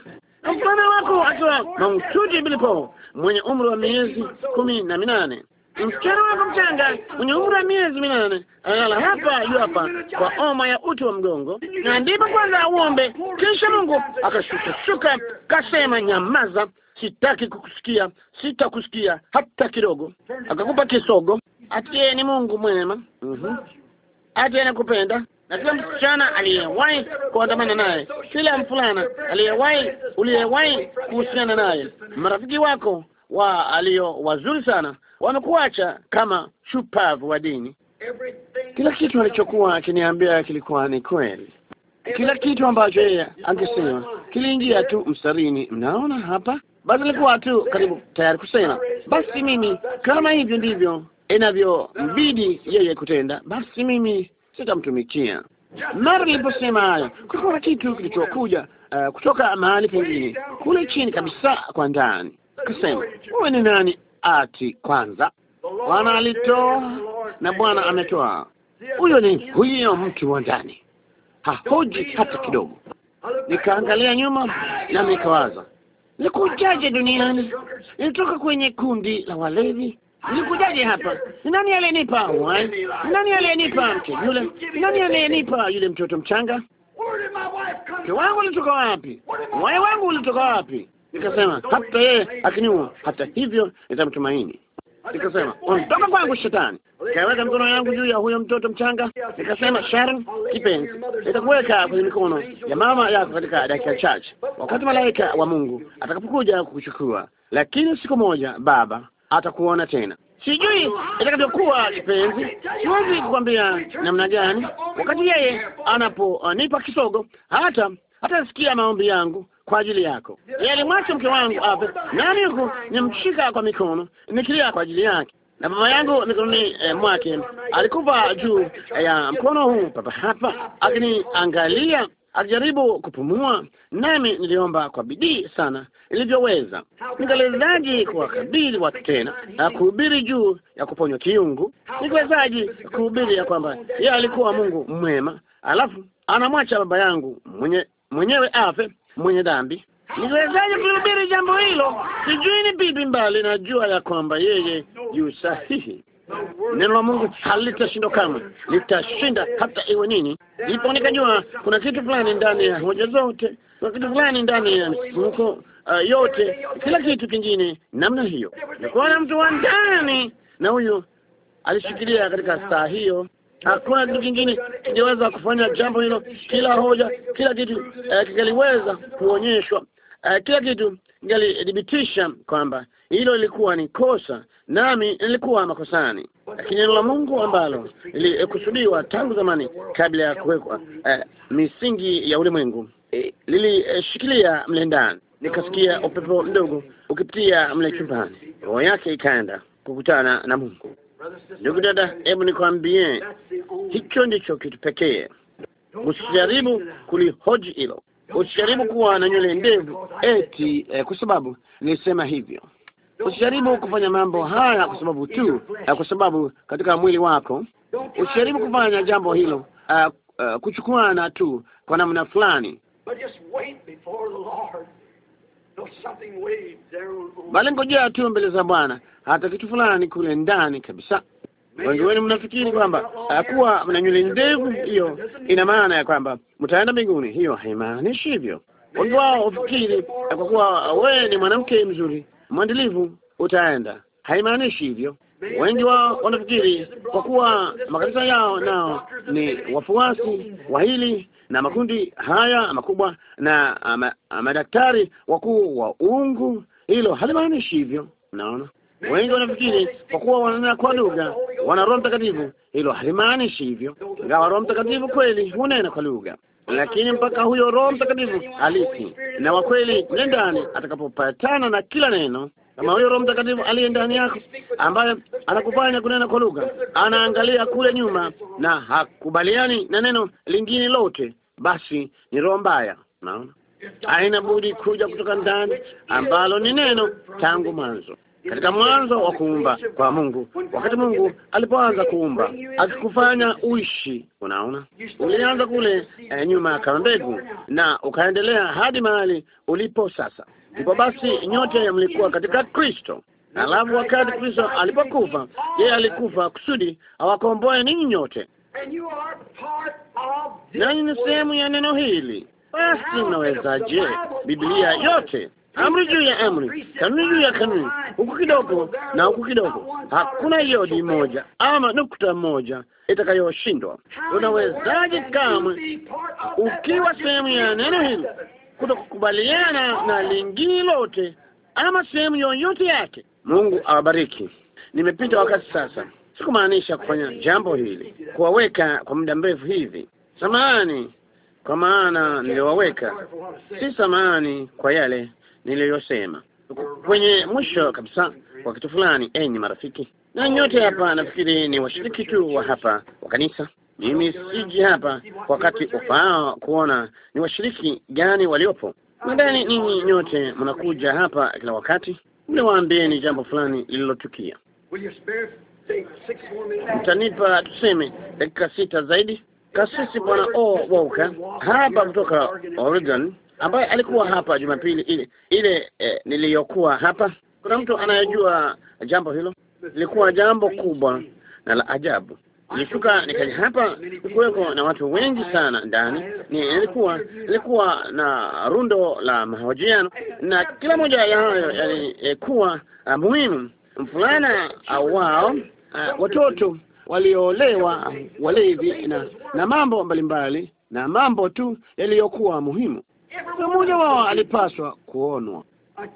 mpana wako akiwa mahututi bilipo mwenye umri wa miezi kumi na minane msichana wako mchanga mwenye umri wa miezi minane analala hapa yu hapa kwa homa ya uti wa mgongo, na ndipo kwanza uombe, Kisha Mungu akashuka shuka kasema, nyamaza sitaki kukusikia, sitakusikia hata kidogo. Akakupa kisogo, atie ni Mungu mwema, ati yeye na kila msichana aliyewahi kuandamana naye, kila mfulana aliyewahi uliyewahi kuhusiana naye, marafiki wako wa alio wazuri sana wamekuacha kama shupavu wa dini. Kila kitu alichokuwa akiniambia kilikuwa ni kweli, kila kitu ambacho yeye angesema kiliingia tu mstarini. Mnaona hapa basi nilikuwa tu karibu tayari kusema, basi mimi kama hivyo ndivyo inavyombidi yeye kutenda, basi mimi sitamtumikia. Mara niliposema hayo, kulikuwa na kitu kilichokuja uh, kutoka mahali pengine kule chini kabisa kwa ndani, kasema wewe ni nani? Ati kwanza Bwana alitoa na Bwana ametoa. Huyo ni huyo mtu wa ndani, hahoji hata kidogo. Nikaangalia nyuma na nikawaza nilikujaje duniani? Nilitoka kwenye kundi la walevi. Nilikujaje hapa? Ni nani aliyenipa wine? Ni nani aliyenipa mke yule? Ni nani aliyenipa yule mtoto mchanga? Mke wangu ulitoka wapi? Wai wangu ulitoka wapi? Nikasema hata yeye akiniua, hata hivyo nitamtumaini. Nikasema, ondoka oh, kwangu shetani. kaweka mikono yangu juu ya huyo mtoto mchanga, nikasema, Sharon kipenzi, nitakuweka kwenye mikono ya mama yako katika dakika chache, wakati malaika wa Mungu atakapokuja kukuchukua. Lakini siku moja Baba atakuona tena. Sijui itakavyokuwa kipenzi, siwezi kukwambia namna gani, wakati yeye anaponipa kisogo hata atasikia maombi yangu kwa ajili yako. alimwacha mke wangu ape, nami huku nimshika kwa mikono nikilia kwa ajili yake, na baba yangu mikononi eh, mwake alikufa juu eh, ya mkono huu papa hapa, akiniangalia akijaribu kupumua, nami niliomba kwa bidii sana nilivyoweza. kwa kuwakabili watu tena na kuhubiri juu ya kuponywa kiungu? Nikawezaji kuhubiri ya kwamba yeye alikuwa Mungu mwema, alafu anamwacha baba yangu mwenye mwenyewe afe mwenye dhambi. Niwezaje kuhubiri jambo hilo? Sijui ni bibi mbali, najua ya kwamba yeye yu sahihi. Neno la Mungu halitashindwa kamwe, litashinda hata iwe nini. Ndipo nikajua kuna kitu fulani ndani ya hoja zote, kuna kitu fulani ndani ya msimuko uh, yote, kila kitu kingine namna hiyo. Nikuona mtu wa ndani, na huyu alishikilia katika saa hiyo Hakuna kitu kingine kingeweza kufanya jambo hilo. Kila hoja, kila kitu eh, kingeliweza kuonyeshwa, eh, kila kitu kingelithibitisha kwamba hilo lilikuwa ni kosa, nami nilikuwa makosani. Lakini neno la Mungu ambalo lilikusudiwa tangu zamani, kabla ya kuwekwa eh, misingi ya ulimwengu, lilishikilia mle ndani. Nikasikia upepo mdogo ukipitia mle chumbani, roho yake ikaenda kukutana na Mungu. Ndugu dada, hebu nikwambie, hicho ndicho kitu pekee. Usijaribu kulihoji hilo, usijaribu kuwa na nywele ndevu eti eh, kwa sababu nilisema hivyo. Usijaribu kufanya mambo haya kwa sababu tu eh, kwa sababu katika mwili wako. Usijaribu kufanya jambo hilo eh, eh, kuchukuana tu kwa namna fulani bali ngojea tu mbele za Bwana, hata kitu fulani kule ndani kabisa. Wengi wenu mnafikiri kwamba kuwa mna nywele ndefu hiyo ina maana ya kwamba mtaenda mbinguni. Hiyo haimaanishi hivyo. Wengi wao ufikiri kwa kuwa wewe ni mwanamke mzuri mwandilivu utaenda, haimaanishi hivyo. Wengi wao wanafikiri kwa kuwa makanisa yao nao ni wafuasi wa hili na makundi haya makubwa na ama, madaktari wakuu wa uungu, hilo halimaanishi hivyo. Naona wengi wanafikiri kwa kuwa wananena kwa lugha wana Roho Mtakatifu, hilo halimaanishi hivyo, ingawa Roho Mtakatifu kweli hunena kwa lugha, lakini mpaka huyo Roho Mtakatifu alipi na wa kweli ndani atakapopatana na kila neno kama huyo Roho Mtakatifu aliye ndani yako ambaye anakufanya kunena kwa lugha, anaangalia kule nyuma na hakubaliani na neno lingine lote, basi ni roho mbaya. Naona haina budi kuja kutoka ndani, ambalo ni neno tangu mwanzo katika mwanzo wa kuumba kwa Mungu, wakati Mungu alipoanza kuumba, akikufanya uishi. Unaona, ulianza kule eh, nyuma kama mbegu, na ukaendelea hadi mahali ulipo sasa. Ndipo basi nyote mlikuwa katika Kristo, na alafu wakati Kristo alipokufa, yeye alikufa kusudi awakomboe ninyi nyote nanyi ni sehemu ya neno hili. Basi mnawezaje? Biblia yote, amri juu ya amri, kanuni juu ya kanuni, huku kidogo na huku kidogo, hakuna yodi moja ama nukta moja itakayoshindwa. Unawezaje kamwe ukiwa sehemu ya neno hili kutokukubaliana na lingine lote ama sehemu yoyote yake? Mungu awabariki. Nimepita wakati sasa Sikumaanisha kufanya jambo hili kuwaweka kwa muda mrefu hivi. Samahani kwa maana niliwaweka, si samahani kwa yale niliyosema. Kwenye mwisho kabisa kwa kitu fulani, enyi marafiki, na nyote hapa, nafikiri ni washiriki tu wa hapa wa kanisa. Mimi siji hapa wakati ufaao kuona ni washiriki gani waliopo. Nadhani ninyi nyote mnakuja hapa kila wakati, mliwaambieni jambo fulani lililotukia mtanipa tuseme dakika sita zaidi. Kasisi Bwana O Walker hapa kutoka Oregon, ambaye alikuwa hapa Jumapili ile ile, eh, niliyokuwa hapa. Kuna mtu anayejua jambo hilo? Lilikuwa jambo kubwa na la ajabu. Nilishuka nikaja hapa, kuweko na watu wengi sana ndani. Nilikuwa nilikuwa na rundo la mahojiano, na kila moja ya hayo yalikuwa eh, muhimu. Mfulana ah, wao uh, watoto walioolewa, walevi na, na mambo mbalimbali na mambo tu yaliyokuwa muhimu. Mmoja wao alipaswa kuonwa.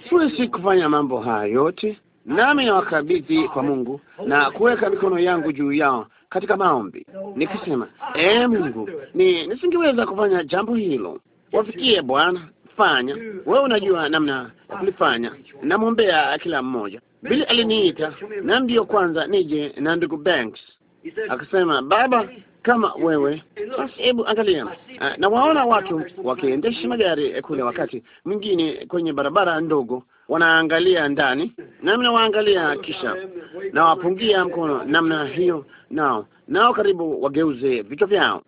Siwezi kufanya mambo haya yote, nami nawakabidhi kwa Mungu na kuweka mikono yangu juu yao katika maombi nikisema, ee Mungu, ni nisingeweza kufanya jambo hilo, wafikie Bwana, fanya wewe, unajua namna ya kulifanya. Namwombea kila mmoja. Bili aliniita na ndiyo kwanza nije na ndugu Banks akasema, baba, kama wewe basi, hebu angalia ah, na waona watu wakiendesha magari kule, wakati mwingine kwenye barabara ndogo wanaangalia ndani, nami nawaangalia, kisha nawapungia mkono namna hiyo, nao nao karibu wageuze vichwa vyao.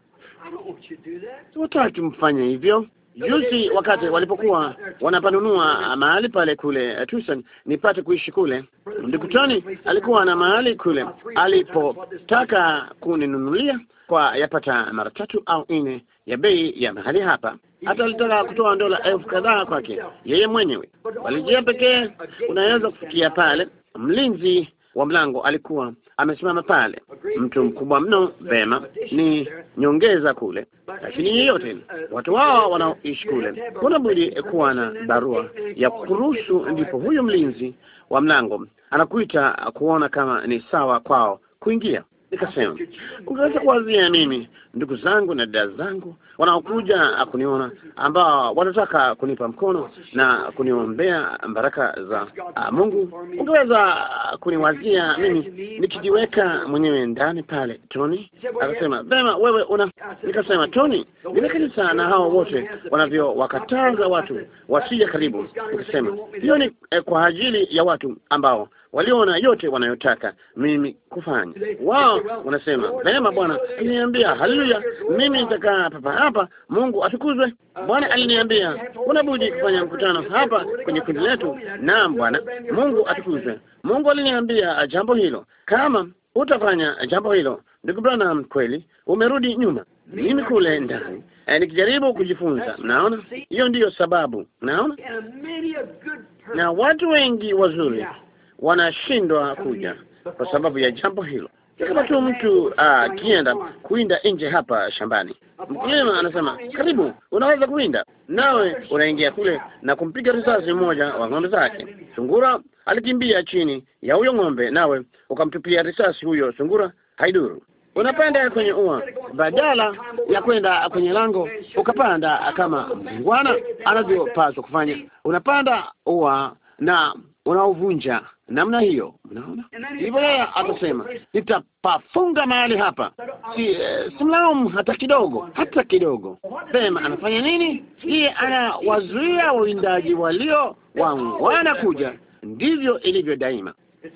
Wataki mfanye hivyo, Juzi wakati walipokuwa wanapanunua mahali pale kule eh, Tucson, nipate kuishi kule, ndikutani alikuwa na mahali kule alipotaka kuninunulia kwa yapata mara tatu au nne ya bei ya mahali hapa. Hata alitaka kutoa dola elfu kadhaa kwake yeye mwenyewe. Walijia pekee unaweza kufikia pale. Mlinzi wa mlango alikuwa amesimama pale, mtu mkubwa mno. Vema, ni nyongeza kule, lakini yeyote, watu wao wanaoishi kule kuna budi kuwa na barua ya kuruhusu. Ndipo huyo mlinzi wa mlango anakuita kuona kama ni sawa kwao kuingia. Nikasema, ungeweza kuwazia nini ndugu zangu na dada zangu wanaokuja kuniona, ambao wanataka kunipa mkono na kuniombea baraka za ah, Mungu? Ungeweza kuniwazia mimi nikijiweka mwenyewe ndani pale? Tony akasema vema, wewe una. Nikasema, Tony, lile kanisa na hao wote wanavyowakataza watu wasije karibu. Nikasema hiyo ni eh, kwa ajili ya watu ambao waliona yote wanayotaka mimi kufanya. Wao wanasema vema, Bwana aliniambia. Haleluya, mimi nitakaa papa hapa, Mungu atukuzwe. Bwana aliniambia unabudi kufanya mkutano hapa kwenye kundi letu. Naam Bwana, Mungu atukuzwe. Mungu aliniambia jambo hilo, kama utafanya jambo hilo, ndugu Branham, kweli umerudi nyuma. Mimi kule ndani eh, nikijaribu kujifunza. Mnaona, hiyo ndiyo sababu. Mnaona, na watu wengi wazuri wanashindwa kuja kwa sababu ya jambo hilo. Kama tu mtu ah, akienda uh, kuinda nje hapa shambani, mkulima anasema karibu, unaweza kuinda, nawe unaingia kule na kumpiga risasi mmoja wa ng'ombe zake. Sungura alikimbia chini ya huyo ng'ombe, nawe ukamtupia risasi huyo sungura, haiduru. Unapanda kwenye ua badala ya kwenda kwenye lango, ukapanda kama mzingwana anavyopaswa kufanya. Unapanda ua na unaovunja namna hiyo. mnaona hivyo, yeye akasema nitapafunga mahali hapa, si eh, simlaumu hata kidogo, hata kidogo. Sema anafanya nini? Yeye anawazuia wawindaji walio wangwana kuja. Ndivyo ilivyo daima,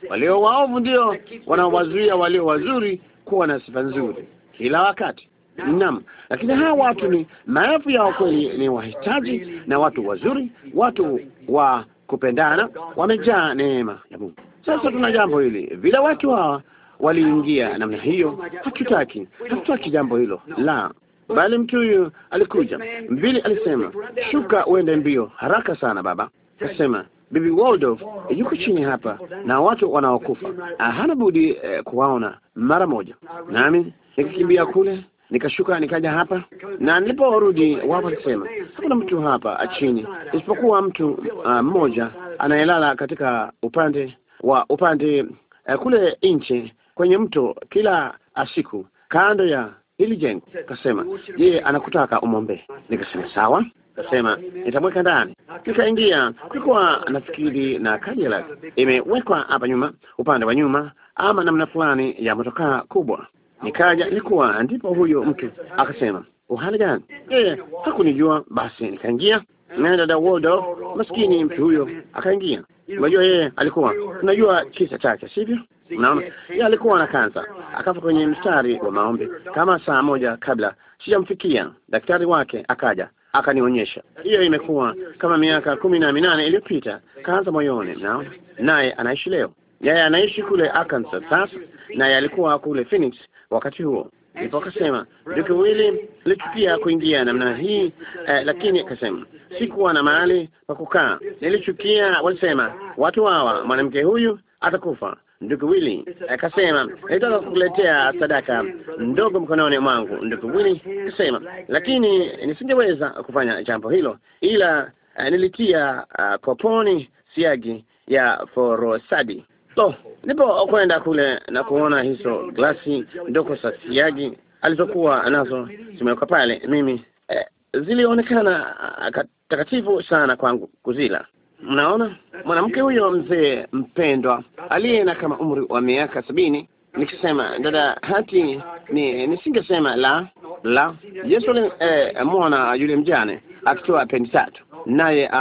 walio waovu ndio wanawazuia walio wazuri kuwa na sifa nzuri kila wakati. Naam, lakini hawa watu ni maelfu yao kweli, ni wahitaji na watu wazuri, watu wa kupendana, wamejaa neema ya Mungu. Sasa tuna jambo hili, vile watu hawa waliingia namna hiyo. Hatutaki, hatutaki jambo hilo la bali. Mtu huyu alikuja mbili, alisema shuka uende mbio haraka sana baba. Akasema Bibi Waldorf yuko chini hapa na watu wanaokufa, hana budi eh, kuwaona mara moja, nami nikikimbia kule nikashuka nikaja hapa, na niliporudi wapo akisema hakuna mtu hapa chini isipokuwa mtu uh, mmoja anayelala katika upande wa upande uh, kule nje kwenye mto kila ah, siku kando ya hili jengo. Kasema je, anakutaka umombe Nikasema sawa. Kasema nitamweka ndani. Nikaingia, kulikuwa nafikiri na kajela lake imewekwa hapa nyuma, upande wa nyuma, ama namna fulani ya motokaa kubwa nikaja ilikuwa ndipo huyo mke akasema uhali gani? Yeye eh, hakunijua. Basi nikaingia naye dada Waldorf, maskini mtu huyo akaingia. Unajua yeye alikuwa, unajua kisa chake, sivyo? Unaona, yeye alikuwa na kansa, akafa kwenye mstari wa maombi kama saa moja kabla sijamfikia. Daktari wake akaja akanionyesha. Hiyo imekuwa kama miaka kumi na minane iliyopita. Kansa moyoni, naona naye anaishi leo. Yeye anaishi kule Arkansas sasa, naye alikuwa kule Phoenix wakati huo. Ndipo akasema duka wili lichukia kuingia namna hii eh, lakini akasema sikuwa na mahali pa kukaa, nilichukia. Walisema watu hawa, mwanamke huyu atakufa. Ndugu Wili akasema nilitaka kukuletea sadaka ndogo mkononi mwangu. Ndugu Wili akasema lakini nisingeweza kufanya jambo hilo, ila uh, nilitia uh, koponi siagi ya forosadi So nilipokwenda kule na kuona hizo glasi ndogo za siagi alizokuwa nazo zimewekwa pale, mimi eh, zilionekana ah, takatifu sana kwangu kuzila. Mnaona, mwanamke huyo mzee mpendwa aliye na kama umri wa miaka sabini, nikisema dada hati ni nisingesema la la. Yesu alimwona eh, yule mjane akitoa pendi tatu, naye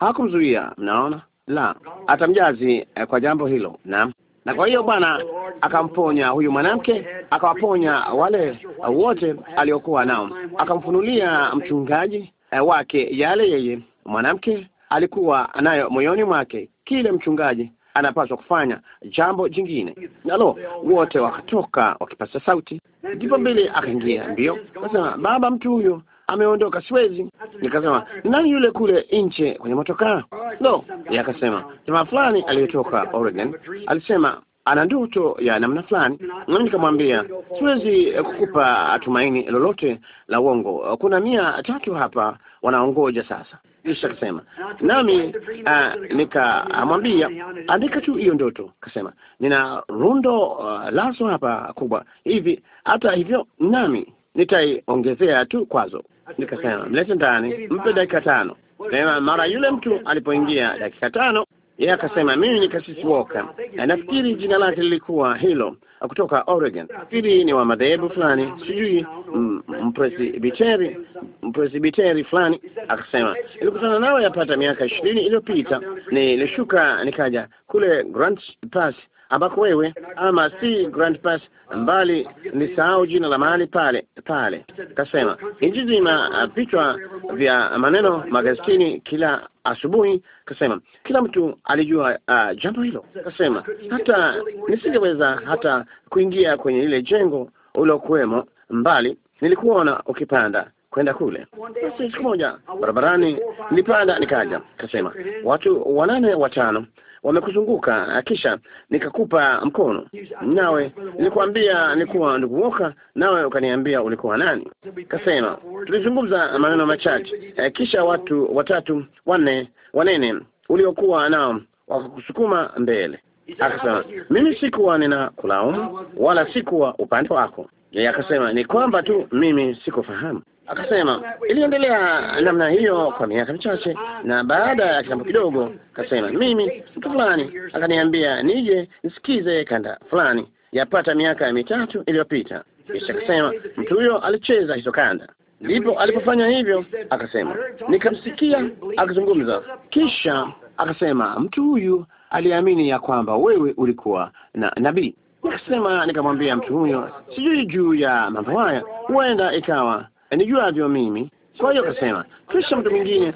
hakumzuia. Mnaona la atamjazi eh, kwa jambo hilo. Naam, na kwa hiyo Bwana akamponya huyu mwanamke, akawaponya wale eh, wote aliokuwa nao, akamfunulia mchungaji eh, wake yale yeye mwanamke alikuwa nayo moyoni mwake, kile mchungaji anapaswa kufanya. Jambo jingine nalo, wote wakatoka wakipasa sauti. Ndipo mbili akaingia mbio, sasa baba, mtu huyo ameondoka, siwezi. Nikasema, nani yule kule nje kwenye motokaa? No, yakasema jamaa fulani aliyetoka Oregon alisema ana ndoto ya namna fulani. Mimi nikamwambia siwezi kukupa tumaini lolote la uongo, kuna mia tatu hapa wanaongoja sasa. Kisha akasema nami, uh, nikamwambia andika tu hiyo ndoto. Akasema nina rundo uh, lazo hapa kubwa hivi, hata hivyo nami nitaiongezea tu kwazo. Nikasema mlete ndani, mpe dakika tano. Sema mara yule mtu alipoingia dakika tano, yeye akasema mimi ni Kasisi Walker, nafikiri jina lake lilikuwa hilo, kutoka Oregon. Nafikiri ni wa madhehebu fulani, sijui mm, mpresibiteri, mpresibiteri fulani. Akasema nilikutana nawe yapata miaka ishirini iliyopita, nilishuka nikaja kule Grants Pass ambako wewe ama si Grand Pass, mbali sahau jina la mahali pale pale. Kasema nchi zima uh, vichwa vya maneno magazetini kila asubuhi. Kasema kila mtu alijua uh, jambo hilo. Kasema hata nisingeweza hata kuingia kwenye ile jengo ulokuwemo, mbali nilikuona ukipanda kwenda kule. Basi siku moja barabarani nilipanda nikaja, kasema watu wanane watano wamekuzunguka, kisha nikakupa mkono, nawe nilikwambia nilikuwa ndugu Woka, nawe ukaniambia ulikuwa nani. Kasema tulizungumza maneno machache, eh, kisha watu watatu wanne wanene uliokuwa nao wakakusukuma mbele. Akasema mimi sikuwa nina kulaumu wala sikuwa upande wako. Yeye akasema ni kwamba tu mimi sikufahamu. Akasema iliendelea namna hiyo kwa miaka michache, na baada ya kitambo kidogo, akasema mimi, mtu fulani akaniambia nije nisikize kanda fulani, yapata miaka mitatu iliyopita. Kisha akasema mtu huyo alicheza hizo kanda, ndipo alipofanya hivyo, akasema nikamsikia akizungumza, kisha akasema mtu huyu aliamini ya kwamba wewe ulikuwa na nabii. Nikasema, nikamwambia mtu huyo, sijui juu ya mambo haya, huenda ikawa nijuavyo mimi. Kwa hiyo akasema, kisha mtu mwingine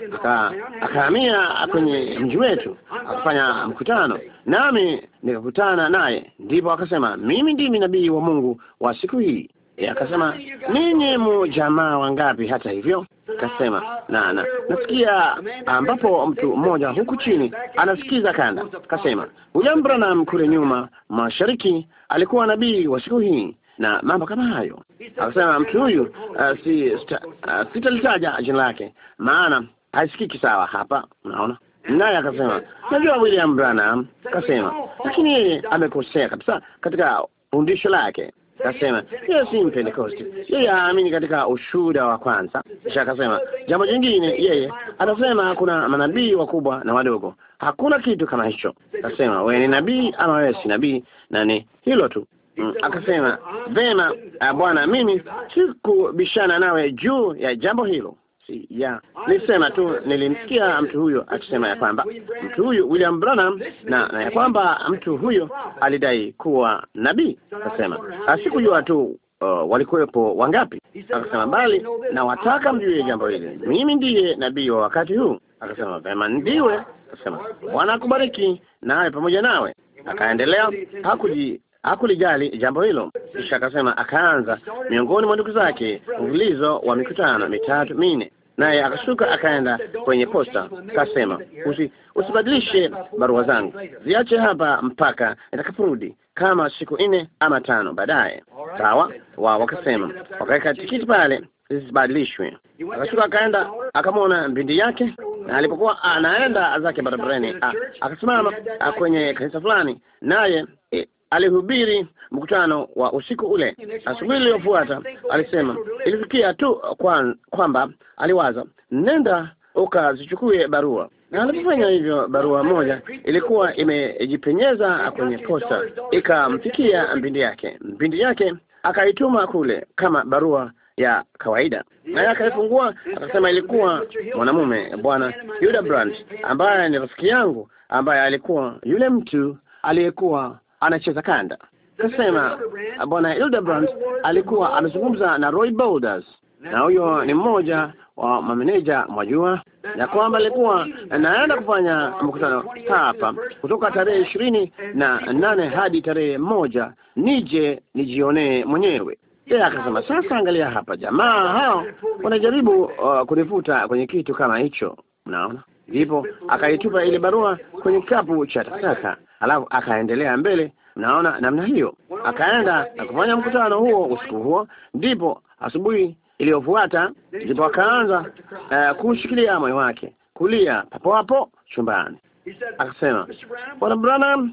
akahamia kwenye mji wetu akafanya mkutano nami nikakutana naye, ndipo akasema, mimi ndimi nabii wa Mungu wa siku hii. E, akasema ninyi mu jamaa wangapi? Hata hivyo akasema na, na nasikia ambapo mtu mmoja huku chini anasikiza kanda. Akasema William Branham kule nyuma mashariki alikuwa nabii wa siku hii na mambo kama hayo. Akasema mtu huyu uh, si, uh, sitalitaja jina lake, maana haisikiki sawa hapa, unaona. Naye akasema najua William Branham kasema, lakini yeye amekosea kabisa katika fundisho lake. Kasema yeye si Mpentekosti, yeye aamini katika ushuhuda wa kwanza. Kisha akasema jambo jingine, yeye anasema kuna manabii wakubwa na wadogo. Hakuna kitu kama hicho. Kasema wewe ni nabii ama wewe si nabii, na ni hilo tu. Mm, akasema, vema ah, bwana, mimi sikubishana nawe juu ya jambo hilo. ya nisema tu nilimsikia mtu huyo akisema ya kwamba mtu huyu William Branham na, na ya kwamba mtu huyo alidai kuwa nabii. Akasema sikujua tu uh, walikuwepo wangapi. Akasema bali nawataka mjue jambo hili, mimi ndiye nabii wa wakati huu. Akasema vema, ndiwe. Akasema Bwana akubariki nawe pamoja nawe. Akaendelea, hakuji hakulijali jambo hilo. Kisha akasema, akaanza miongoni mwa ndugu zake mfululizo wa mikutano mitatu minne, naye akashuka akaenda kwenye posta, akasema, usi, usibadilishe barua zangu, ziache hapa mpaka nitakaporudi kama siku nne ama tano baadaye. Sawa wa wakasema, wakaweka tikiti pale zisibadilishwe. Akashuka akaenda akamwona mbindi yake, na alipokuwa anaenda zake barabarani, akasimama kwenye kanisa fulani, naye e, alihubiri mkutano wa usiku ule. Asubuhi iliyofuata alisema, ilifikia tu kwamba aliwaza, nenda ukazichukue barua, na alipofanya hivyo, barua moja ilikuwa imejipenyeza kwenye posta, ikamfikia mbindi yake. Mbindi yake akaituma kule kama barua ya kawaida, naye akaifungua akasema, ilikuwa mwanamume bwana Yuda brant ambaye ni rafiki yangu, ambaye alikuwa yule mtu aliyekuwa anacheza kanda. Nasema bwana Hildebrand alikuwa amezungumza na Roy Boulders, na huyo ni mmoja wa mameneja, mwajua ya kwamba alikuwa naenda kufanya mkutano hapa kutoka tarehe ishirini na nane hadi tarehe moja, nije nijionee mwenyewe. Yeye akasema sasa, angalia hapa, jamaa hao wanajaribu uh, kunifuta kwenye kitu kama hicho, mnaona. Ndipo akaitupa ile barua kwenye kikapu cha takataka alafu akaendelea mbele, mnaona namna hiyo. Akaenda na kufanya mkutano huo usiku huo, ndipo asubuhi iliyofuata ndipo akaanza uh, kushikilia moyo wake kulia papo hapo chumbani. Akasema, bwana Branham,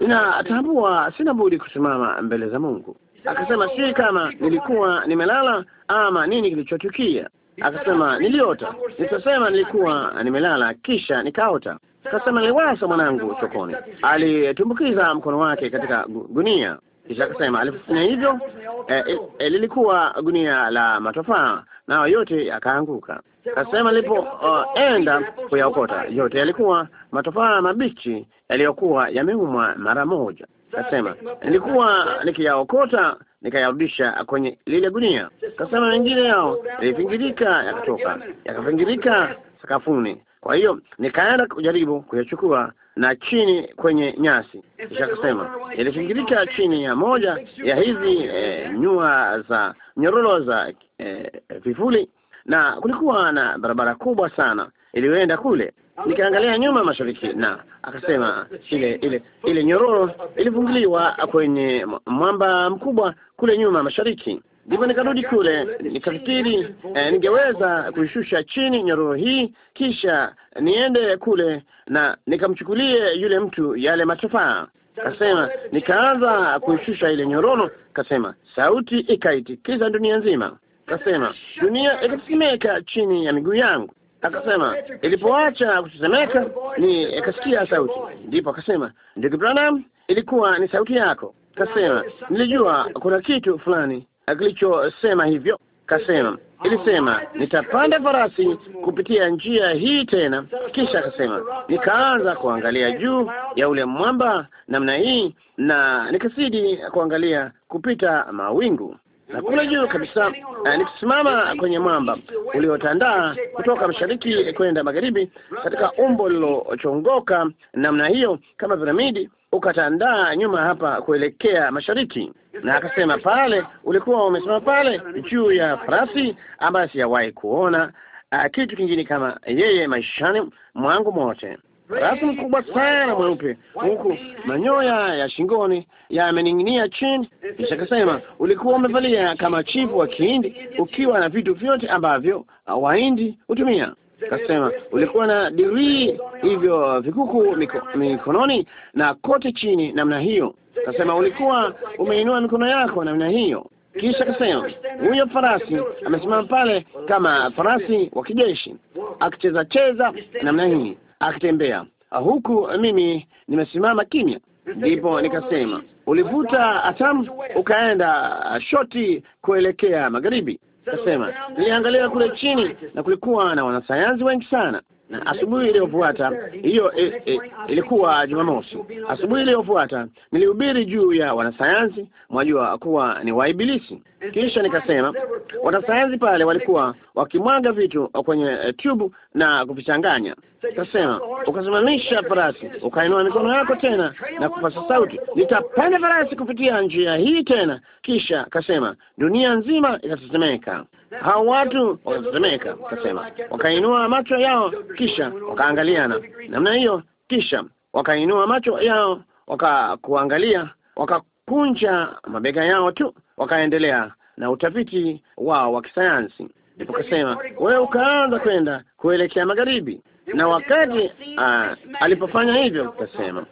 ninatambua sina budi kusimama mbele za Mungu. Akasema, si kama nilikuwa nimelala ama nini kilichotukia. Akasema, niliota. Nitasema nilikuwa nimelala kisha nikaota. Sasa naliwaza mwanangu sokoni alitumbukiza mkono wake katika gunia, kisha akasema alifanya hivyo. E, e, lilikuwa gunia la matofaa, nayo yote yakaanguka. Akasema nilipoenda uh, kuyaokota yote yalikuwa matofaa mabichi yaliyokuwa yameumwa mara moja. Akasema nilikuwa nikiyaokota nikayarudisha kwenye lile gunia. Akasema mengine yao yalifingirika, yakatoka yakafingirika sakafuni kwa hiyo nikaenda kujaribu kuyachukua na chini kwenye nyasi, kisha kusema ilishingirika chini ya moja ya hizi e, nyua za nyororo za e, vivuli, na kulikuwa na barabara kubwa sana iliyoenda kule. Nikaangalia nyuma mashariki, na akasema ile ile ile nyororo ilivungiliwa kwenye mwamba mkubwa kule nyuma mashariki. Ndipo nikarudi kule, nikafikiri eh, ningeweza kuishusha chini nyororo hii, kisha niende kule na nikamchukulie yule mtu yale matofaa. Kasema nikaanza kuishusha ile nyororo, kasema sauti ikaitikiza dunia nzima, kasema dunia ikatetemeka chini ya miguu yangu. Akasema ilipoacha kutetemeka ni ikasikia sauti, ndipo akasema, ndugu Branham, ilikuwa ni sauti yako. Kasema nilijua kuna kitu fulani kilichosema hivyo, kasema ilisema nitapanda farasi kupitia njia hii tena. Kisha akasema nikaanza kuangalia juu ya ule mwamba namna hii, na nikazidi kuangalia kupita mawingu, na kule juu kabisa eh, nikisimama kwenye mwamba uliotandaa kutoka mashariki kwenda magharibi, katika umbo lilochongoka namna hiyo, kama piramidi, ukatandaa nyuma hapa kuelekea mashariki na akasema, pale ulikuwa umesema pale juu ya farasi ambayo sijawahi kuona uh, kitu kingine kama yeye maishani mwangu mote. Farasi mkubwa sana mweupe, huku manyoya ya shingoni yamening'inia chini. Kisha akasema, ulikuwa umevalia kama chifu wa Kihindi, ukiwa na vitu vyote ambavyo Wahindi hutumia Kasema ulikuwa na dirii hivyo vikuku mikononi na kote chini namna hiyo. Kasema ulikuwa umeinua mikono yako namna hiyo. Kisha akasema huyo farasi amesimama pale kama farasi wa kijeshi, akicheza cheza namna hii, akitembea huku, mimi nimesimama kimya. Ndipo nikasema ulivuta atamu ukaenda shoti kuelekea magharibi. Kasema niliangalia kule chini, na kulikuwa na wanasayansi wengi sana na asubuhi iliyofuata hiyo, e, e, ilikuwa Jumamosi. Asubuhi iliyofuata nilihubiri juu ya wanasayansi, mwajua kuwa ni waibilisi. Kisha nikasema wanasayansi pale walikuwa wakimwaga vitu kwenye eh, tubu na kuvichanganya. Kasema ukasimamisha farasi, ukainua mikono yako tena na kupasa sauti, nitapanda farasi kupitia njia hii tena. Kisha kasema dunia nzima ikatetemeka. Hao watu wakatetemeka, kasema wakainua macho yao, kisha wakaangaliana namna hiyo, kisha wakainua macho yao wakakuangalia, wakakunja mabega yao tu wakaendelea na utafiti wao wa kisayansi. Ndipo kasema wewe, ukaanza kwenda kuelekea magharibi, na wakati ah, alipofanya hivyo, kasema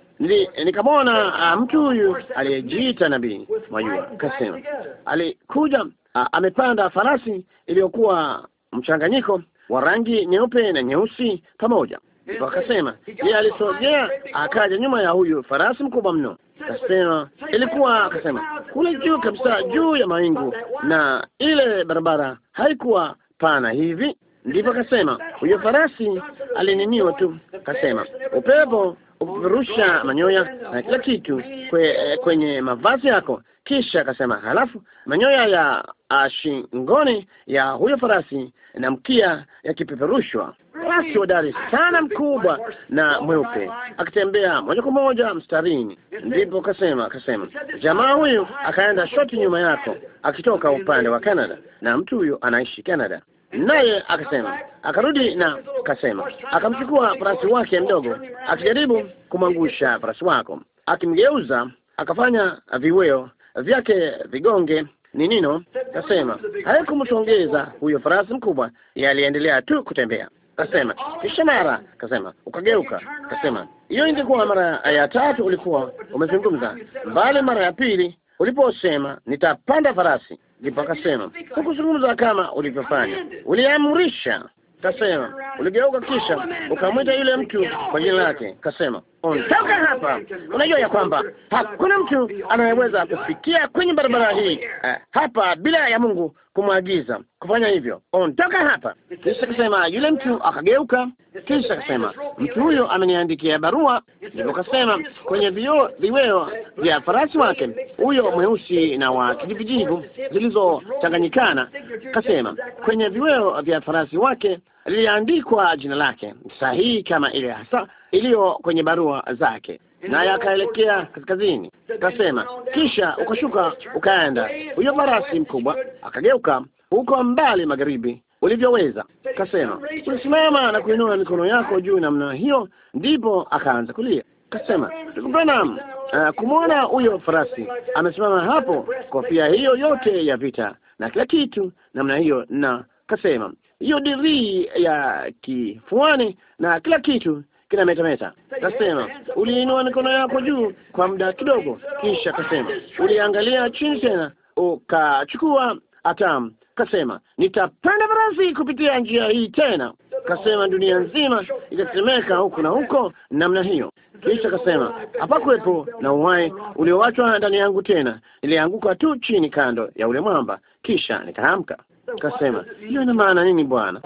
nikamwona ah, mtu huyu aliyejiita nabii. Mwajua, kasema alikuja ah, amepanda farasi iliyokuwa mchanganyiko wa rangi nyeupe na nyeusi pamoja. Ndipo akasema yeye alisogea akaja nyuma ya huyu farasi mkubwa mno, Akasema ilikuwa, akasema kule juu kabisa juu ya mawingu, na ile barabara haikuwa pana hivi. Ndipo akasema huyo farasi alininiwa tu, akasema upepo upeperusha manyoya na kila kitu kwe, kwenye mavazi yako. Kisha akasema halafu manyoya ya ah, shingoni ya huyo farasi na mkia yakipeperushwa, basi hodari sana mkubwa na mweupe akitembea moja kwa moja mstarini. Ndipo kasema kasema, jamaa huyu akaenda shoti nyuma yako akitoka upande wa Canada, na mtu huyo anaishi Canada naye akasema akarudi na kasema, akamchukua farasi wake mdogo, akijaribu kumwangusha farasi wako, akimgeuza akafanya viweo vyake vigonge ni nino, nasema haikumsongeza huyo farasi mkubwa, yaliendelea tu kutembea. Kasema kisha mara kasema, ukageuka. Kasema hiyo ingekuwa mara ya tatu ulikuwa umezungumza mbali, mara ya pili uliposema nitapanda farasi, ndipo akasema hukuzungumza kama ulivyofanya, uliamrisha. Kasema uligeuka, kisha ukamwita yule mtu kwa jina lake, kasema ondoka hapa. Unajua ya kwamba hakuna mtu anayeweza kufikia kwenye barabara hii uh, hapa bila ya Mungu kumwagiza kufanya hivyo, ondoka hapa. Kisha kasema yule mtu akageuka, kisha kasema mtu huyo ameniandikia barua. Ndipo kasema kwenye vio viweo vya farasi wake huyo mweusi na wa kijivujivu zilizochanganyikana, kasema kwenye viweo vya farasi wake liliandikwa jina lake sahihi kama ile hasa iliyo kwenye barua zake, naye akaelekea kaskazini. Kasema kisha ukashuka ukaenda. Huyo farasi mkubwa akageuka huko mbali magharibi ulivyoweza. Kasema ulisimama na kuinua mikono yako juu namna hiyo, ndipo akaanza kulia. Kasema Branham, uh, kumwona huyo farasi amesimama hapo, kofia hiyo yote ya vita na kila kitu namna hiyo, na kasema hiyo dirii ya kifuani na kila kitu kinametameta. Kasema, uliinua mikono yako juu kwa muda kidogo, kisha kasema, uliangalia chini tena ukachukua atamu. Kasema, nitapanda farasi kupitia njia hii tena. Kasema, dunia nzima ikatetemeka huku na huko namna hiyo. Kisha kasema, hapakuwepo na uhai uliowachwa ndani yangu tena, nilianguka tu chini kando ya ule mwamba, kisha nikaamka. Kasema hiyo ina maana nini bwana?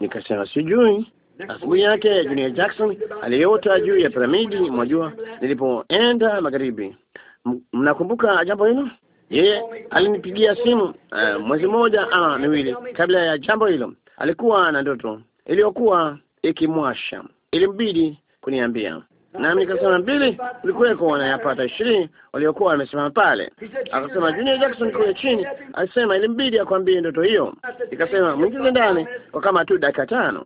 Nikasema sijui. Asubuhi yake Junior Jackson aliyota juu ya piramidi, mwajua, nilipoenda magharibi. Mnakumbuka jambo hilo? Yeye alinipigia simu uh, mwezi mmoja ama miwili kabla ya jambo hilo. Alikuwa na ndoto iliyokuwa ikimwasha, ilimbidi kuniambia nami nikasema mbili, kulikuweko wanayapata ishirini waliokuwa wamesimama pale. Akasema Junior Jackson kule chini alisema ilimbidi akwambie ndoto hiyo. Nikasema mwingize ndani kwa kama tu dakika tano.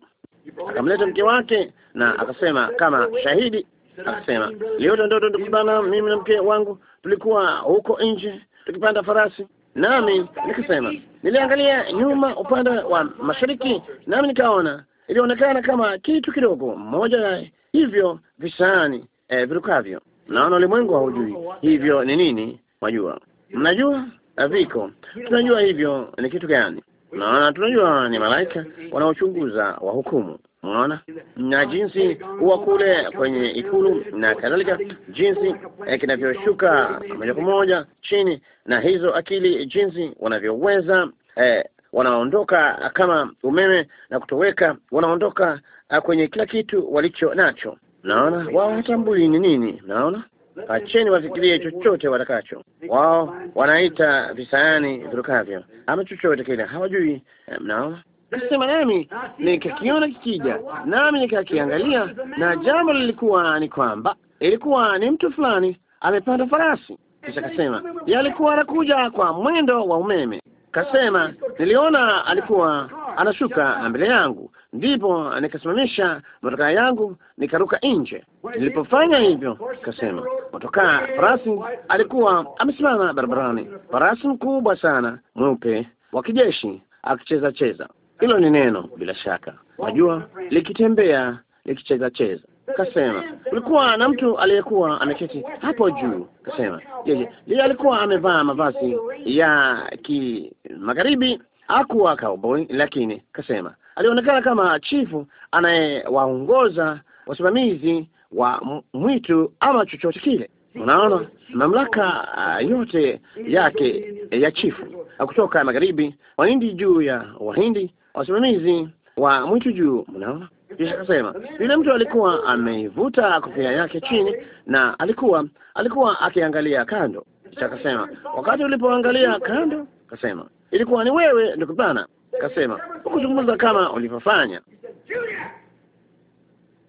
Akamleta mke wake na akasema kama shahidi, akasema liota ndoto bana, mimi na mke wangu tulikuwa huko nje tukipanda farasi nami nikasema, niliangalia nyuma upande wa mashariki, nami nikaona ilionekana kama kitu kidogo mmoja hivyo vishaani eh, virukavyo. Naona ulimwengu haujui hivyo ni nini. Mwajua, mnajua eh, viko, tunajua hivyo ni kitu gani. Naona tunajua ni malaika wanaochunguza wahukumu. Unaona, na jinsi huwa kule kwenye ikulu na kadhalika, jinsi eh, kinavyoshuka moja kwa moja chini, na hizo akili, jinsi wanavyoweza eh, wanaondoka kama umeme na kutoweka, wanaondoka Ah, kwenye kila kitu walicho nacho. Naona wao hatambui ni nini. Naona acheni wafikirie chochote watakacho. Wao wanaita visayani virukavyo ama chochote kile, hawajui. Mnaona Kasema nami nikakiona kikija, nami nikakiangalia, na jambo lilikuwa ni kwamba ilikuwa ni mtu fulani amepanda farasi. Kisha kasema yalikuwa anakuja kwa mwendo wa umeme. Kasema niliona alikuwa anashuka mbele yangu, Ndipo nikasimamisha motokaa yangu nikaruka nje. Nilipofanya hivyo, kasema motokaa, farasi alikuwa amesimama barabarani, farasi mkubwa sana mweupe wa kijeshi akicheza cheza. Hilo ni neno bila shaka, najua likitembea likicheza cheza. Kasema kulikuwa na mtu aliyekuwa ameketi hapo juu. Kasema yeye yeye alikuwa amevaa mavazi ya kimagharibi, akuwa cowboy, lakini kasema alionekana kama chifu anayewaongoza wasimamizi wa mwitu ama chochote kile. Unaona mamlaka ah, yote yake eh, ya chifu ah, kutoka magharibi, wahindi juu ya wahindi, wasimamizi wa mwitu juu. Unaona, kisha akasema yule mtu alikuwa ameivuta kofia yake chini na alikuwa alikuwa akiangalia kando. Kisha akasema wakati ulipoangalia kando, akasema ilikuwa ni wewe ndugu bana. Kasema ukuzungumza kama ulivyofanya,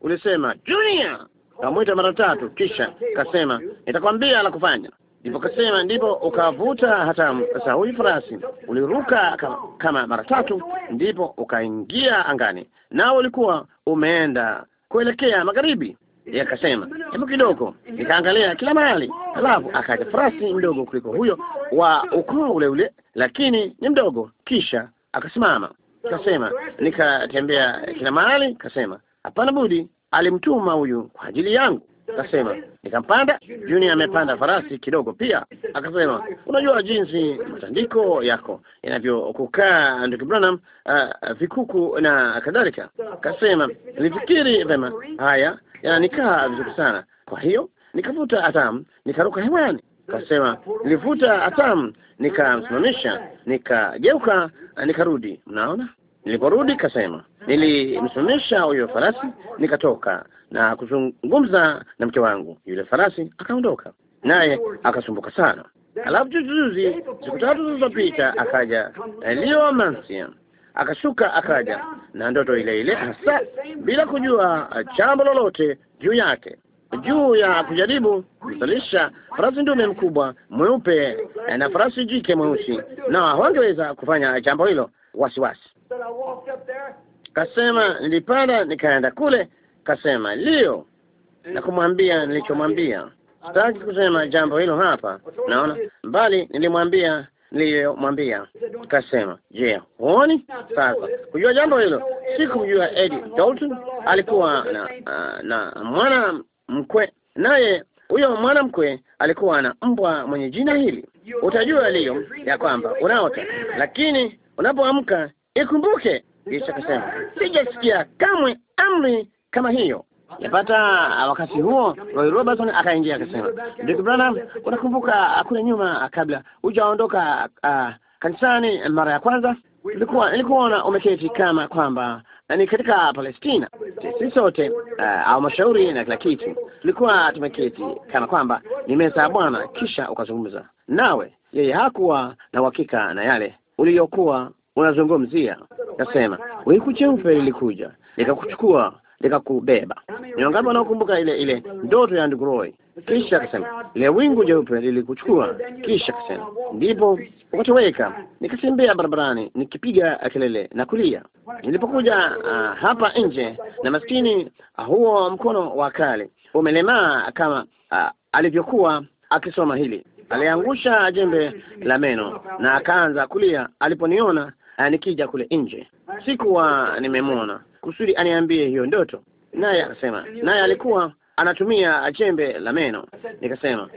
ulisema Junior, kamwita mara tatu, kisha kasema nitakwambia la kufanya. Ndipo kasema, ndipo ukavuta hatamu Sasa huyu farasi, uliruka kama, kama mara tatu, ndipo ukaingia angani, nao ulikuwa umeenda kuelekea magharibi. Yeye akasema hebu kidogo, nikaangalia kila mahali. Alafu akaja farasi mdogo kuliko huyo wa ukoo ule ule, lakini ni mdogo. Kisha Akasimama kasema, nikatembea kila mahali, kasema hapana budi, alimtuma huyu kwa ajili yangu. Kasema nikampanda. Juni amepanda farasi kidogo pia. Akasema, unajua jinsi matandiko yako inavyokukaa ndugu Branham, uh, uh vikuku na kadhalika. Kasema nilifikiri vema, haya yananikaa vizuri sana. Kwa hiyo nikavuta atamu, nikaruka hewani. Kasema nilivuta hatamu, nikamsimamisha, nikageuka, nikarudi. Mnaona, niliporudi kasema, nilimsimamisha huyo farasi, nikatoka na kuzungumza na mke wangu. Yule farasi akaondoka, naye akasumbuka sana. Alafu juzijuzi siku tatu zilizopita akaja Elio Mansia akashuka akaja na ndoto ile ile hasa, bila kujua jambo lolote juu yake juu ya kujaribu kuzalisha farasi ndume mkubwa mweupe na farasi jike mweusi, na hawangeweza kufanya jambo hilo wasiwasi. Kasema nilipanda nikaenda kule, kasema lio na kumwambia nilichomwambia. Sitaki kusema jambo hilo hapa, naona mbali, nilimwambia niliyomwambia. Kasema je, huoni sasa? Kujua jambo hilo, sikumjua Eddie Dalton alikuwa na, na, na mwana mkwe, naye huyo mwanamkwe alikuwa na mbwa mwenye jina hili. Utajua leo ya kwamba unaota, lakini unapoamka ikumbuke. Kisha kasema, sijasikia kamwe amri kama hiyo. Yapata wakati huo Roy Robertson akaingia akasema, Ndugu Branham, unakumbuka kule nyuma kabla hujaondoka uh, kanisani mara ya kwanza, ilikuwa nilikuona umeketi kama kwamba ni katika Palestina. Sisi sote uh, au mashauri na kila kitu tulikuwa tumeketi kana kwamba ni meza ya Bwana, kisha ukazungumza nawe. Yeye hakuwa na uhakika na yale uliyokuwa unazungumzia. Nasema wingu jeupe lilikuja likakuchukua likakubeba. Ni wangapi wanaokumbuka ile ile ndoto ya ndugu Roy kisha akasema ile wingu jeupe lilikuchukua. Kisha akasema ndipo ukatoweka. Nikatembea barabarani nikipiga kelele na kulia. Nilipokuja uh, hapa nje, na maskini uh, huo mkono wa kale umelemaa kama uh, alivyokuwa akisoma hili, aliangusha jembe la meno na akaanza kulia aliponiona nikija kule nje. Sikuwa nimemwona kusudi aniambie hiyo ndoto, naye akasema, naye alikuwa anatumia jembe la meno. Nikasema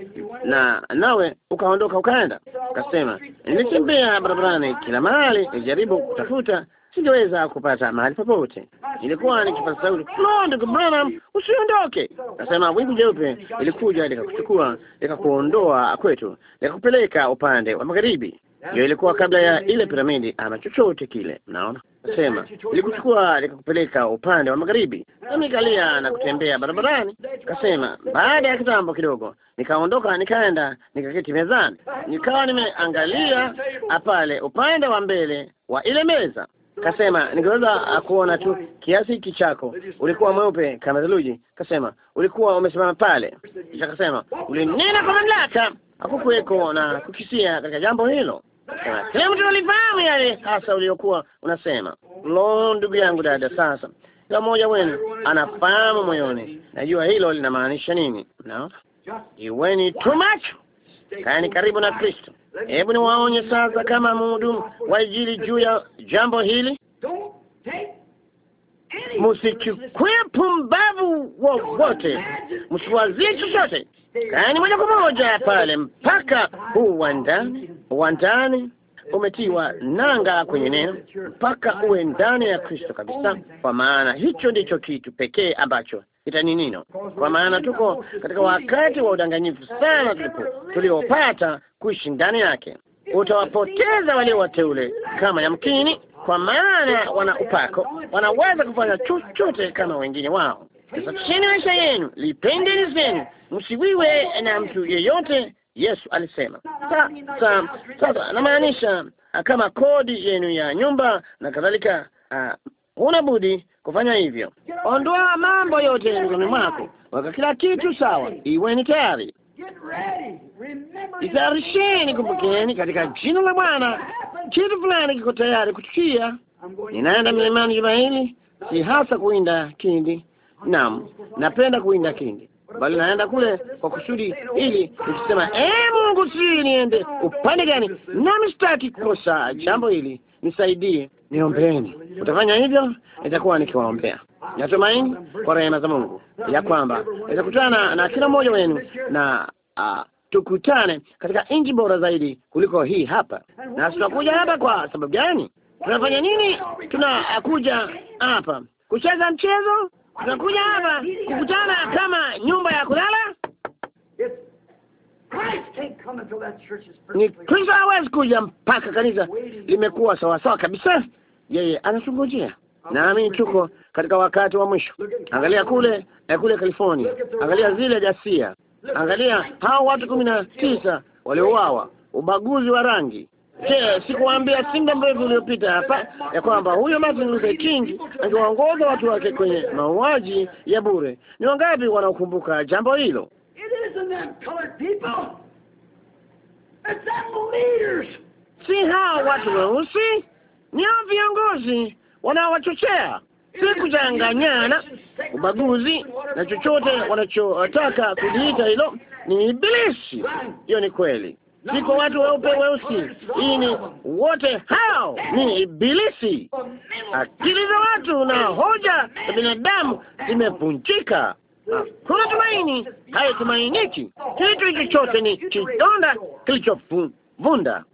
na nawe ukaondoka ukaenda. Akasema nilitembea barabarani kila mahali, nijaribu kutafuta, singeweza kupata mahali popote. Nilikuwa nikipata sauti, lo, ndugu Branham, usiondoke. Akasema wingu jeupe ilikuja likakuchukua likakuondoa kwetu likakupeleka upande wa magharibi hiyo ilikuwa kabla ya ile piramidi ama chochote kile. Mnaona, nasema ilikuchukua likakupeleka upande wa magharibi, na nikalia na kutembea barabarani. Kasema baada ya kitambo kidogo, nikaondoka nikaenda nikaketi mezani, nikawa nimeangalia apale upande wa mbele wa ile meza. Kasema ningeweza kuona tu kiasi hiki chako, ulikuwa mweupe kama theluji. Kasema ulikuwa umesimama pale, kisha kasema ulinena kwa mamlaka, hakukuweko na kukisia katika jambo hilo. Kila mtu alifahamu yale hasa uliokuwa unasema. Lo, ndugu yangu, dada, sasa kila mmoja wenu anafahamu moyoni, najua hilo linamaanisha nini. No, iweni too much, kaani karibu na Kristo. Hebu niwaonye sasa, kama mhudumu wa Injili juu ya jambo hili. Msichukue pumbavu wowote, msiwazie chochote, yaani moja kwa moja pale mpaka huu wandani wandani umetiwa nanga kwenye neno mpaka uwe ndani ya Kristo kabisa, kwa maana hicho ndicho kitu pekee ambacho nino, kwa maana tuko katika wakati wa udanganyifu sana tulipo tuliopata kuishi ndani yake. Utawapoteza wale wateule kama yamkini kwa maana wana upako, wanaweza kufanya chochote kama wengine wao. Safisheni maisha yenu, lipendeni zenu, msiwiwe na mtu yeyote, Yesu alisema. Sasa sasa namaanisha ah, kama kodi yenu ya nyumba na kadhalika, ah, huna budi kufanya hivyo. Ondoa mambo yote ndani mwako, weka kila kitu sawa, iwe ni tayari Jitayarisheni, kumbukeni katika jina la Bwana kitu fulani kiko tayari kutukia. Ninaenda milimani juma hili, si hasa kuinda kindi. Naam, napenda kuinda kindi, bali naenda kule kwa kusudi ili nikisema, ee Mungu, si niende upande gani, nami sitaki kukosa jambo hili, nisaidie niombeeni. Utafanya hivyo, nitakuwa nikiwaombea. Natumaini kwa rehema za Mungu ya kwamba nitakutana na kila mmoja wenu na uh, tukutane katika nchi bora zaidi kuliko hii hapa. Na tunakuja hapa kwa sababu gani? Tunafanya nini? Tunakuja hapa kucheza mchezo? Tunakuja hapa kukutana kama nyumba ya kulala? Ni Kristo hawezi kuja mpaka kanisa limekuwa sawasawa kabisa. Yeye anatungojea, naamini tuko katika wakati wa mwisho. Angalia kule eh, kule California, angalia zile ghasia, angalia hao watu kumi na tisa waliouawa, ubaguzi wa rangi. Je, sikuwaambia si muda mrefu uliopita hapa ya kwamba huyo Martin Luther King angewaongoza watu wake kwenye mauaji ya bure? Ni wangapi wanaokumbuka jambo hilo? si hao watu weusi, ni hao viongozi wanaowachochea si kuchanganyana, ubaguzi na chochote wanachotaka kujiita. Hilo ni Ibilisi. Hiyo ni kweli, si watu weupe weusi. Hii ni wote hao, ni Ibilisi. Akili za watu na hoja za binadamu zimevunjika kuna tumaini, haitumainiki kitu. chote ni kidonda kilichovunda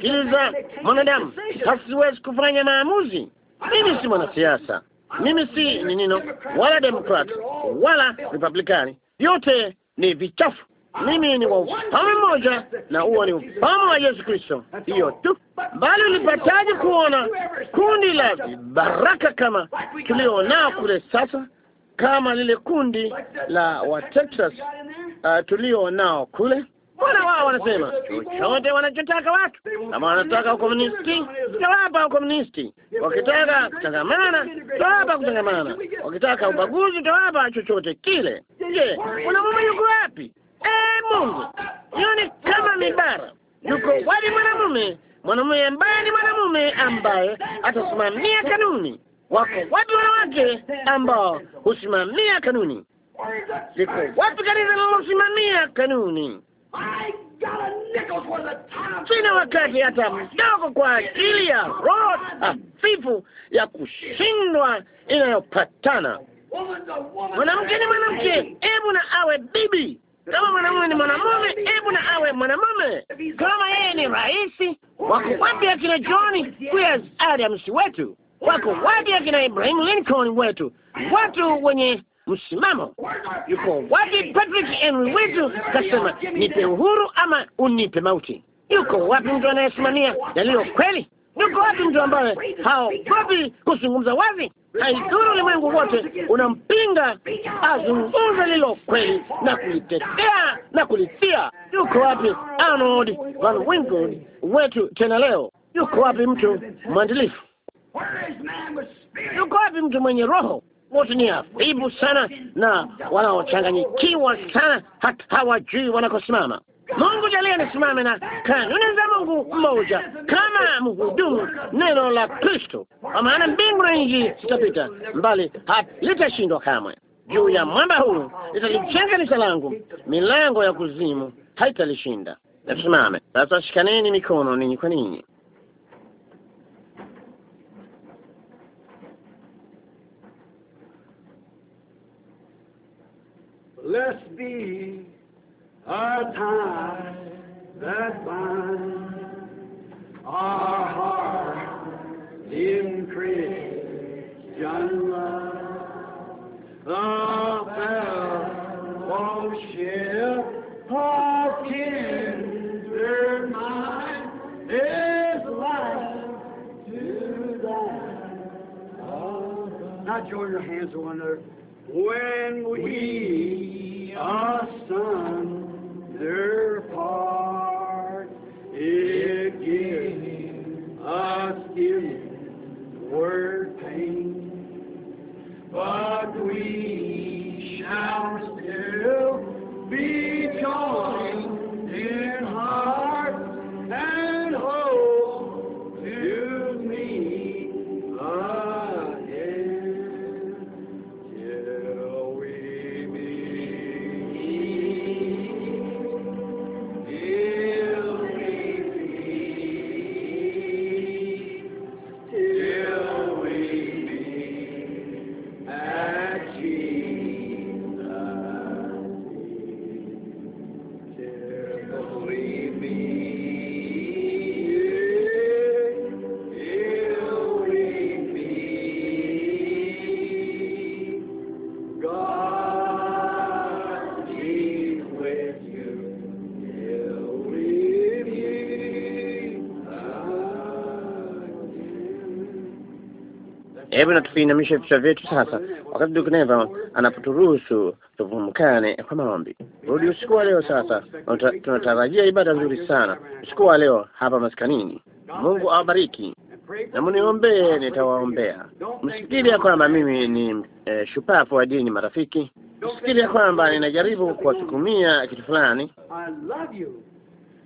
kiliza mwanadamu. Sasa siwezi kufanya maamuzi. Mimi si mwanasiasa, mimi si ni nino, wala demokrat wala republikani, vyote ni vichafu. Mimi ni wa ufalme mmoja, na huo ni ufalme wa Yesu Kristo. Hiyo tu. Bali ulipataje kuona kundi la baraka kama tulionao kule sasa? kama lile kundi la wa Texas uh, tulio nao kule. Mbona wao wanasema chochote wanachotaka watu, kama wanataka ukomunisti tutawapa ukomunisti, wakitaka kutangamana tutawapa kutangamana, wakitaka ubaguzi tutawapa chochote kile. Je, mwanamume yuko wapi? Eh, Mungu yoni kama mibara yuko wapi mwanamume mwanamume ambaye ni mwanamume ambaye atasimamia kanuni wako watu wanawake ambao husimamia kanuni. Liko wapi kanisa linalosimamia kanuni? Sina wakati hata mdogo kwa ajili ya roho hafifu ya kushindwa inayopatana. Mwanamke ni mwanamke, hebu na awe bibi. Kama mwanamume ni mwanamume, hebu na awe mwanamume. Kama yeye ni rais, wako wapi akina Johni kuya msi wetu? wako wapi akina Ibrahim Lincoln wetu, watu wenye msimamo? Yuko wapi Patrick Henry wetu kasema nipe uhuru ama unipe mauti? Yuko wapi mtu anayesimamia yaliyo kweli? Yuko wapi mtu ambaye haogopi kuzungumza wazi? Haidhuru ulimwengu wote unampinga, azungumza lilo kweli na kulitetea na kulitia. Yuko wapi Arnold Van Winkle wetu tena leo? Yuko wapi mtu mwandilifu yuko wapi mtu mwenye roho? Wote ni afibu sana na wanaochanganyikiwa sana, hata hawajui wanakosimama. Mungu jalia nisimame na kanuni za Mungu mmoja kama mhudumu neno la Kristo, kwa maana mbingu na nchi zitapita mbali, litashindwa kamwe. Juu ya mwamba huu litalijenga kanisa langu, milango ya kuzimu haitalishinda. Nasimame sasa, shikaneni mikono ninyi kwa ninyi. Let's be a tie that binds our heart in Christian love. The fellowship of kinder mind is life to that. Now join your hands to one another. When we asunder part gives us in word pain, but we shall still be joined in heart and Hebu na vichwa vyetu sasa, wakati Duke Neva anapoturuhusu tuvumkane kwa maombi. Rudi usiku wa leo sasa, tunatarajia ibada nzuri sana usiku wa leo hapa maskanini. Mungu awabariki na mniombee, nitawaombea. ya kwamba mimi ni e, shupavu wa dini, marafiki. ya kwamba ninajaribu kuwasukumia kitu fulani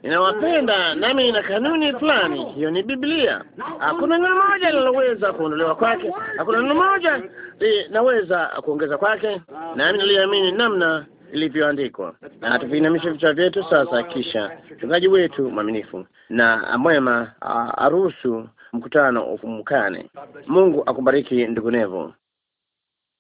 inawapenda nami ina kanuni fulani. Hiyo ni Biblia. Hakuna neno moja linaloweza kuondolewa kwake, hakuna neno moja linaweza kuongeza kwake, nami niliamini namna ilivyoandikwa. Na tuviinamishe vichwa vyetu sasa, kisha mchungaji wetu mwaminifu na mwema aruhusu mkutano ufumukane. Mungu akubariki ndugu Nevo.